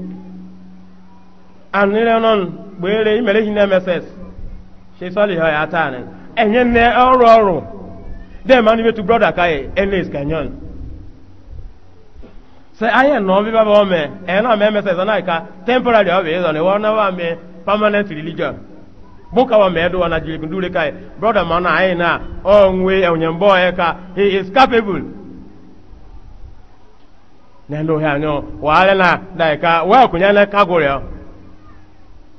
anire non gbere imere hin mss se soli ho ya tane enye ne ọrụ ọrụ de man be tu brother kai e, enes kanyon se aye no bi baba o me e na me mss na ka temporary obi zo ne wona wa me permanent religion boka wa me do wa na jiri ndure kai e, brother man na aye na o nwe onye mbo e ka he is capable nendo ya nyo wale na dai ka wa kunyana kagore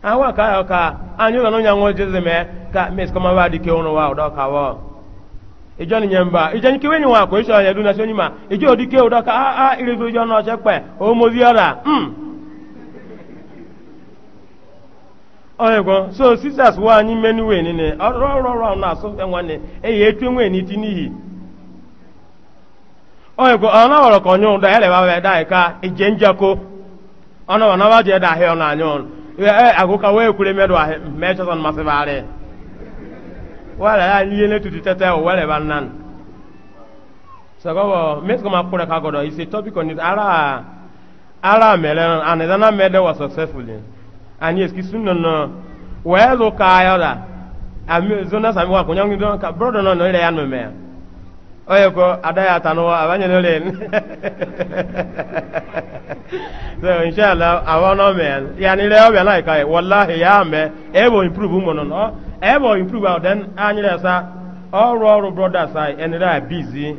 awa ka ya ka anyu na nya ngo jeze me ka mes kama wa dike ono wa odo ka wo ijo ni nyemba ijo ni kiweni wa ko iso ya duna so nyima ijo dike odo ka a a ire se pe o mo ara hmm. so sisters menu ni ne na so enwa ni e ye etu ni ti ko da ele wa e agoka wee kure medu ahe mecho son masibare wala ya liye ne tutu tete o wale ban nan so go mes kama kure ka godo is a topic on it ara ara mele and then made was successful and yes kisuno no welo ka ayora ami zona sami wa kunyangi don ka brodo no no ile ya no me oye ko ya tanuwa abanye no len so inshallah awono men yani le obi na kai wallahi ya me ebo improve mo no ebo improve out then anyere sa ọrụ ọrụ brothers i enere a busy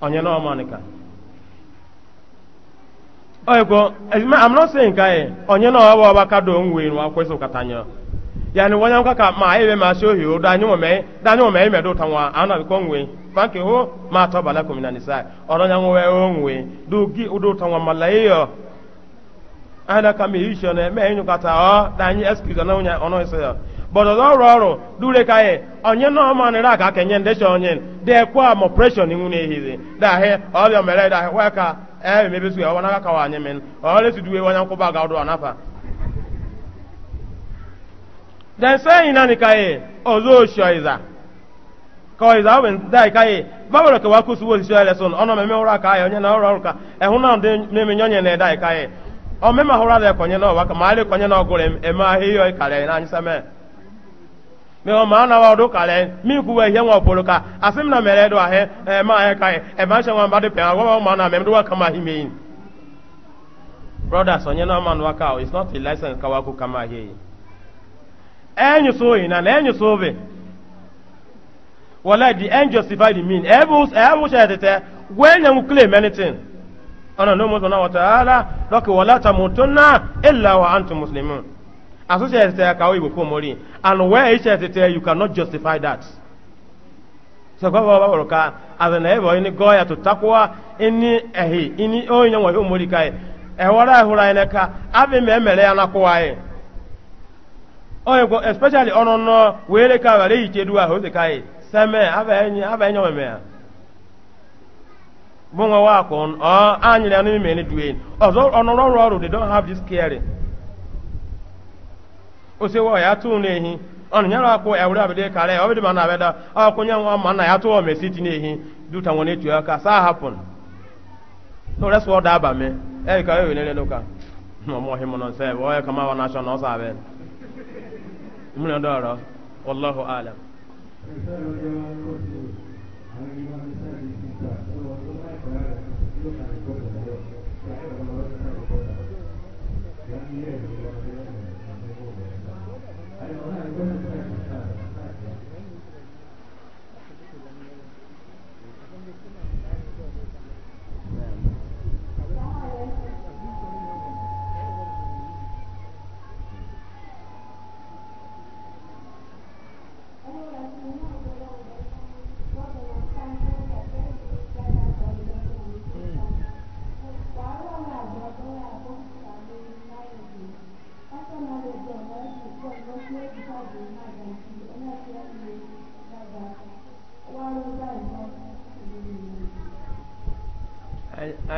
onye no monica oye ko eh, i'm not saying kai onye no owa oba kado nwe nwa kweso katanyo yani wanya kaka ma ayewe ma so ohi o da nyi da me do ana bi ma to bala ko minani sai oro o do gi malaye yo ana ka mi ne me nyu kata o da nyi excuse na nya ono se yo bodo do ro ro e onye ma ni ra ka de mo pressure ni na ka wa nyi men o le su duwe wa nya ko ba ga anafa dẹsẹ yìí náà nìkan yìí ọzọ oṣù ìzà kọ ìzà ọbẹ dá ìka yìí báwo lọ kẹwàá kó suwọ ìṣẹ ẹlẹsọ nù ọnà mẹmẹ wúrà káyọ ọnyẹ náà ọrọ ọrùka ẹhún náà dé mímí nyọnyẹ náà dá ìka yìí ọmọ mẹmà húrà dẹ kọnyẹ náà wákà màá ka kọnyẹ náà gọrẹ ẹmọ ahiyọ ìkàlẹ yìí náà ní sẹmẹ mi ọ maa eme ọdún kalẹ mi kú wẹ yẹn wọn ka na mẹrẹ do ahẹ ẹ máa ka yẹ ẹ máa ṣe wọn bá dé pẹ àwọn ọmọ náà náà máa ká o it's not a license enyi soyi na enyi sobe wala the end justify the mean ebu ebu shedete when you claim anything ana no na wa ta'ala laki wala tamutunna illa wa antum muslimun aso shedete ka oyibo ko mori and where shedete you cannot justify that so kwa baba baba ka azana ebo ini goya to takwa ini ehi ini oyin wa yo mori kai e wara hura ina ka abi me mere ya na kwa e. oyekwo oh, especially ọnụnọ were ka were ichedu ahụ ose ka seme abenye omeme ya bụ nwa wakụ ọ anyịrị anụ ime ni duen ọzọ ọnụrụ ọrụ ọrụ they don't have this caring ose wa ya tụ n'ehi ọnụ nyere akwụ ewere abịdị karịa ọ bịdị ma na abịada ọkwụ nye nwa ma nna ya tụọ mesi ti n'ehi duta nwe na-etu aka saa hapụn no rest wọ daba me ẹ ka ọ yi n'ụka ọmụ ọhịa mụ nọ nsọ ebe ọ ya kama ọ na-achọ na ọ saa abịa múlẹ̀ dọ̀rọ̀ wallahu alam.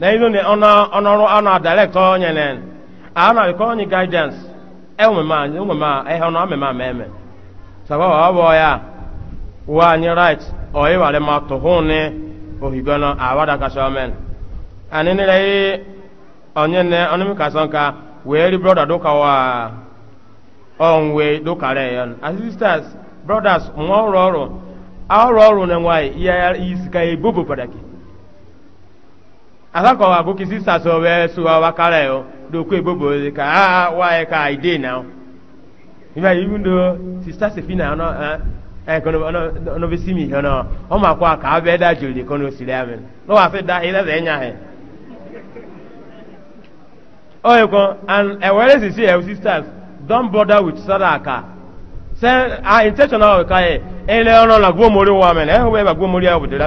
na izo ni ona ona ro ana direct onye a ana ko onye guidance e ume ma ume e ho no sabo wa ya wa anyị right o e wale ma to ho ne o hi gona awada ka so men ani ni onye ne onu mi ka nka we ri brother do ka wa on we do ka ọrụ brothers mo ro ro a ro ro na wa ya isika e asakọwa bụ kisi saso wee suwa wakara yo dokwe bobo ka ha waye ka ide na ibe even though sister sefina ano eh, eh kono ono ono bisimi ono o ma kwa ka abe da joli kono silamen no wa fe da ile ze nya he oye ko and ewere eh, sisi e sisters don border with sadaka say ah, our intention na o ka e ele ono na gwo mori wa men e eh, ba gwo mori a obudira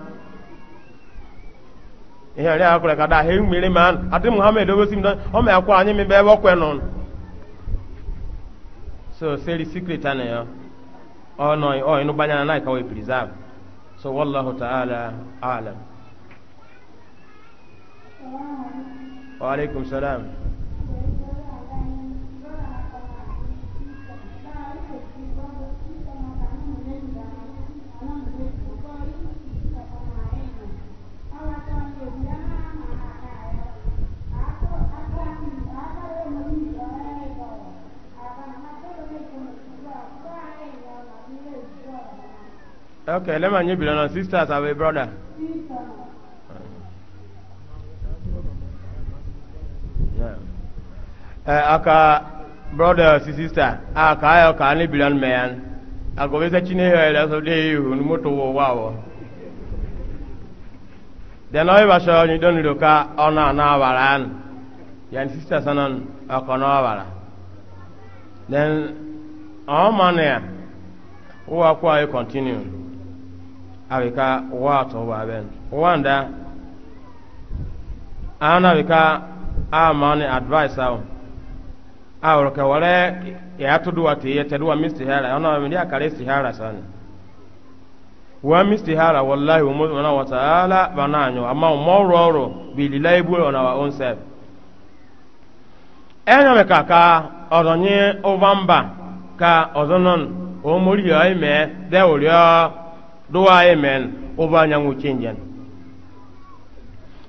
ihe ri akwụrụ ka daa hewu mmiri ma adị muhammed ogosi m ọ ma akwa anyị mebe ebe ọkwe nọ so seri secret na ya ọ nọ na ka we preserve so wallahu ta'ala alam wa alaikum salam Okay, let me be on sisters have a brother. Yeah. Uh, aka brother si sister aka ah, ayo ka ni bilan meyan ago vese chine yo la so de yu nu moto wo wa wo de no ba so ni don lo ka ona na waran yan sister sanan aka no wara then o mania wo akwa continue abika waato baaben wanda ana abika amani advice awo awol ka wale yatuduwa tiye teduwa mistihara ona wamili akale istihara sana wa mistihara wallahi wa mudhana wa ta'ala bananyo ama umoro oro bililai bulo na wa onse enya me kaka odonye ovamba ka ozonon omori ya ime de do waye men o nyangu chenjen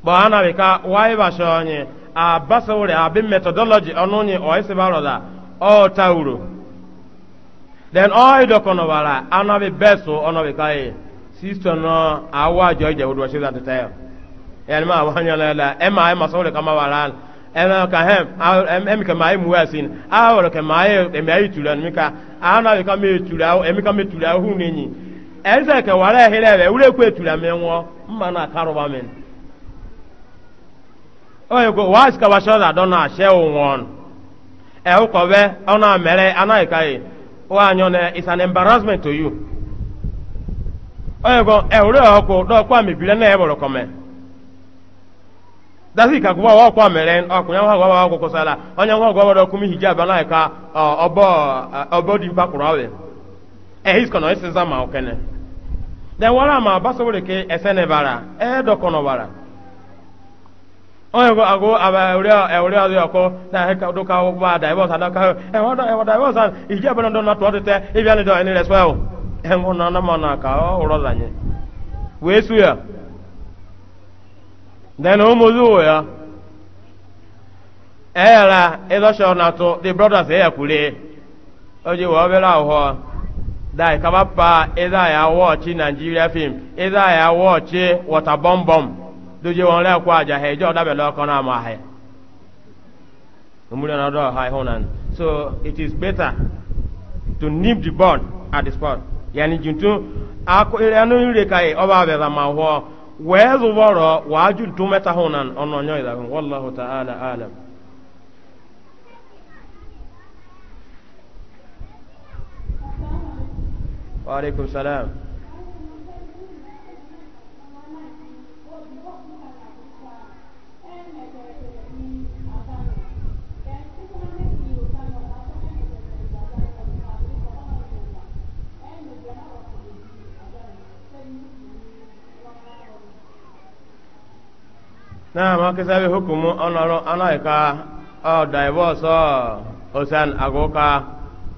ba ana be ka ba shonye a basawre a bin methodology onunye o ise baroda o tauro then o ido kono bara ana be beso ono be kai e, sister no awa joje wodo shi that time yani ma wanya la la e kama waran ema ka hem ɛmi e, e ka maa yi mu ɛsin awɔrɔ ka maa emi ayi ana ka eze ke wara ehiri ebe urekwu etula me nwụọ mma akarụba men oye ko wa sika wa na she won e ko be ona mere it's an embarrassment to you O ko e ure ko do kwa na e boro dasi ka wa wa onye wa kumi hijab ka di e his then wara ma basobole ke esene bara e dokono bara onye go ago aba ori ori ori oko na he ka do ka o ba da e bo sa na ka e wo da e wo da e sa bo na to tete e bi ani do ani o e na na ma ka o ro la nye ya then o mo ya e e do sho dai kaba pa eda ya watch Nigeria film eda ya watch water bomb bomb doje won le kwa aja hejo da be lo kan na ma he umuri na do hai honan so it is better to nip the bud at the spot yani juntu ako ile anu ile kai oba be da ma ho wezu woro wa juntu meta honan ononyo ida e wallahu ta'ala alam وعليكم السلام na ma kesa be hukumu onoro ọ o divorce osan agoka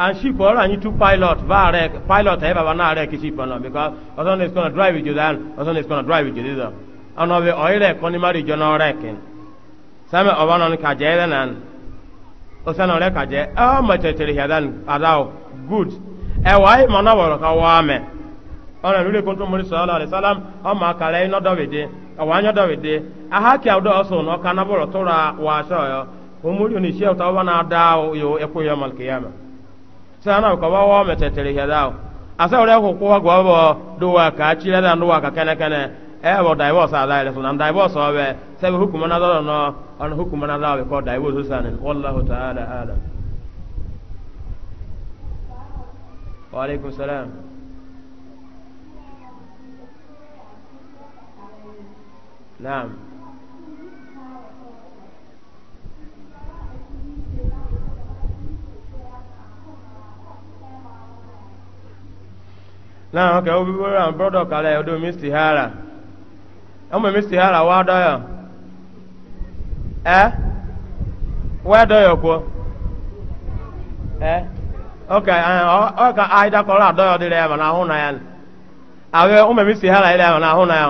and ship and anyi two pilot va rẹ pilot ẹ baba náà rẹ kí ship ọ̀nà because ọ̀sán is to drive with you, jordan ọ̀sán is to drive with jesus ọ̀nà ọ̀bẹ ọ̀yìn rẹ kọ́ni má rí jọ́nà ọ̀rẹ́ kìn sẹ́mi ọ̀bá náà kàjẹ́ ẹ̀rẹ́ náà ọ̀sán ọ̀rẹ́ kàjẹ́ ẹ̀ ọ́ mọ̀ tẹ̀tẹ̀rẹ̀ yàrá adáwọ̀ good eh, Why ẹ̀ wá ẹ̀ mọ̀ náà wọ̀rọ̀ ká wọ́ àmẹ́ ọ̀nà ìlú kò tó mọ̀ sọ́ọ́lá rẹ̀ sálám ọmọ àkàrẹ́ iná dọ̀wìdì ọ̀wọ́ anyọ́ dọ̀wìdì ahákì àwùdọ̀ ọ̀sùn ọ̀kan náà bọ̀rọ̀ tó ra wàásọ̀ ọ̀yọ́ òmùrí oníṣẹ́ ọ̀tá ọ̀bá náà dá yòó ẹ̀kú yọmọ kìyàmẹ́. sana ka wa wa metetere heda asa ore ko ko gwa bo do wa ka chira da wa ka kana kana e bo divorce ala ile sunan divorce o se be hukuma na do no on hukuma na be ko divorce wallahu ta'ala ala wa alaikum na oke obiboro an brodo kala odo mistihara ọmọ mistihara wa dọyọ ẹ eh? wẹ dọyọ kwọ eh? eh, ẹ ọ ka aida kọrọ adọyọ dịrị ya mana na ya awe ọmọ ya ahụ na ya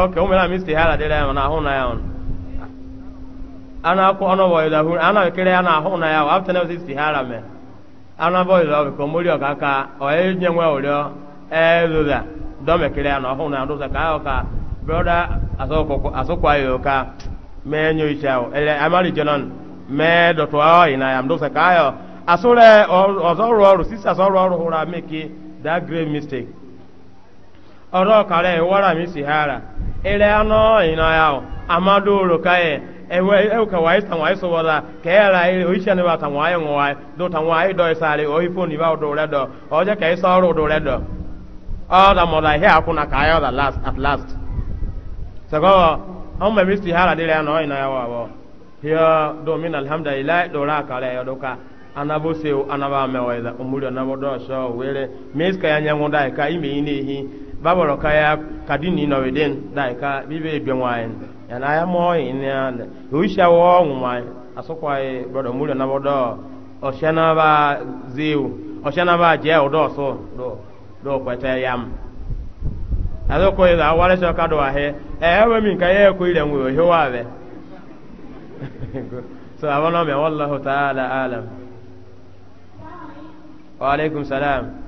ok ọmọ mistihara dịrị ya na ahụ na ya ana akọ ọnụ wọ ịdahuru ana ekere na ahụ na ya after mee anabọ ịlọ ka omori ọkaka ọyị nye nwe ụrịọ ezoza dọmekiri ya ana ọhụụ na adụsa ka ahụ ka broda asụkwa ya ụka mee nyo iche ahụ ele amari jenon mee dọtụ ọyị na ya mdụsa ka ahụ asụrụ ọzọ ọrụ sisa ọrụ ọrụ hụrụ ameki that great mistake ọzọ kara ịwara m isi ha ara ele anụ na ya o amadu ụrụ ka ya ewe euka wai tan wai so wala ke ala ile oisha ne wata wai ngwai do tan wai do sare o hi phone ba do redo o je kai so ro do redo o da mo da he last at last so go on me misti hala dile no ina ya wa wo here do min alhamdulillah do ra ka le do ka anabo se anaba me wa da do so were miska ya nyangu daika imi ni hi baboro ka ya kadini no daika dai ka bibe biwain yana aya mo ina huisha uh, wo ngwa asokwa e brother mulio na bodo oshana oh, ba ziu oshana oh, ba je odo so do do kwete yam azoko e da wale so kado ahe ewe mi nka ye ko ile nwe ohe wabe so abona me wallahu ta'ala alam wa alaikum salam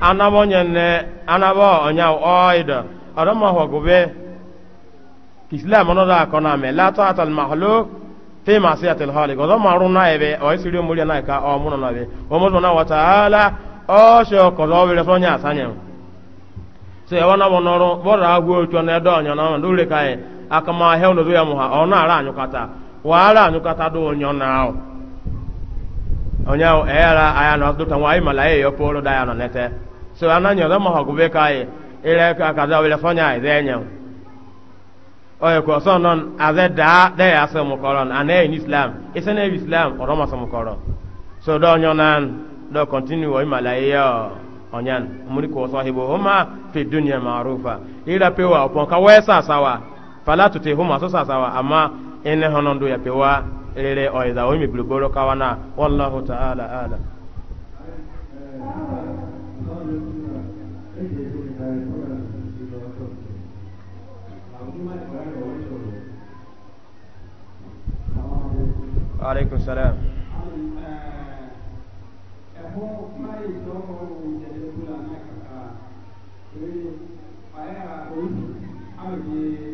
anabọ nyenne anabọ ọnya ọịdọ ọdọmọ họgụbe islam ọnọdụ akọ na mẹ latọ atal mahluk fi na ebe isiri na ka ọ mụrụ na ebe ọ mụrụ na wataala ọ ọ were sọnya na ọnọrụ bọrọ na akama ya mụ ha ọ na-ara anyụkata wàhálà anyụkata onye ahụ eghara aya na dụta nwa anyị mala ya ya pụrụ da ya nọ nete so ana nyọ ma ha gube ka anyị ire ka ka da wele fanya ai de nyam oye ko so non aze da de ya se mu koron ana in islam ise na islam oro ma se mu koron so do nyọ nan do continue o mala ya onyan muri ko sahibu huma fi dunya ma'rufa ira pewa opon ka wesa wa. fala tuti huma so wa ama ene honondo ya pewa rere oiza o mi bilboro kawana wallahu ta'ala ala alaikum salam Thank you.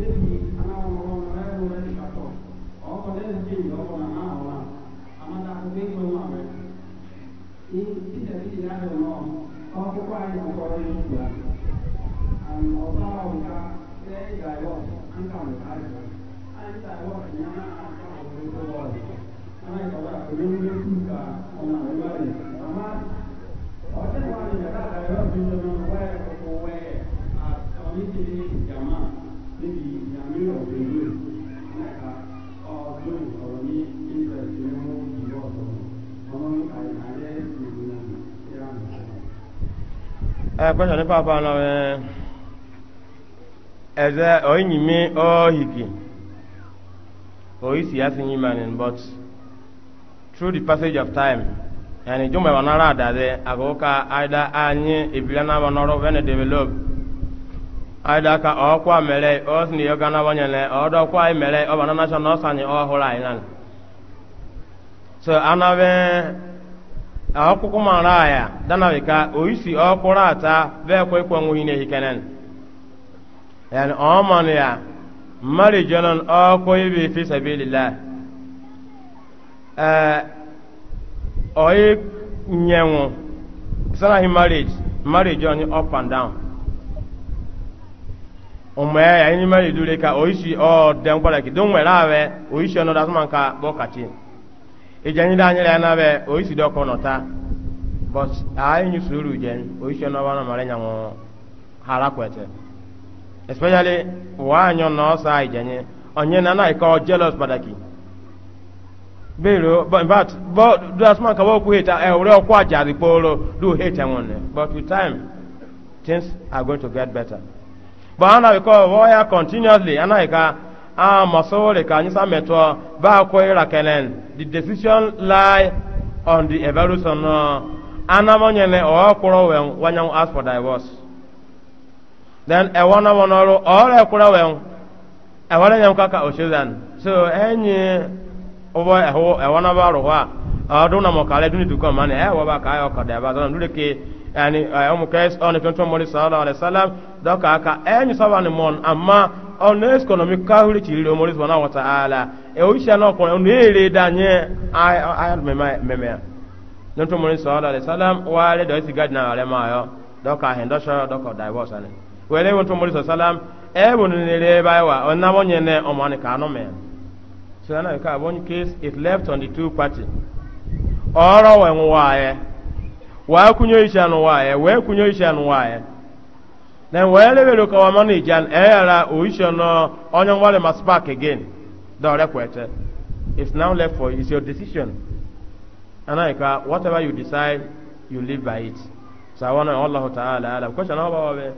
lẹ́yìn aláwọ̀ ọ̀rọ̀ rẹ̀ ló rẹ̀ ìgbàtọ̀ ọkọ̀ lẹ́yìn tí ìlú ọkọ̀ náà máa wà àmàdà àkókò ìgbà wà rẹ̀ ní títẹ̀ sí ìyájọ́ náà ọkọ̀ ayé ọkọ̀ rẹ̀ ló gbà ọ̀tá ọ̀gá lẹ́ ìgbàyọ̀ áńkà ọ̀gá rẹ̀ áńkà ọ̀gá rẹ̀ ní áńkà ọ̀gá rẹ̀ ana yi kaba ko yin yin kuka ona o ba ni ama o te wa ni da da yo bi no wa ko ko we a o ni ti jama 没有规定，那个到最后你一个节目比较多，我们大家的能量这样子。ẹ pẹ́sẹ̀ ní pápá náà ẹ ẹ̀zẹ̀ ọ̀yìnmí ọ̀hìkì but through the passage of time ẹni jùmọ̀ ẹ̀wọ̀n náírà àdàdé àgọ́ká àìdá àyín ìbílẹ̀ náà wọn ọ̀rọ̀ develop aida ka ọkwa mere ọsini yoga na wanyele ọdọ kwa mere ọba na nashọn na ọsani ọhụrụ anyị nan so anabe ọkụkụ mara aya danabe ka oisi ọkwụrụ ata bee kwa ikwe nwuhi na ehikenen yani ọmọnụ ya mmadụ jọnọn ọkụ ibi fi sabilila ee eh, ọyị nyenwu sanaghị marriage marriage onye up and down umɛ ya ni ma idure ka oishi o den kwala ki don wera we oishi no dasman ka bokati e jani da nyere na we oishi do kono ta but ai ni suru jen oishi no bana mare nyawo hara kwete especially anyị anyo no sa ijenye onye na na ka jealous badaki bero but but dasman ka wo ku heta e ore kwa jari polo do heta wonne but with time things are going to get better ba ana na wo ya continuously ana ka a masore ka nyisa meto ba ko ira the decision lie on the evolution ana monyele o kworo we wanyan ask for divorce then e wona wona ro o re we e wona nyam kaka o so enyi obo e ho e wona ba ro wa aduna mo kale duni du ko mane e wo ba ka yo e ka da e ke yani eh, umu kais on sallallahu alaihi ka ka on economic kahuri chiri mori subhanahu wa ta'ala e o isha no kon on ere danye ay ay me me me non ton sallallahu alaihi salam wa le do si gadna ale ma eh, ka hen ka wa kunyo ishan waye we kunyo ishan waye then we lebelo ka wa manu ijan era o ishan no onyo wale must back again do requete it's now left for it's your decision and I e ka whatever you decide you live by it so I want Allah ta'ala alam question how about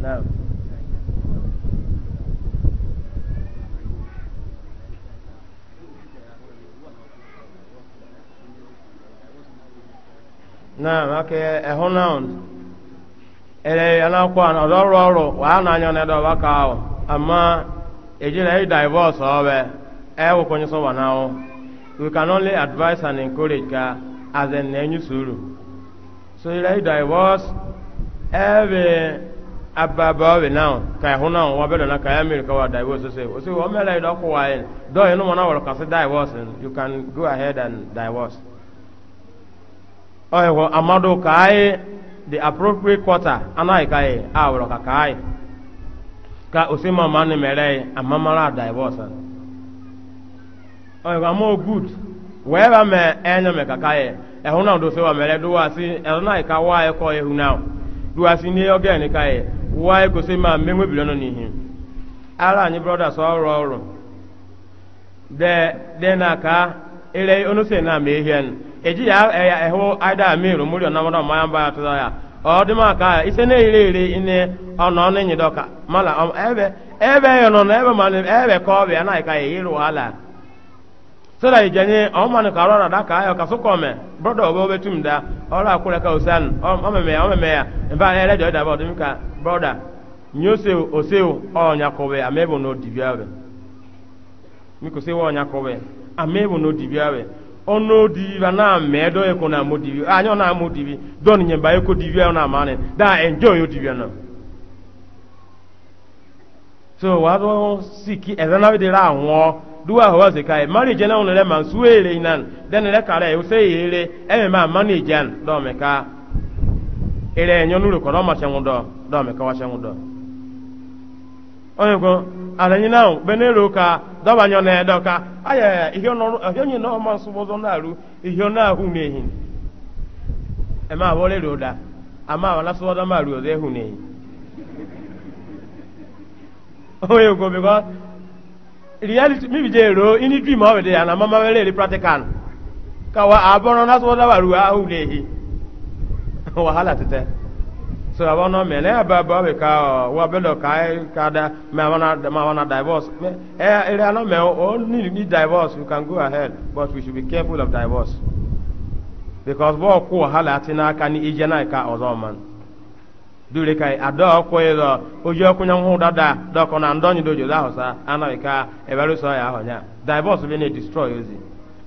no na aka ehụ na ere ya akwụkwọ na ọrụ ọrụ wa na anya na edoba ka ahụ ama ejira i divorce ọbẹ ẹwụ e kwenye sọba na ahụ we can only advise and encourage ka as in na enyi suru so ire i divorce ẹbẹ ababa ọbẹ naụ ka ịhụ na wa bẹrẹ na ka ya mmiri ka wa divorce sị o sị o mere ịdọkwụwa ya dọọ ya nụmụ na wọrọ kasị divorce you can go ahead and divorce oyigo amadu kaayi the appropriate quarter anayi kaayi awuro ka kaayi ka osi ma ma ni amamara divorce oyigo amoo good wɛɛba mɛ ɛnyɛ mɛ ka kaayi ɛhun naa do se wa mɛrɛ si ɛhun na yi ka waayi kɔ si anyị ni kaayi ma ọrụ. ere onu na ama ehi eji e, ya ehu aida amiru muri onamodo maya mbaya tuzo ya ọdịma ka ise na-ere ere ine ọnụ ọnụ enyi dọka mala ebe ebe ebe ka ọbịa na ka eyiru ala sọdọ ìjẹni ọmọnì kàrọ ràdá kà ayọ kàsókò mẹ brọdọ ọbẹ ọbẹ tùm ya ọmẹmẹ ya nfa ẹlẹjọ ìdàbọ ọdún ono divi ba na me na e kuna mo divi na mo don nye ba e ko divi na mane da enjoy divi so wa do si ki na we de ra won duwa ho ze kai marriage na onere man suere inan den le kare o se yere ere onye ko alanyi na benero ka dabanyo na edo ka aya ihe no onye no ma so bozo na ru ihe na ahu na ehin e ma wo le ama wala so da ma ru o de hu na ehin onye ko because reality mi bi je ro ini dream o de na mama we le practical ka wa abono na so da wa ru ahu na ehin wahala tete so awa uh, eh, eh, eh, no me ne ba ba be ka wa be lo oh, kai ka da me ma wana divorce me e re no me o oh, need need divorce you can go ahead but we should be careful of divorce because bo ko hala na ka ni ije na ka ozo man dure kai ado ko e lo ojo ko nyam hu dada do ko na ndonyi dojo da hosa ana ka e ba so ya ho nya divorce be ne destroy ozi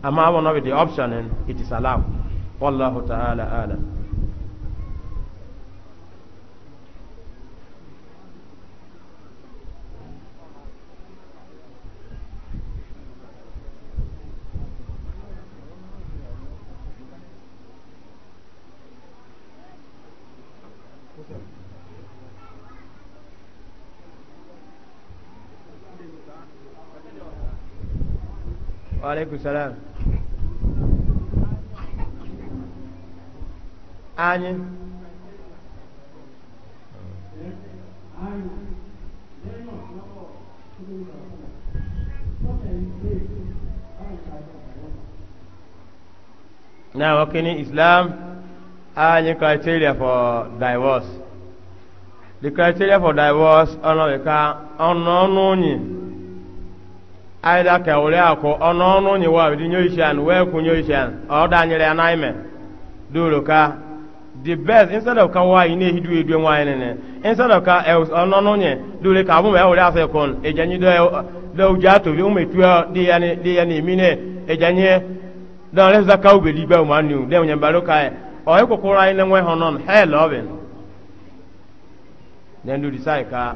ama wa no be the option and it is allowed wallahu ta'ala alam وعليكم السلام أني na wakini islam any criteria for divorce the criteria for divorce ọnọ ka ọnụ aida ka oriakụ ọnụ ọnụ nyiwabidi nyoishan wee kwu nyoishan ọ danyere ka the instead of ka na-ehidu edue nwaanyị instead of ka e ọnụ ọnụ nye duru ka abụm ewere afọ ekon ejenyi doji atụbi umetuo dị ya n'emine e ka ubelibe ka na-enwe ha nọn hel then you decide ka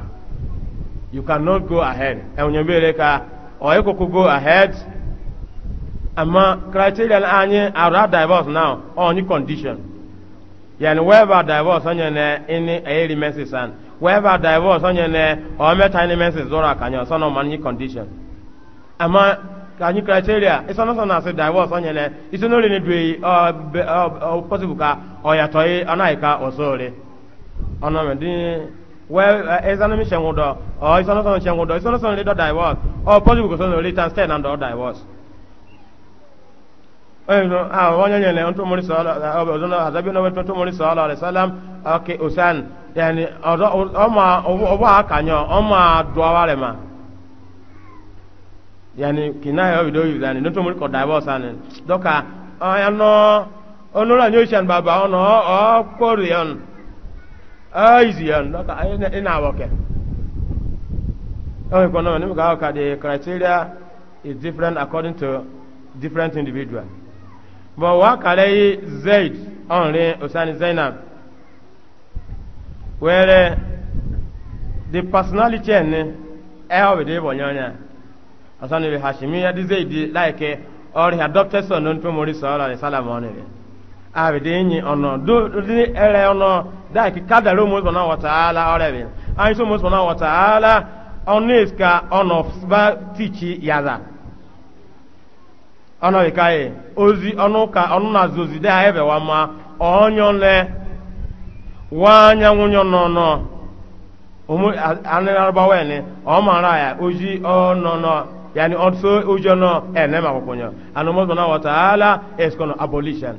you cannot go ahead e or you could go ahead ama criterion anyị ara divorce now onye condition yani wherever divorce onye na ini eri mesis and wherever divorce onye na ometa ini mesis zoro akanya ọsọ na ọmanyi condition ama anyị criteria ịsọ nọsọ na asị divorce onye na isi n'ori ni due ọ possible ka ọ yatọ ọ naghị ka ọsọ ori ọnọmịdị well ezanami shengudo or isonosono shengudo isonosono ledo divorce or possible kosono later stand and or divorce ɛnu awon nyɛ nyɛlɛ ntɔ mori sɔɔlɔ ɔbɛ ɔzɔn na azabi na wɛtɔ ntɔ mori sɔɔlɔ alayisalam ɔke osan yanni ɔzɔ ɔma ɔbɔ akanyɔ ɔma dɔwa rɛ ma yanni kinaya ɔbi do yi zani ntɔ mori kɔ daibɔ sani dɔka ɔyanɔ ɔnura nyɛ osan baba ɔnɔ ɔkɔri ɔnu aizi ya ndoka ina woke o ko no ni ka ka the criteria is different according to different individual bo wa kale zaid onre usani zainab where the personality ne e o de bo nyonya asani bi hashimi ya di zaid like or he adopted son no to mori sallallahu alaihi wasallam onere abidinyi ono do dini ere ono da ki kadaro mo ọrịa wa anyị sọ ayi so mo subhanahu wa ta'ala oneska ono ba tichi yaza ono bi kai ozi ọnụ ka ọnụ na zozi da ebe wa ma ọnyọ le wa anya nwunyo no no omu anira ba we ni o ya oji ono no yani also ojo no ene ma kokonyo anu mo subhanahu wa ta'ala is going abolition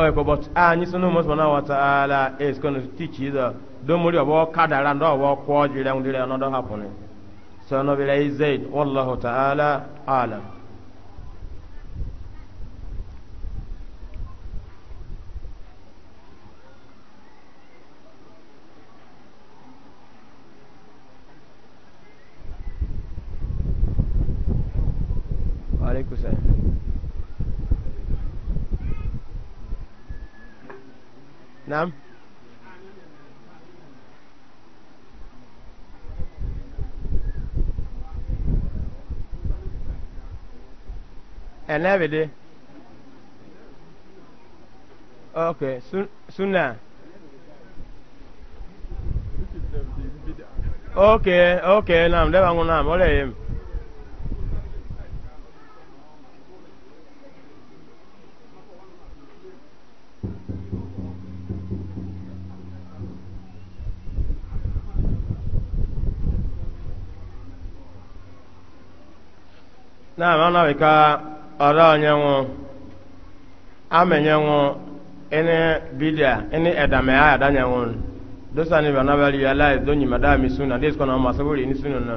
Ọ but ah, ni sunu must mana wa taala eh, is going to teach you don't worry about kadara and about quad you don't do another happening. So no will say wallahu taala alam. Alaikum نعم أنا بدي أوكي سنة أوكي أوكي نعم ده بعمر نعم ولا يهم naanị ọ na-abịa ka ọrụ anyanwụ amenyanwụ ịnị bidia ịnị edamaya adanyanwụ dosa ni bana bɛ realize do nyima da mi suna des kono ma saburi ni suna nọ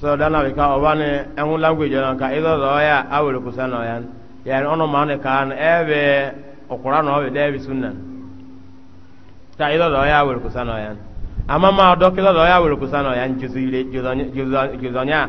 so da na ka obane en language na ka ido do ya awul ku sana ya yani ono ma ne kan ebe okura no be debi suna ka ịzọ zọ ya awul ku sana yan amma ma do kilo do ya awul ku sana yan juzire juzonya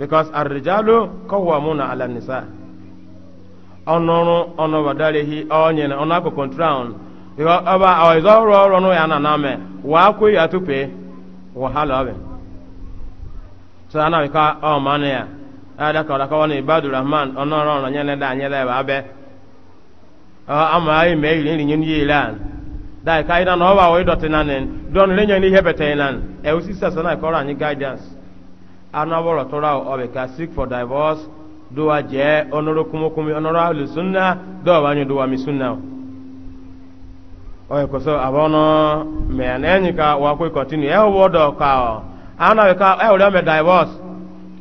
because arrijalu qawwamuna ala nisa ọnụrụ ọnụbadarihi onyene ọnụakụ contround ọba ọzọ ọrụ ọrụ ọnụ ya na name wa kwụ ya tupe wahala ọbịa so ana ka ọmanụ oh, ya ada ka ọdaka wani ibadu rahman ọnụrụ ọrụ nyere da anyere ebe abe oh, ama anyị ma eyiri nri nye ndị ile an dai ka anyị na ọba ọwa ịdọtị na nị dọnụ renye n'ihe bete nanin ewusi sasa na kọrọ anyị guidance anabɔrɔ tora ọ bụ ka seek for divorce duwa jɛ ɔnɔrɔ kumokumi ɔnɔrɔ ahlu sunna dɔw b'a nyɛ duwa mi sunna o ye kosɛbɛ a bɔ nɔ mɛ ne ni ka wa ko continue ɛ wo dɔ ka ɔ ana bɛ ka ɛ o mɛ divorce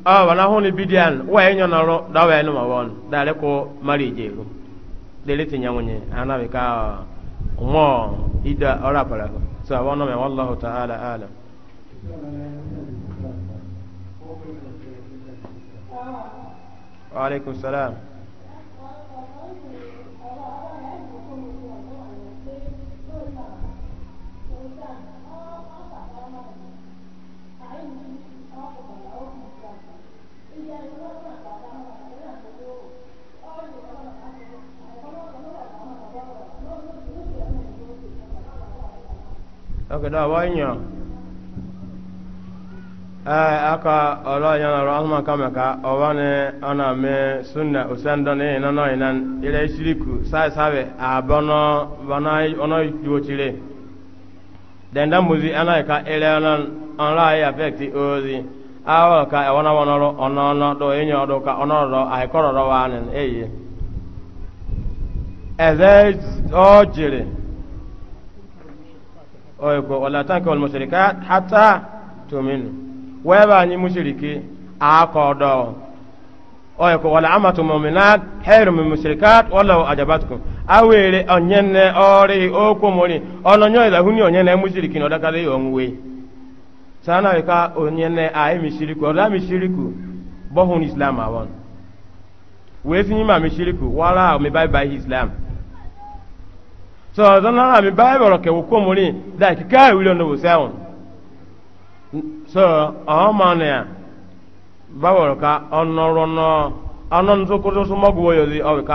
ɔ wana hɔn ni bidiyan wa ye ɲɔnɔrɔ dawɛ ye ne ma wɔn dale ko mali je ko deli ti ɲɛ ŋun ana bɛ ka mɔ ida ɔra pala so a bɔ nɔ mɛ wàllu ta'ala وعليكم السلام Okay, now why not? E, aka ọrụ ya na rahma kama ka ọwane ana me sunna usan don e no no inan ile shiriku sai sabe abono bana ono yuchire den dan muzi ana ka ile non onla ya affect ozi awo ka e wona wona ro ono do enyo do ka ono ro ai koro ro eye eze ojire oyo ko wala tanka wal mushrikat hatta tuminu weba anyi mushriki akodo oyeko wala amatu muminat khairu min mushrikat walau ajabatkum awere onyene ori okomori ononyo ila huni onyene mushriki no dakale yonwe sana weka onyene ai mishiriku ola mishiriku bohun islam awon wezi ma wala mi bye bye islam so mi ke so ọmọnì à báwòrò ká ọ̀nọ̀rọ̀ nọ ọ̀nọ̀ nzọkọtọ sọmọgù ozi yọzi ọ̀wẹ̀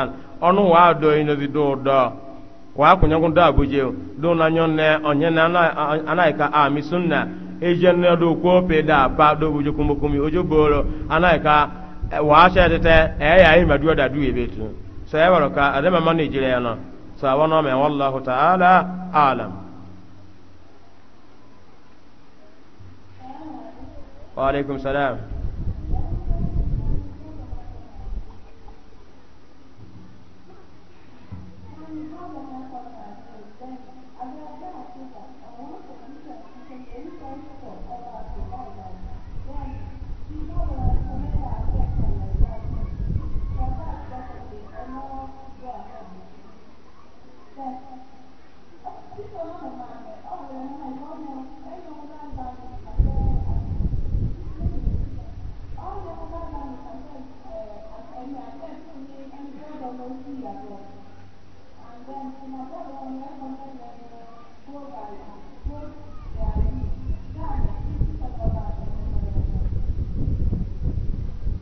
and ọ̀nù wàá dọ̀ yín yọzi dọ̀ dọ̀ wàá kùnyẹ́kùn dọ̀ àbújẹ́ o dọ̀ nanyọ́ nẹ ọ̀nyẹ́ nẹ anáyíká àmì sunna ejẹ́ nẹ dọ̀ kó pè dà so so ọmọ taala وعليكم السلام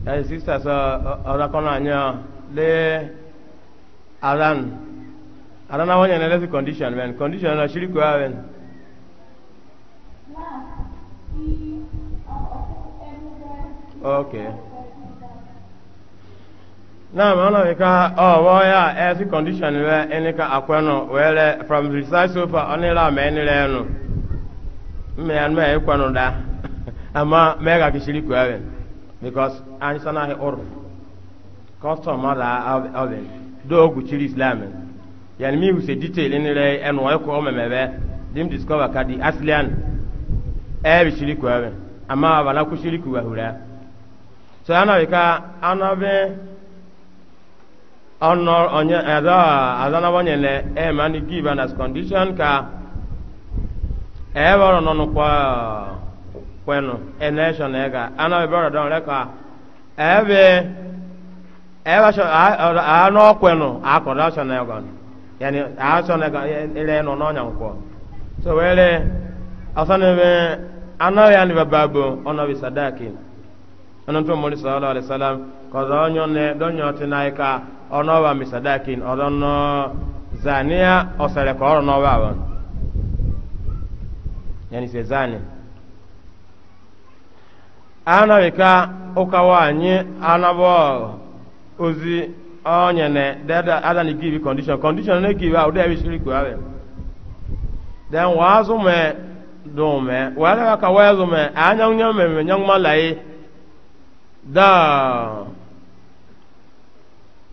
and sisters uh, uh, ọ̀rọ̀ kan uh, lé aran aran àwọn yẹn lẹ́sìn condition bẹ́ẹ̀ condition náà ṣírí kò wá okay náà mọ̀ náà wíká ọ̀wọ́ oh, ya ẹ̀sìn condition rẹ̀ ẹni ká àpẹnu from the side sofa ọ̀nìlá mẹ́ni rẹ̀ nù mẹ́ẹ̀ẹ́nù mẹ́ẹ̀ẹ́ da dá àmọ́ mẹ́ẹ̀ẹ́ka kìí ṣírí because anyị sanaghị ụrụ custom ala oven do ogwu chiri islam yani mi huse detail nire enu ọkụ omemebe dim discover ka di aslian ebe shiriku ebe amma abala ku shiriku wahura so ana wika ana be ọnọ onye ẹdọ azanabọnyele ẹ ma ni give an as condition ka ẹ bọrọ nọ nukwa. kwenu enation ega ana be bora don reka ebe eba sho ano kwenu akoda sho na ega yani aso na ega ile e, no no nya nko so wele asane be ana ya ni babu ono bi sadaki ono to mo sallallahu alaihi wasallam ko donyo ne donyo tinaika ono wa mi sadaki ono zania osere ko ono wa wa yani se zania anabika ụkawanyi anabọ ozi onyene dada adani give condition condition ne give out there shiri ku awe then wazu me do me wala ka wazu me anya nya me me nya malai da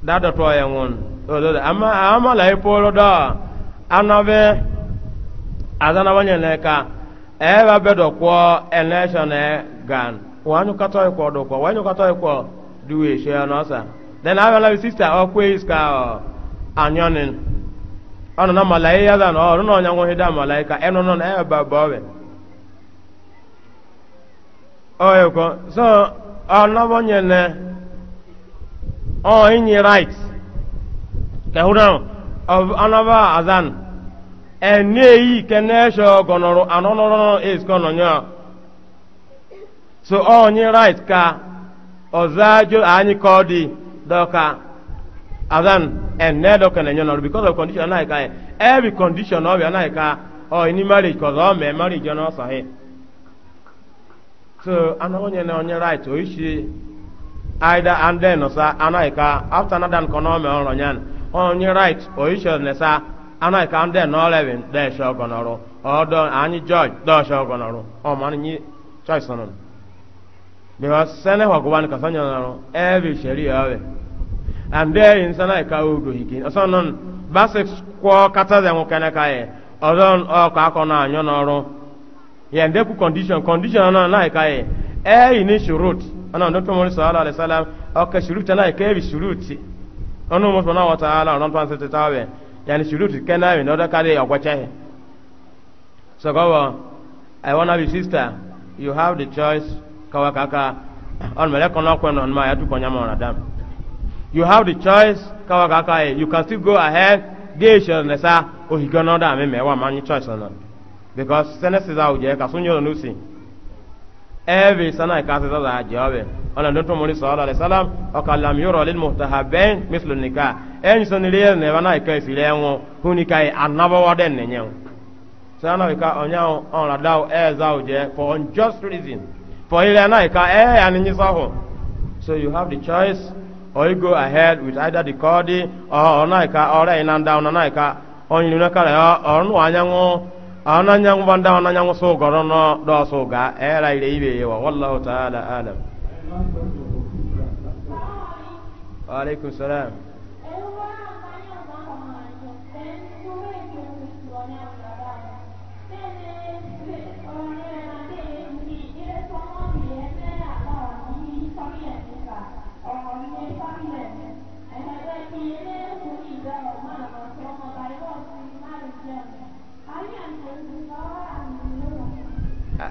dada to ya won do do ama ama lai polo da anabe adana wanyene ka eba bedo kwa election e gan wanyu kato e ko do ko wanyu kato e ko duwe she no sa then i will sister o oh, kwe is ka oh, na malai ya da no oh, no nyango malai ka eno eh, no na e ba ba we o yo ko so o inyi right ka huna of anava azan gonoro anono is kono nyaa so onye rait ka ọzajo anyị ka ọ dị dọka azan ene dọka na enyo nọrọ because of condition anaghị ka every condition ọbịa anaghị ka ọ ini marriage ka ọ mee marriage ọ n'ọsọghị so anụ onye na onye rait oishi aida and then ọsa anaghị ka after nadan ka ọ mee ọrụ nyan onye right oishi ọnesa anaghị ka ndị na ọrụ ebe dọọsha ọgọnọrụ ọdọ anyị judge dọọsha ọgọnọrụ ọ ma anyị because sene wa kuban ka sanya na every sharia we and there in sana ka ogo hikin so non basic ko kata de mo kana ka e odon o ka ko na anyo na ro ye nde ku condition condition na na ka e e ini shurut ana ndo tomo sallallahu alaihi wasallam o ka shurut na ka e bi shurut ono mo sona wa taala ono tan se tawe yani shurut kana we no da ka de ogwache so go i wanna be sister you have the choice kawa kaka on mele kono ma ya tu konya mona dam you have the choice kawa kaka eh, you can still go ahead Gie sure na sa o oh, higo no da me eh, me wa man choice on because sense is out je ka sunyo no si every sana ka sa da jawabe ona don to mori sallallahu alaihi wasallam o kallam yura lil muhtahabain nikah en so ni le ne ka won anaba wa den ne ka onya on la e za o je for unjust for ile na ka eh ani nyisa ho so you have the choice or you go ahead with either the cordy or naika ka or in and down na ka on you na ka or no anyanwo ananyanwo banda ananyanwo so goro no do so ga eh ra ile ibe ye wa wallahu ta'ala alam wa alaikum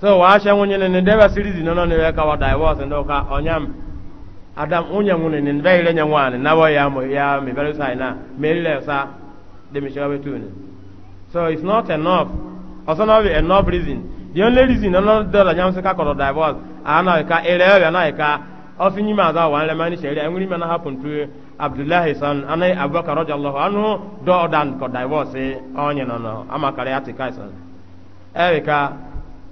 so wa ashe nwunye ne ne deba series no no ne we ka divorce ndo ka onyam adam unye nwune ne ne ile nya nwane na wa ya mo ya me very sai na me ile sa de mi shawe tune so it's not enough also not enough reason the only reason no no do la nyam se ka ko divorce ana e ka ile ya na e ka ofi nyima aza wa nle mani sheria enwuri me na happen to abdullahi san anai e abubakar radiyallahu anhu do dan ko divorce onye no no amakare atika san erika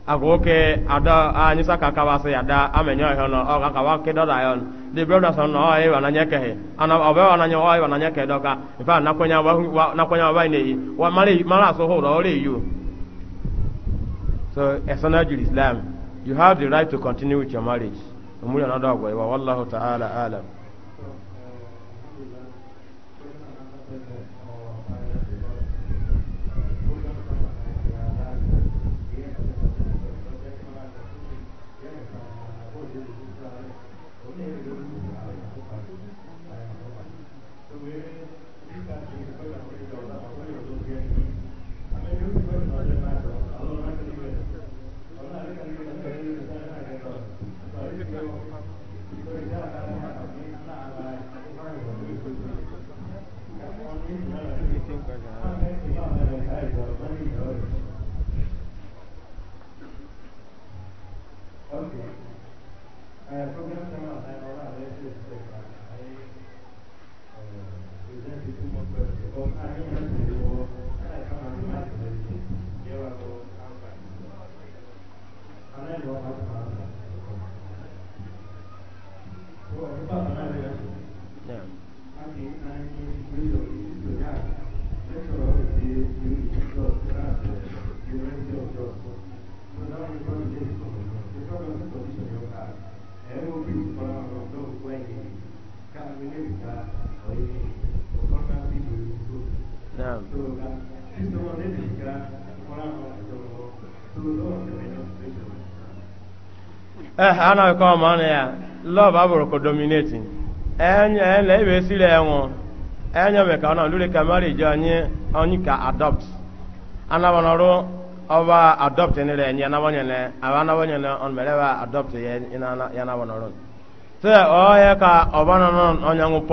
agoke ada anyisa kaka wase ada amenyo hono o kaka wake doda yon the brothers on o e wana nyeke ana obe wana nyo o wana nyeke doka ifa nakonya wa nakonya wa ine yi wa mala so yu so esana islam you have the right to continue with your marriage eh anaghị ko ma ọnụ ya love aburu ko dominating enye ele ibe sire enye ka na lure ka ka adopt ana ba adopt ni enye na wonye ne na mere ba ye ya na ba noro ya ka oba no no onya ngu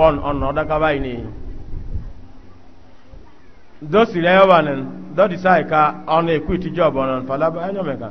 ka falaba enye ka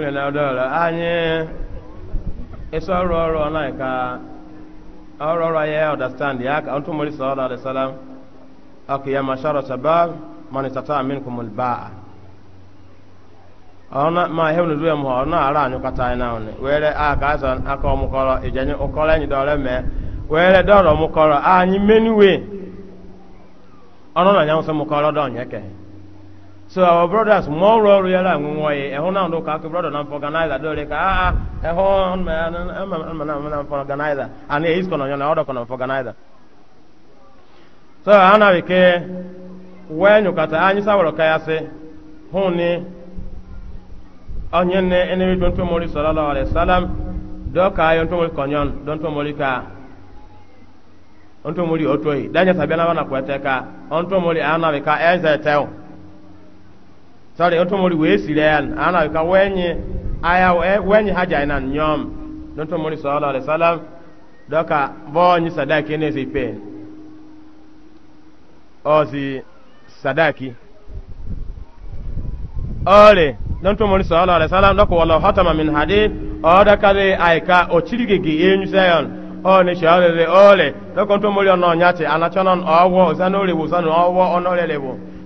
mire na ọdọọrọ anyị ịsọ ọrụ ọrụ ọnaghị ka ọrụ ọrụ anyị ọdastand ya ka ntụ mmiri sọọla sara ọkụ ya mashara shabab mana ịsata amin kumul baa ọna ma ihe nuru ya mụọ ọna ara anyị kata anyị naanị were aka azọ aka ọmụkọrọ ijenye ụkọrọ anyị dọrọ mee were dọrọ mụkọrọ anyị menuwe ọnụ na ya nsọ mụkọrọ dọnyeke so our brothers more raw real and one way and now look at brother and organizer do like ah a hon man and man for organizer and he is going on order for organizer so ana wike when you kata anyi sawro kaya se huni onye ne ene eh, bi don to mori sallallahu alaihi wasallam do ka yon to mori konyon don to mori ka on to mori otoi danya sabena eh, wana kweteka on to mori ana ka eze eh, teo sori otomori wee siri ana ka wenye aya wenye haja ina nyom otomori sallallahu alaihi wasallam doka bonyi sadaki ne si ozi sadaki ore otomori sallallahu alaihi wasallam doka wala hatama min hadid oda kale aika ochirigege enyu sayon one shawere ole doka otomori ono nyati anachonon owo wo owo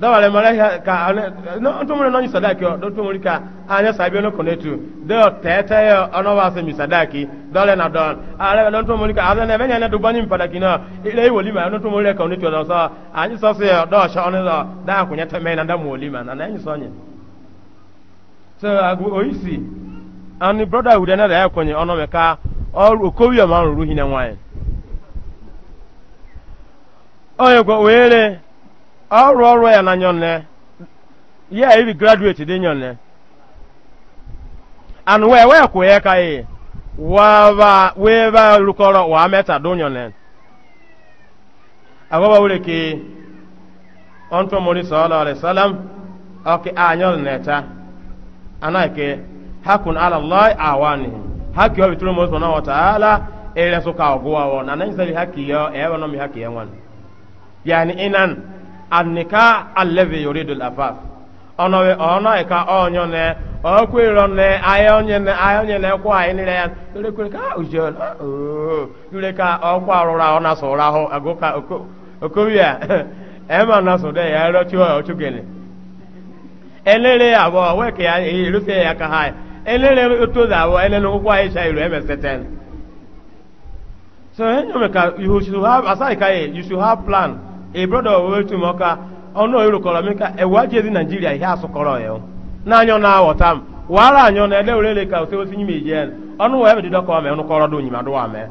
dɔwɛrɛ mara ya ka ɔnɛ no ntomori n'anyi sadaki ɔ ntomori ka anya sa ɔno kɔnɛ tu dɔw tɛɛtɛ yɛ ɔno mi sadaki dɔwɛrɛ na dɔn ale bɛ ntomori ka ale bɛ nyɛ ne duba ni padaki na ile yi anyị ma ntomori yɛ ka ɔne tu ɔdɔ sɔ anyi sɔ se yɛ dɔw sɔ ɔne sɔ daa kunyɛ tɛmɛ na dɛm wòli ma na n'anyi sɔ nyɛ so agbo oyi ani broda wuli ne yɛ kɔnye ɔnɔ ka ọrụ ọrụ ya na nyonne ya iri graduate dị nyonne and wee wee kwụ ya ka ị waba wee ba rukọrọ wa meta do nyonne agọba wure ke ọntụ mori sọlọ alisalam ọkị anyọn neta anaghị hakun ala allah awani haki obi turu mọsọ na wata ala ere so ka ọgụwa wọ na nanyi sari haki ya ewe nomi haki ya nwan yani inan annika alevi yoridu lafaf ọnọwe ọnọ ka ọnyọ nẹ ọkwere nẹ ayọ onye kwa ya kwere ka ka ọkwa ahụ na sọrọ ahụ agụ ka na ya ẹrọ tí ọ ọtúgẹlẹ elere abọ wẹkẹ ya ya ka ha elele tó dà abọ elele ụkwụ anyị sha iru so enyo ka you should have you plan e broda wetu maka ọnụ orukọrọ meka ewajezi naijiria ihe asụkọrọ ya na-anyọ na-aghọta m wara anyọ na ele ka ose osi ije ọnụ wee medidọ ka ọ mee nụkọrọ ma dụwa mee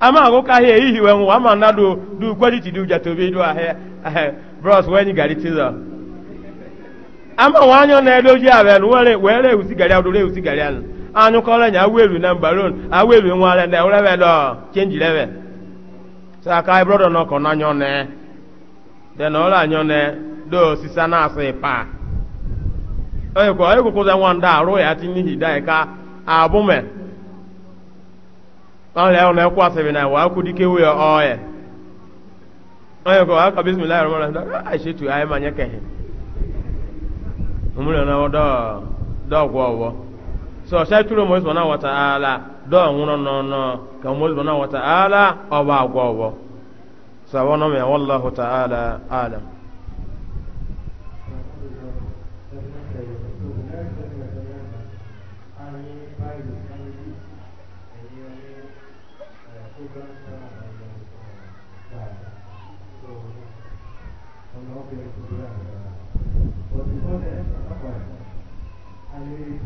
ama ahịa wee nwụwa ama nnadụ du du jatobi du ahịa bros wee gari ama nwa anyọ na abịa were were anyụkọrọ na mbaron E. E, sa ka na no nyone nanyo ne de no do na asị pa e ko e ko ko za wan ya ka e na wa ku dike we o e e ko ka bismillahir rahmanir rahim ai shetu ma nyake he umule na wodo do gwo wo so ituru turo isi so na wa ala dɔɔ ŋuna nɔɔnɔ ka mɔli bana wa ta'ala o b'a gɔbɔ sabɔnɔ mɛ wallahu ta'ala alam Thank you.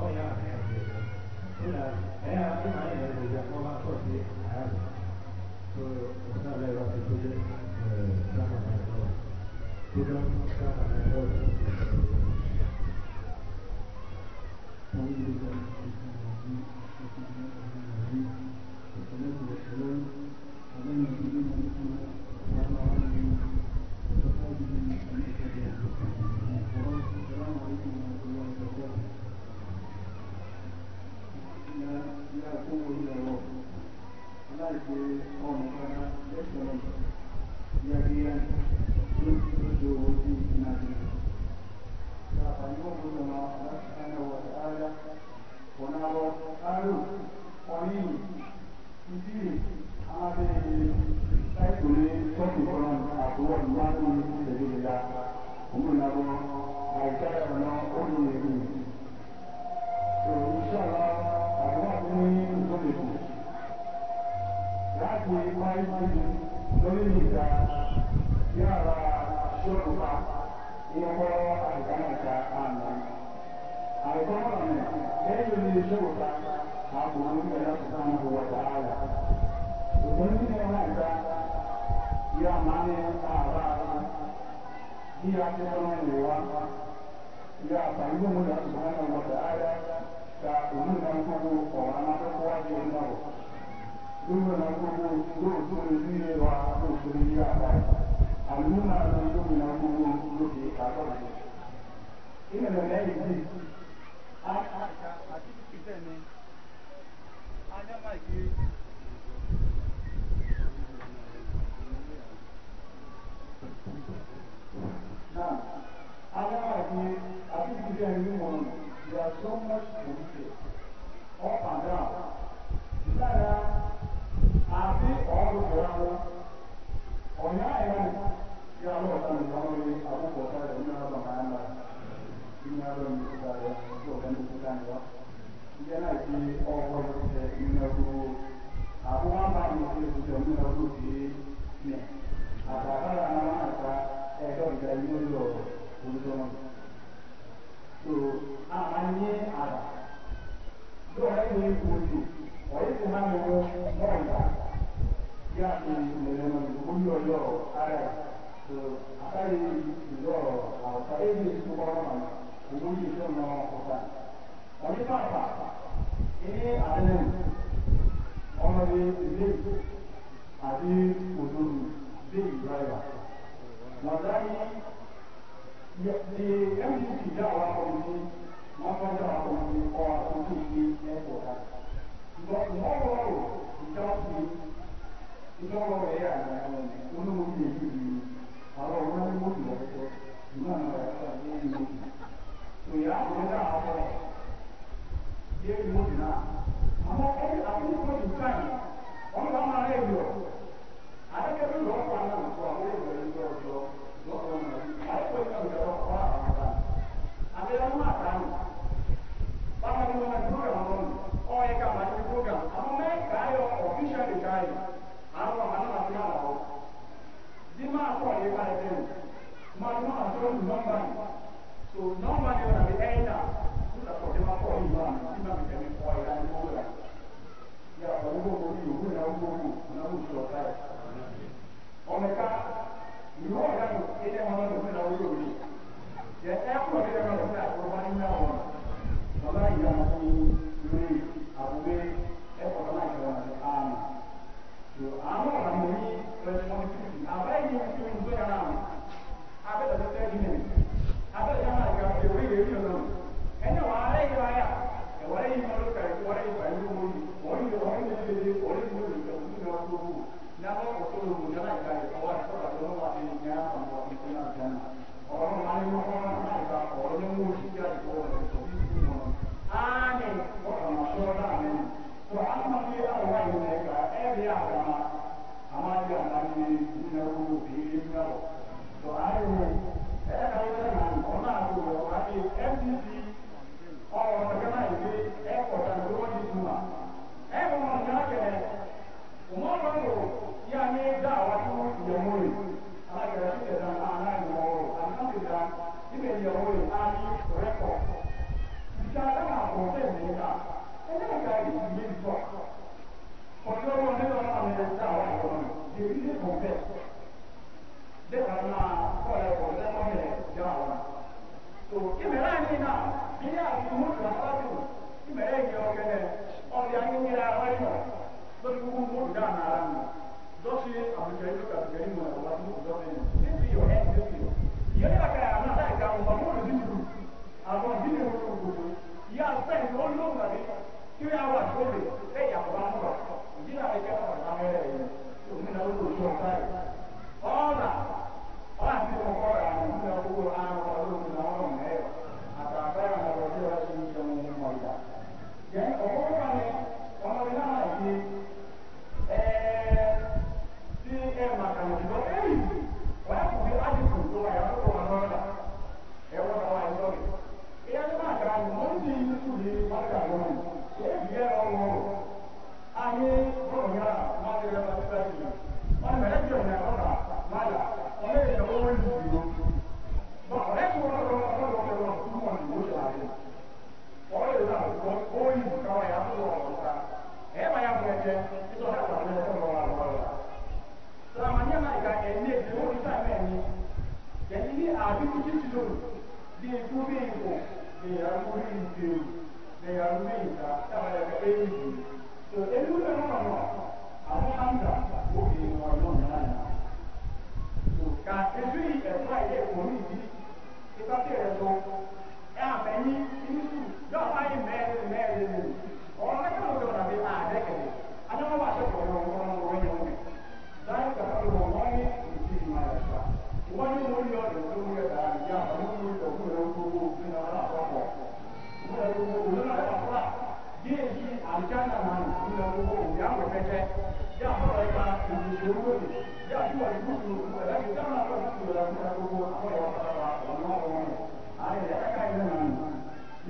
哎呀，平常也得回家，我怕坐车，哎呀，就相对来说就是，上班的时候，一般上班的时候，忙一点。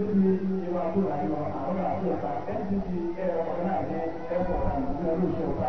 níbi ìwà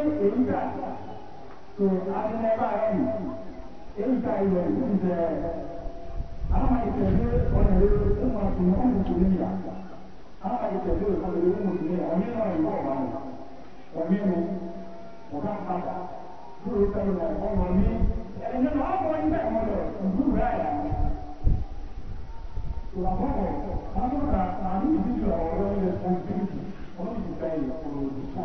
èyíkà tó adìrẹ báyìí èyíkà ilẹ̀ ìṣẹ̀ àwọn ìṣẹ̀lẹ̀ ọ̀nà ìlú ọmọ àtúnyẹ̀ ọmọ ìṣẹ̀lẹ̀ yà àwọn ìṣẹ̀lẹ̀ ọ̀nà ìlú ọmọ ìṣẹ̀lẹ̀ yà ọ̀mí náà ìwọ̀ ọ̀bà mi ọ̀mí mi ọ̀gá padà lórí kẹlẹ̀ ọmọ mi ẹ̀yìn náà ọmọ ilẹ̀ ọmọ rẹ̀ ìdúrà yà lọ́kọ̀ọ̀ àwọn ọ̀rọ̀ àdúgbò ìdíjọ ọ̀rọ̀ ilẹ̀ kọ̀ọ̀kì ọ̀rọ̀ ìdíjọ ìkọ̀rọ̀ ìdíjọ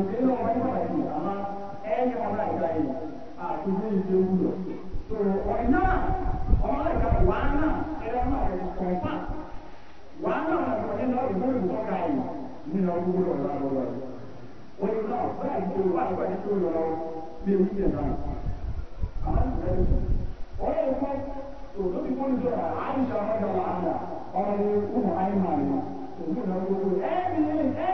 òkè náà wáyé pàtàkì àmọ́ ẹ̀yẹ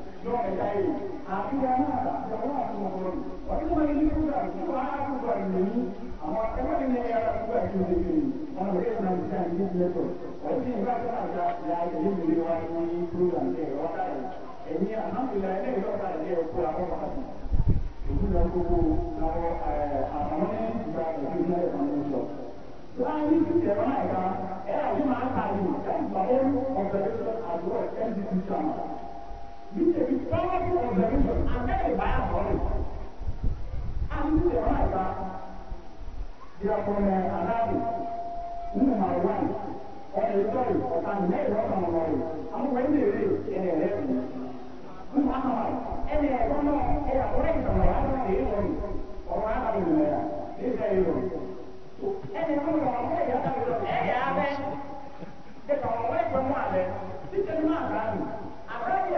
يوم التعيين عقيدة ماذا؟ جواب مغرب وإنما يجب أن يكون عارف برمي أما كمان إن يعرف برمي أنا بقيت من إنسان يجب وإذن بعد هذا لا يجب لي وإني كل أن يوقعي إني الحمد لله إني يوقع لي وكل أمر حسن يقول لك أنا أمامي بعد كل أمر láàrin ìṣẹ̀rọ náà ẹ̀ka ẹ̀ àyè máa ń ta ìmọ̀ ẹ̀ ń gbà ó ń ọ̀gbẹ̀rẹ̀ àdúrà ẹ̀ ń di ti sàmà. This is a historical observation and very biased on it. And this is a right that they are from uh, Arabi, who are one, or a story, or can never come along. And when they live in a level, who are not, and they don't know, they are friends of the Arabi, or Arabi, they say, you know. So, and they come along, they are not, they are not, they are not, they are not, they are not, they are not, they are not,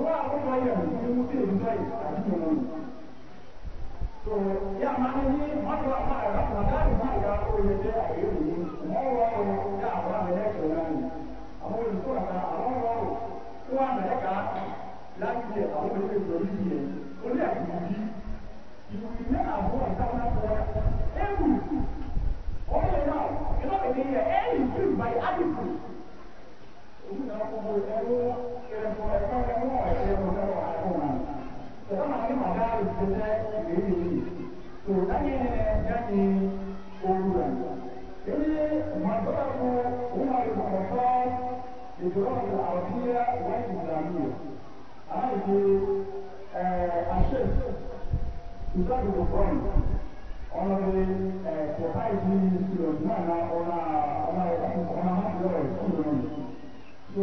wọ́n àwọn ọmọ yẹn wọ́n ti mú sí èyí báyìí àti ìwọ̀n yìí. tó yà máa ń ní wọ́n lọ àwọn àgbà kan láti má ìyá oyè jẹ́ àyè mi wọ́n wọ́n lọ yà àwọn àmẹ́lẹ́kẹ̀ náà ni àwọn olùkọ́ àgbà àwọn wọ́n lọ tó àmẹ́lẹ́kà láti jẹ àwọn olùkọ́ ìjọ yìí yẹn ó ní yìí ìwé náà àwọn ọ̀tá máa ṣiṣẹ́ èyí yìí tó lẹ́yìn lẹ́yìn ooru rẹ̀. Èyí mọ̀tọ́lọ́mù Umar Bọ̀kọ̀tọ́ ìdúrọ̀mù àwọ̀tíyà wáyé ìdàmúyẹ̀. Aláìsí àṣẹ na So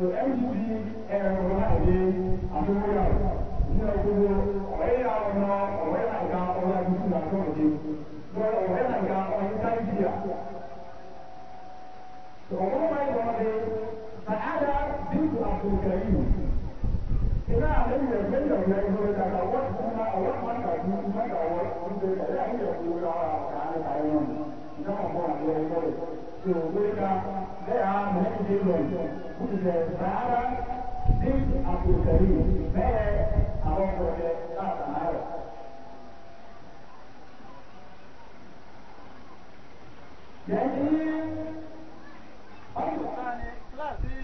So tó ẹ̀yìn bí ẹ̀rọ láàyè àtúwọ́yà ní ọgbọ́n ọ̀rẹ́ yà ọ̀nà ọ̀rẹ́ yà ga ọ̀rẹ́ àdúgbò àti ọ̀dẹ́ lọ ọ̀rẹ́ yà ga ọ̀rẹ́ nàìjíríà. ọ̀rọ̀ máa ń wọ́n dé sàádà bíbù àtúnkẹ́ yìí. ìlà àlẹ́ yẹ̀ mẹ́yọ̀ rẹ̀ ló ń dàgbà wọ́n ti kún náà ọ̀rẹ́ máa ń kà ju mẹ́ta wọ́n ti kún to whether there are many children who is a Sahara, this Abu Karim, bẹ́ẹ̀ àwọn ọ̀rẹ́ láti àárọ̀. Yẹ́nì ọ̀rọ̀ kan ní kíláàsì.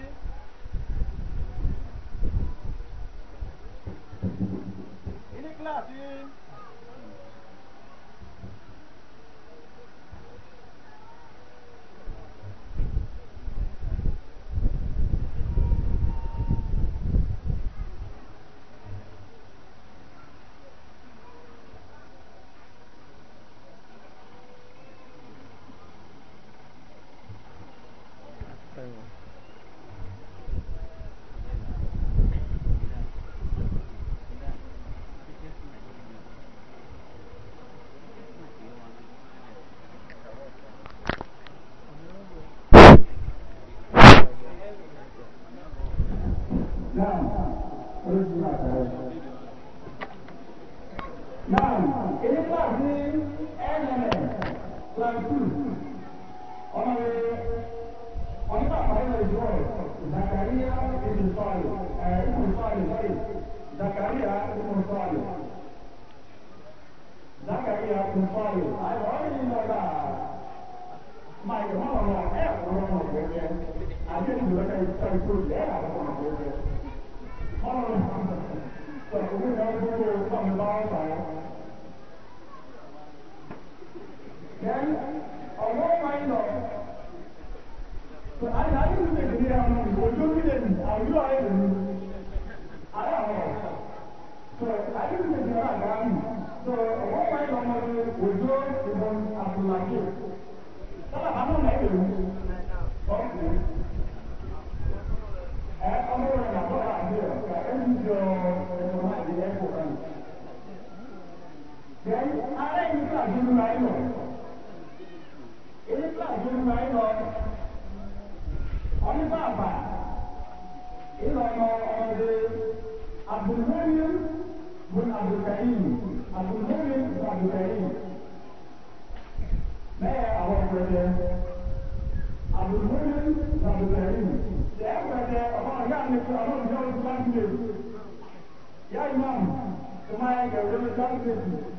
business.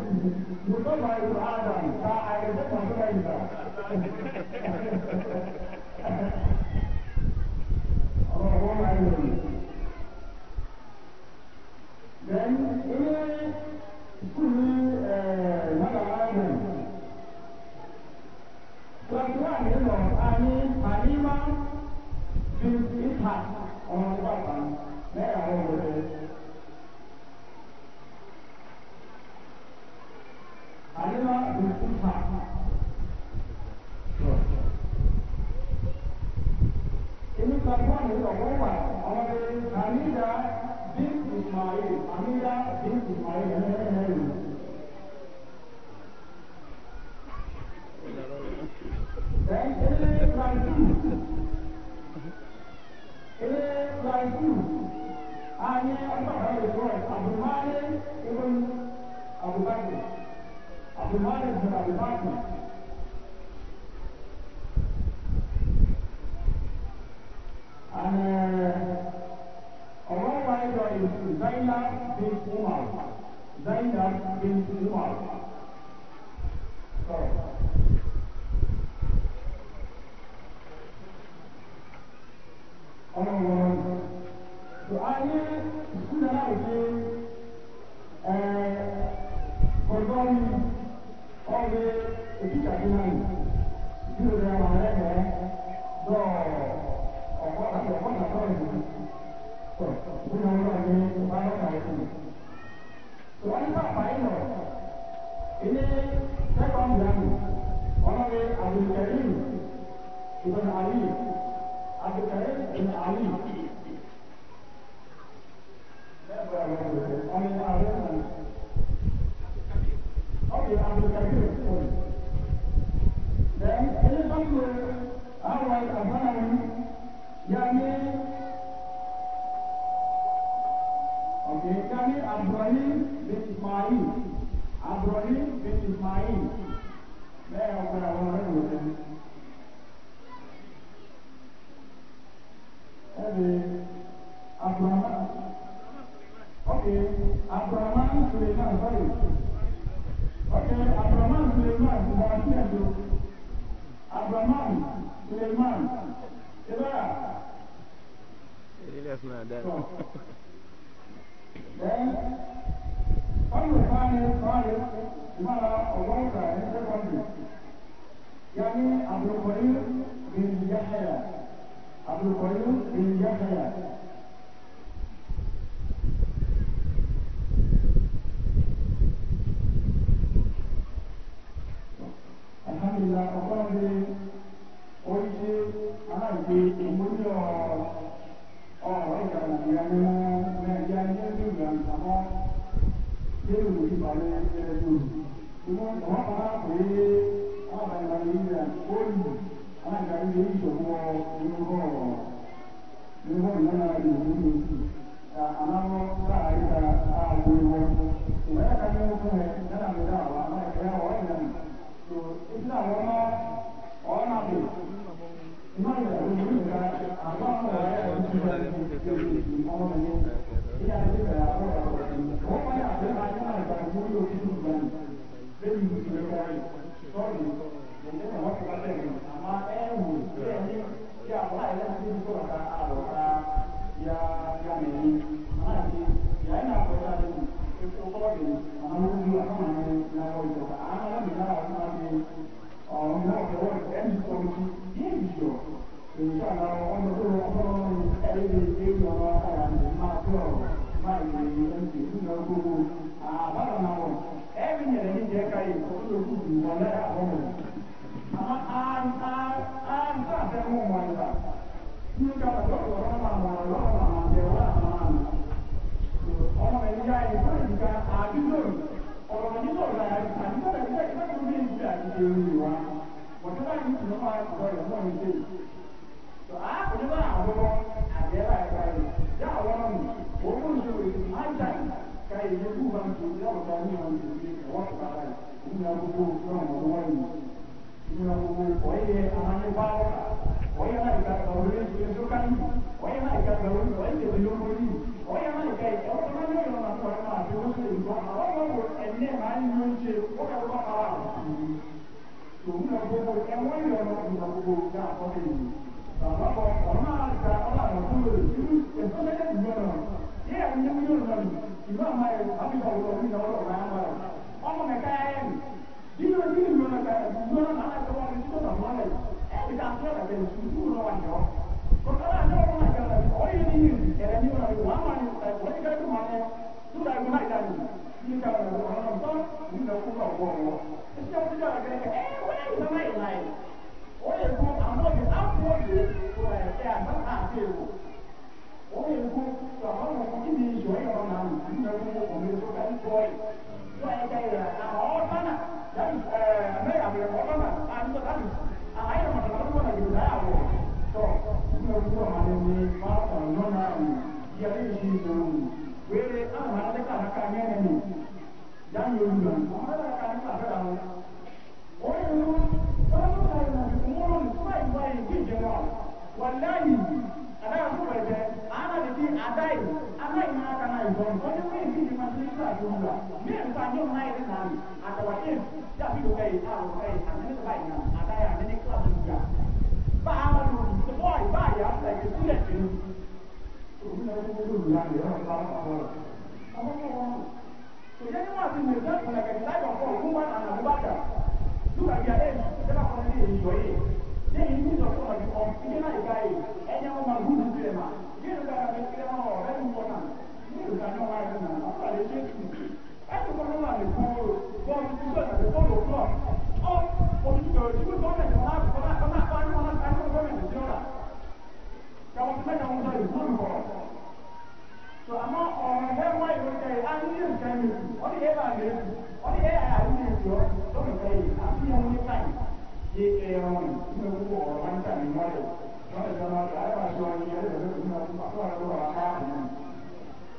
Thank you.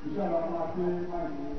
你 i s a m e l a k u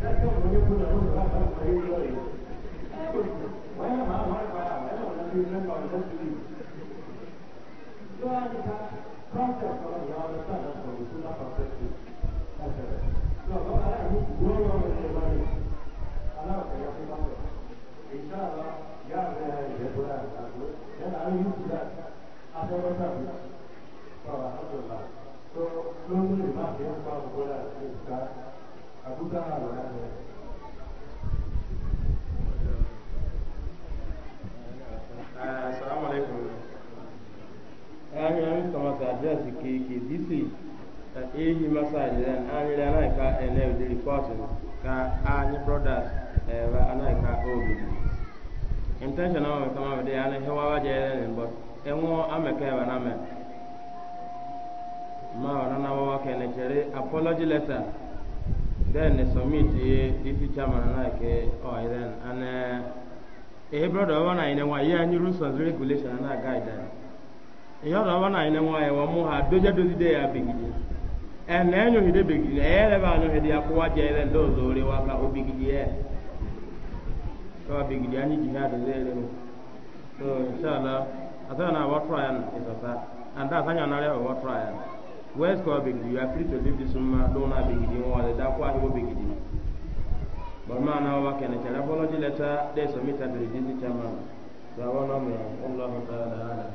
哎，这我们就不讲了，反正。adreesị ka ike dc ehi masaji anyịrị anaghị ka enebdi ripọtịn ka anyị brodas ebe anaghị ka obidi intention ama eh, meka ma bidi ana ihe wawa je ere mbọ enwụọ ameka ebe na me ma ọ nana wawa apology letter then submit ye dc chairman anaghị ka ọ iren ana ihe broda ọwa na anyị na-enwe ihe anyị and regulations anaghị guide anyị yɔrɔ ba na ina ŋmaa yɛ wa mu ha doja dozi de ya bigidi ɛnɛ enyo hi de bigidi ɛyɛ lɛ ba anyo hi de akɔ wajɛ lɛ ndo zori wa ka o bigidi yɛ e. wa bigidi anyi jihad de lɛ mu so inshallah asana na wa try an isasa and that anya na lɛ wa try an where's called bigidi you are free to leave this room do na bigidi wa de da kwa hi wo bigidi but ma na wa kene kene apology letter they submitted to the district chairman so i want to know allah ta'ala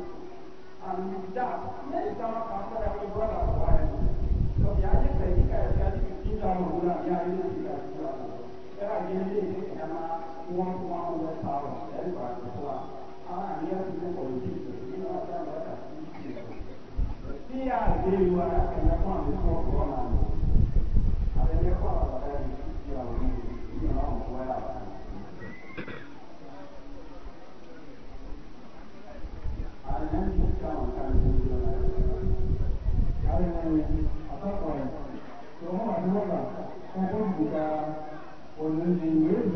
Yeah, they were in the front of the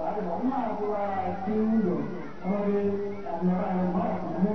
Và cái bóng mà tôi là tiêu được, tôi là một mối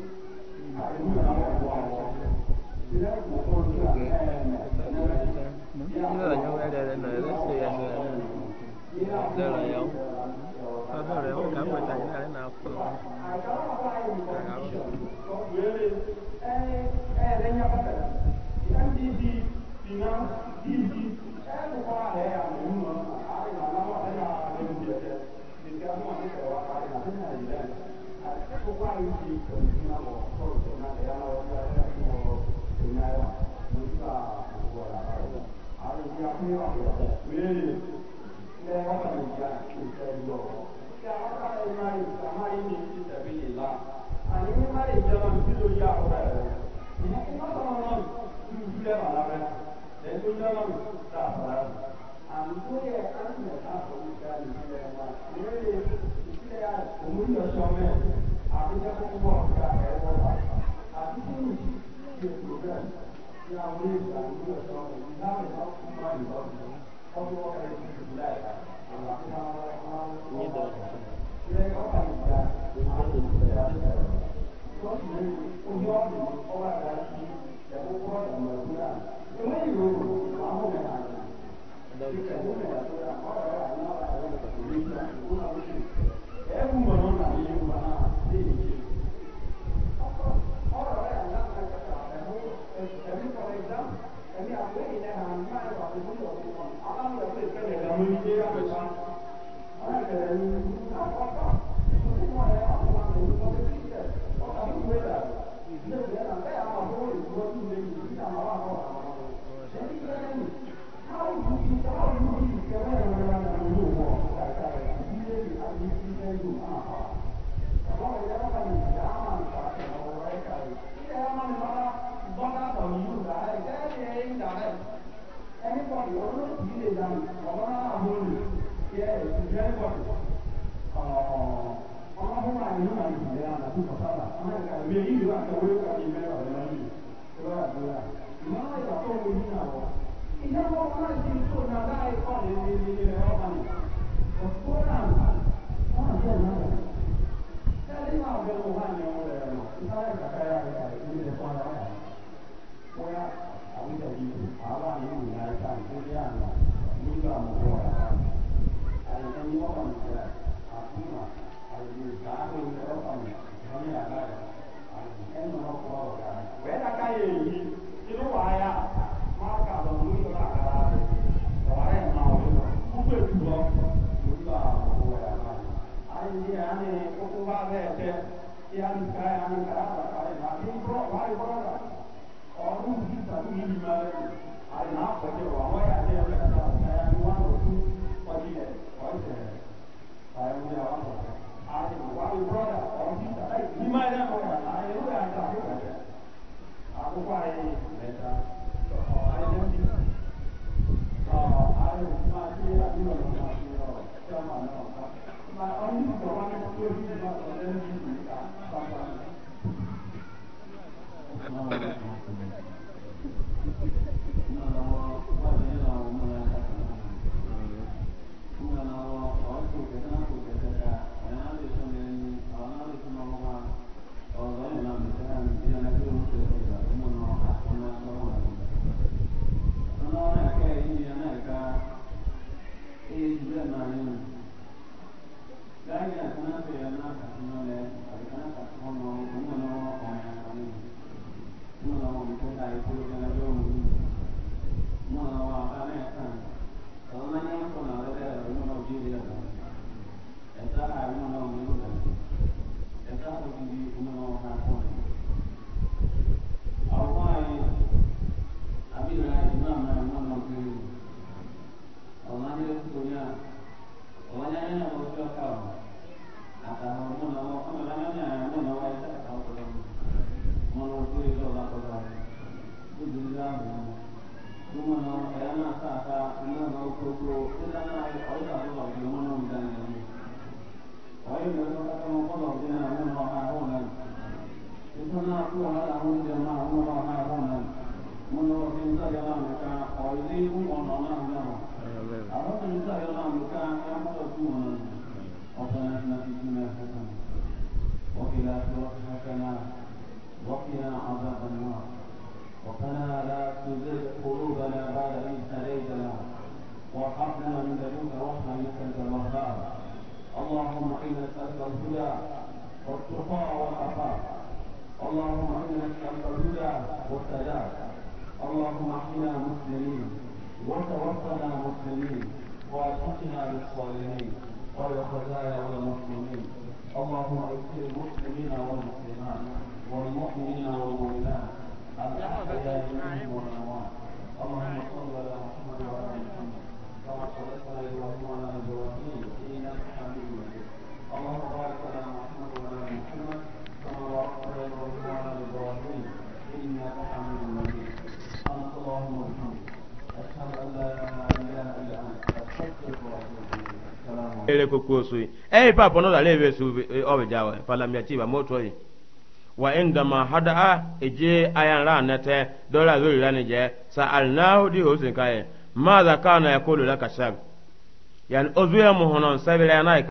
ဒီဒီဒီနာဒီဒီအဲဘာလဲ你这个看人家，人家是这样子的，说是不交的，后来来提，也不管你们了，因为有，然后呢，就这个东西，后来呢，你想想，以前。Yeah, ipa eh, pɔnɔ e la ale bɛ su ɔbɛ ja wa falamiya ti ba m'o to yen wa indama hada'a eje ayan ra nete dola zuri rani je sa'alnahu di hosin kaye ma za kana yakulu laka shab yani ozuya muhonon sabira yana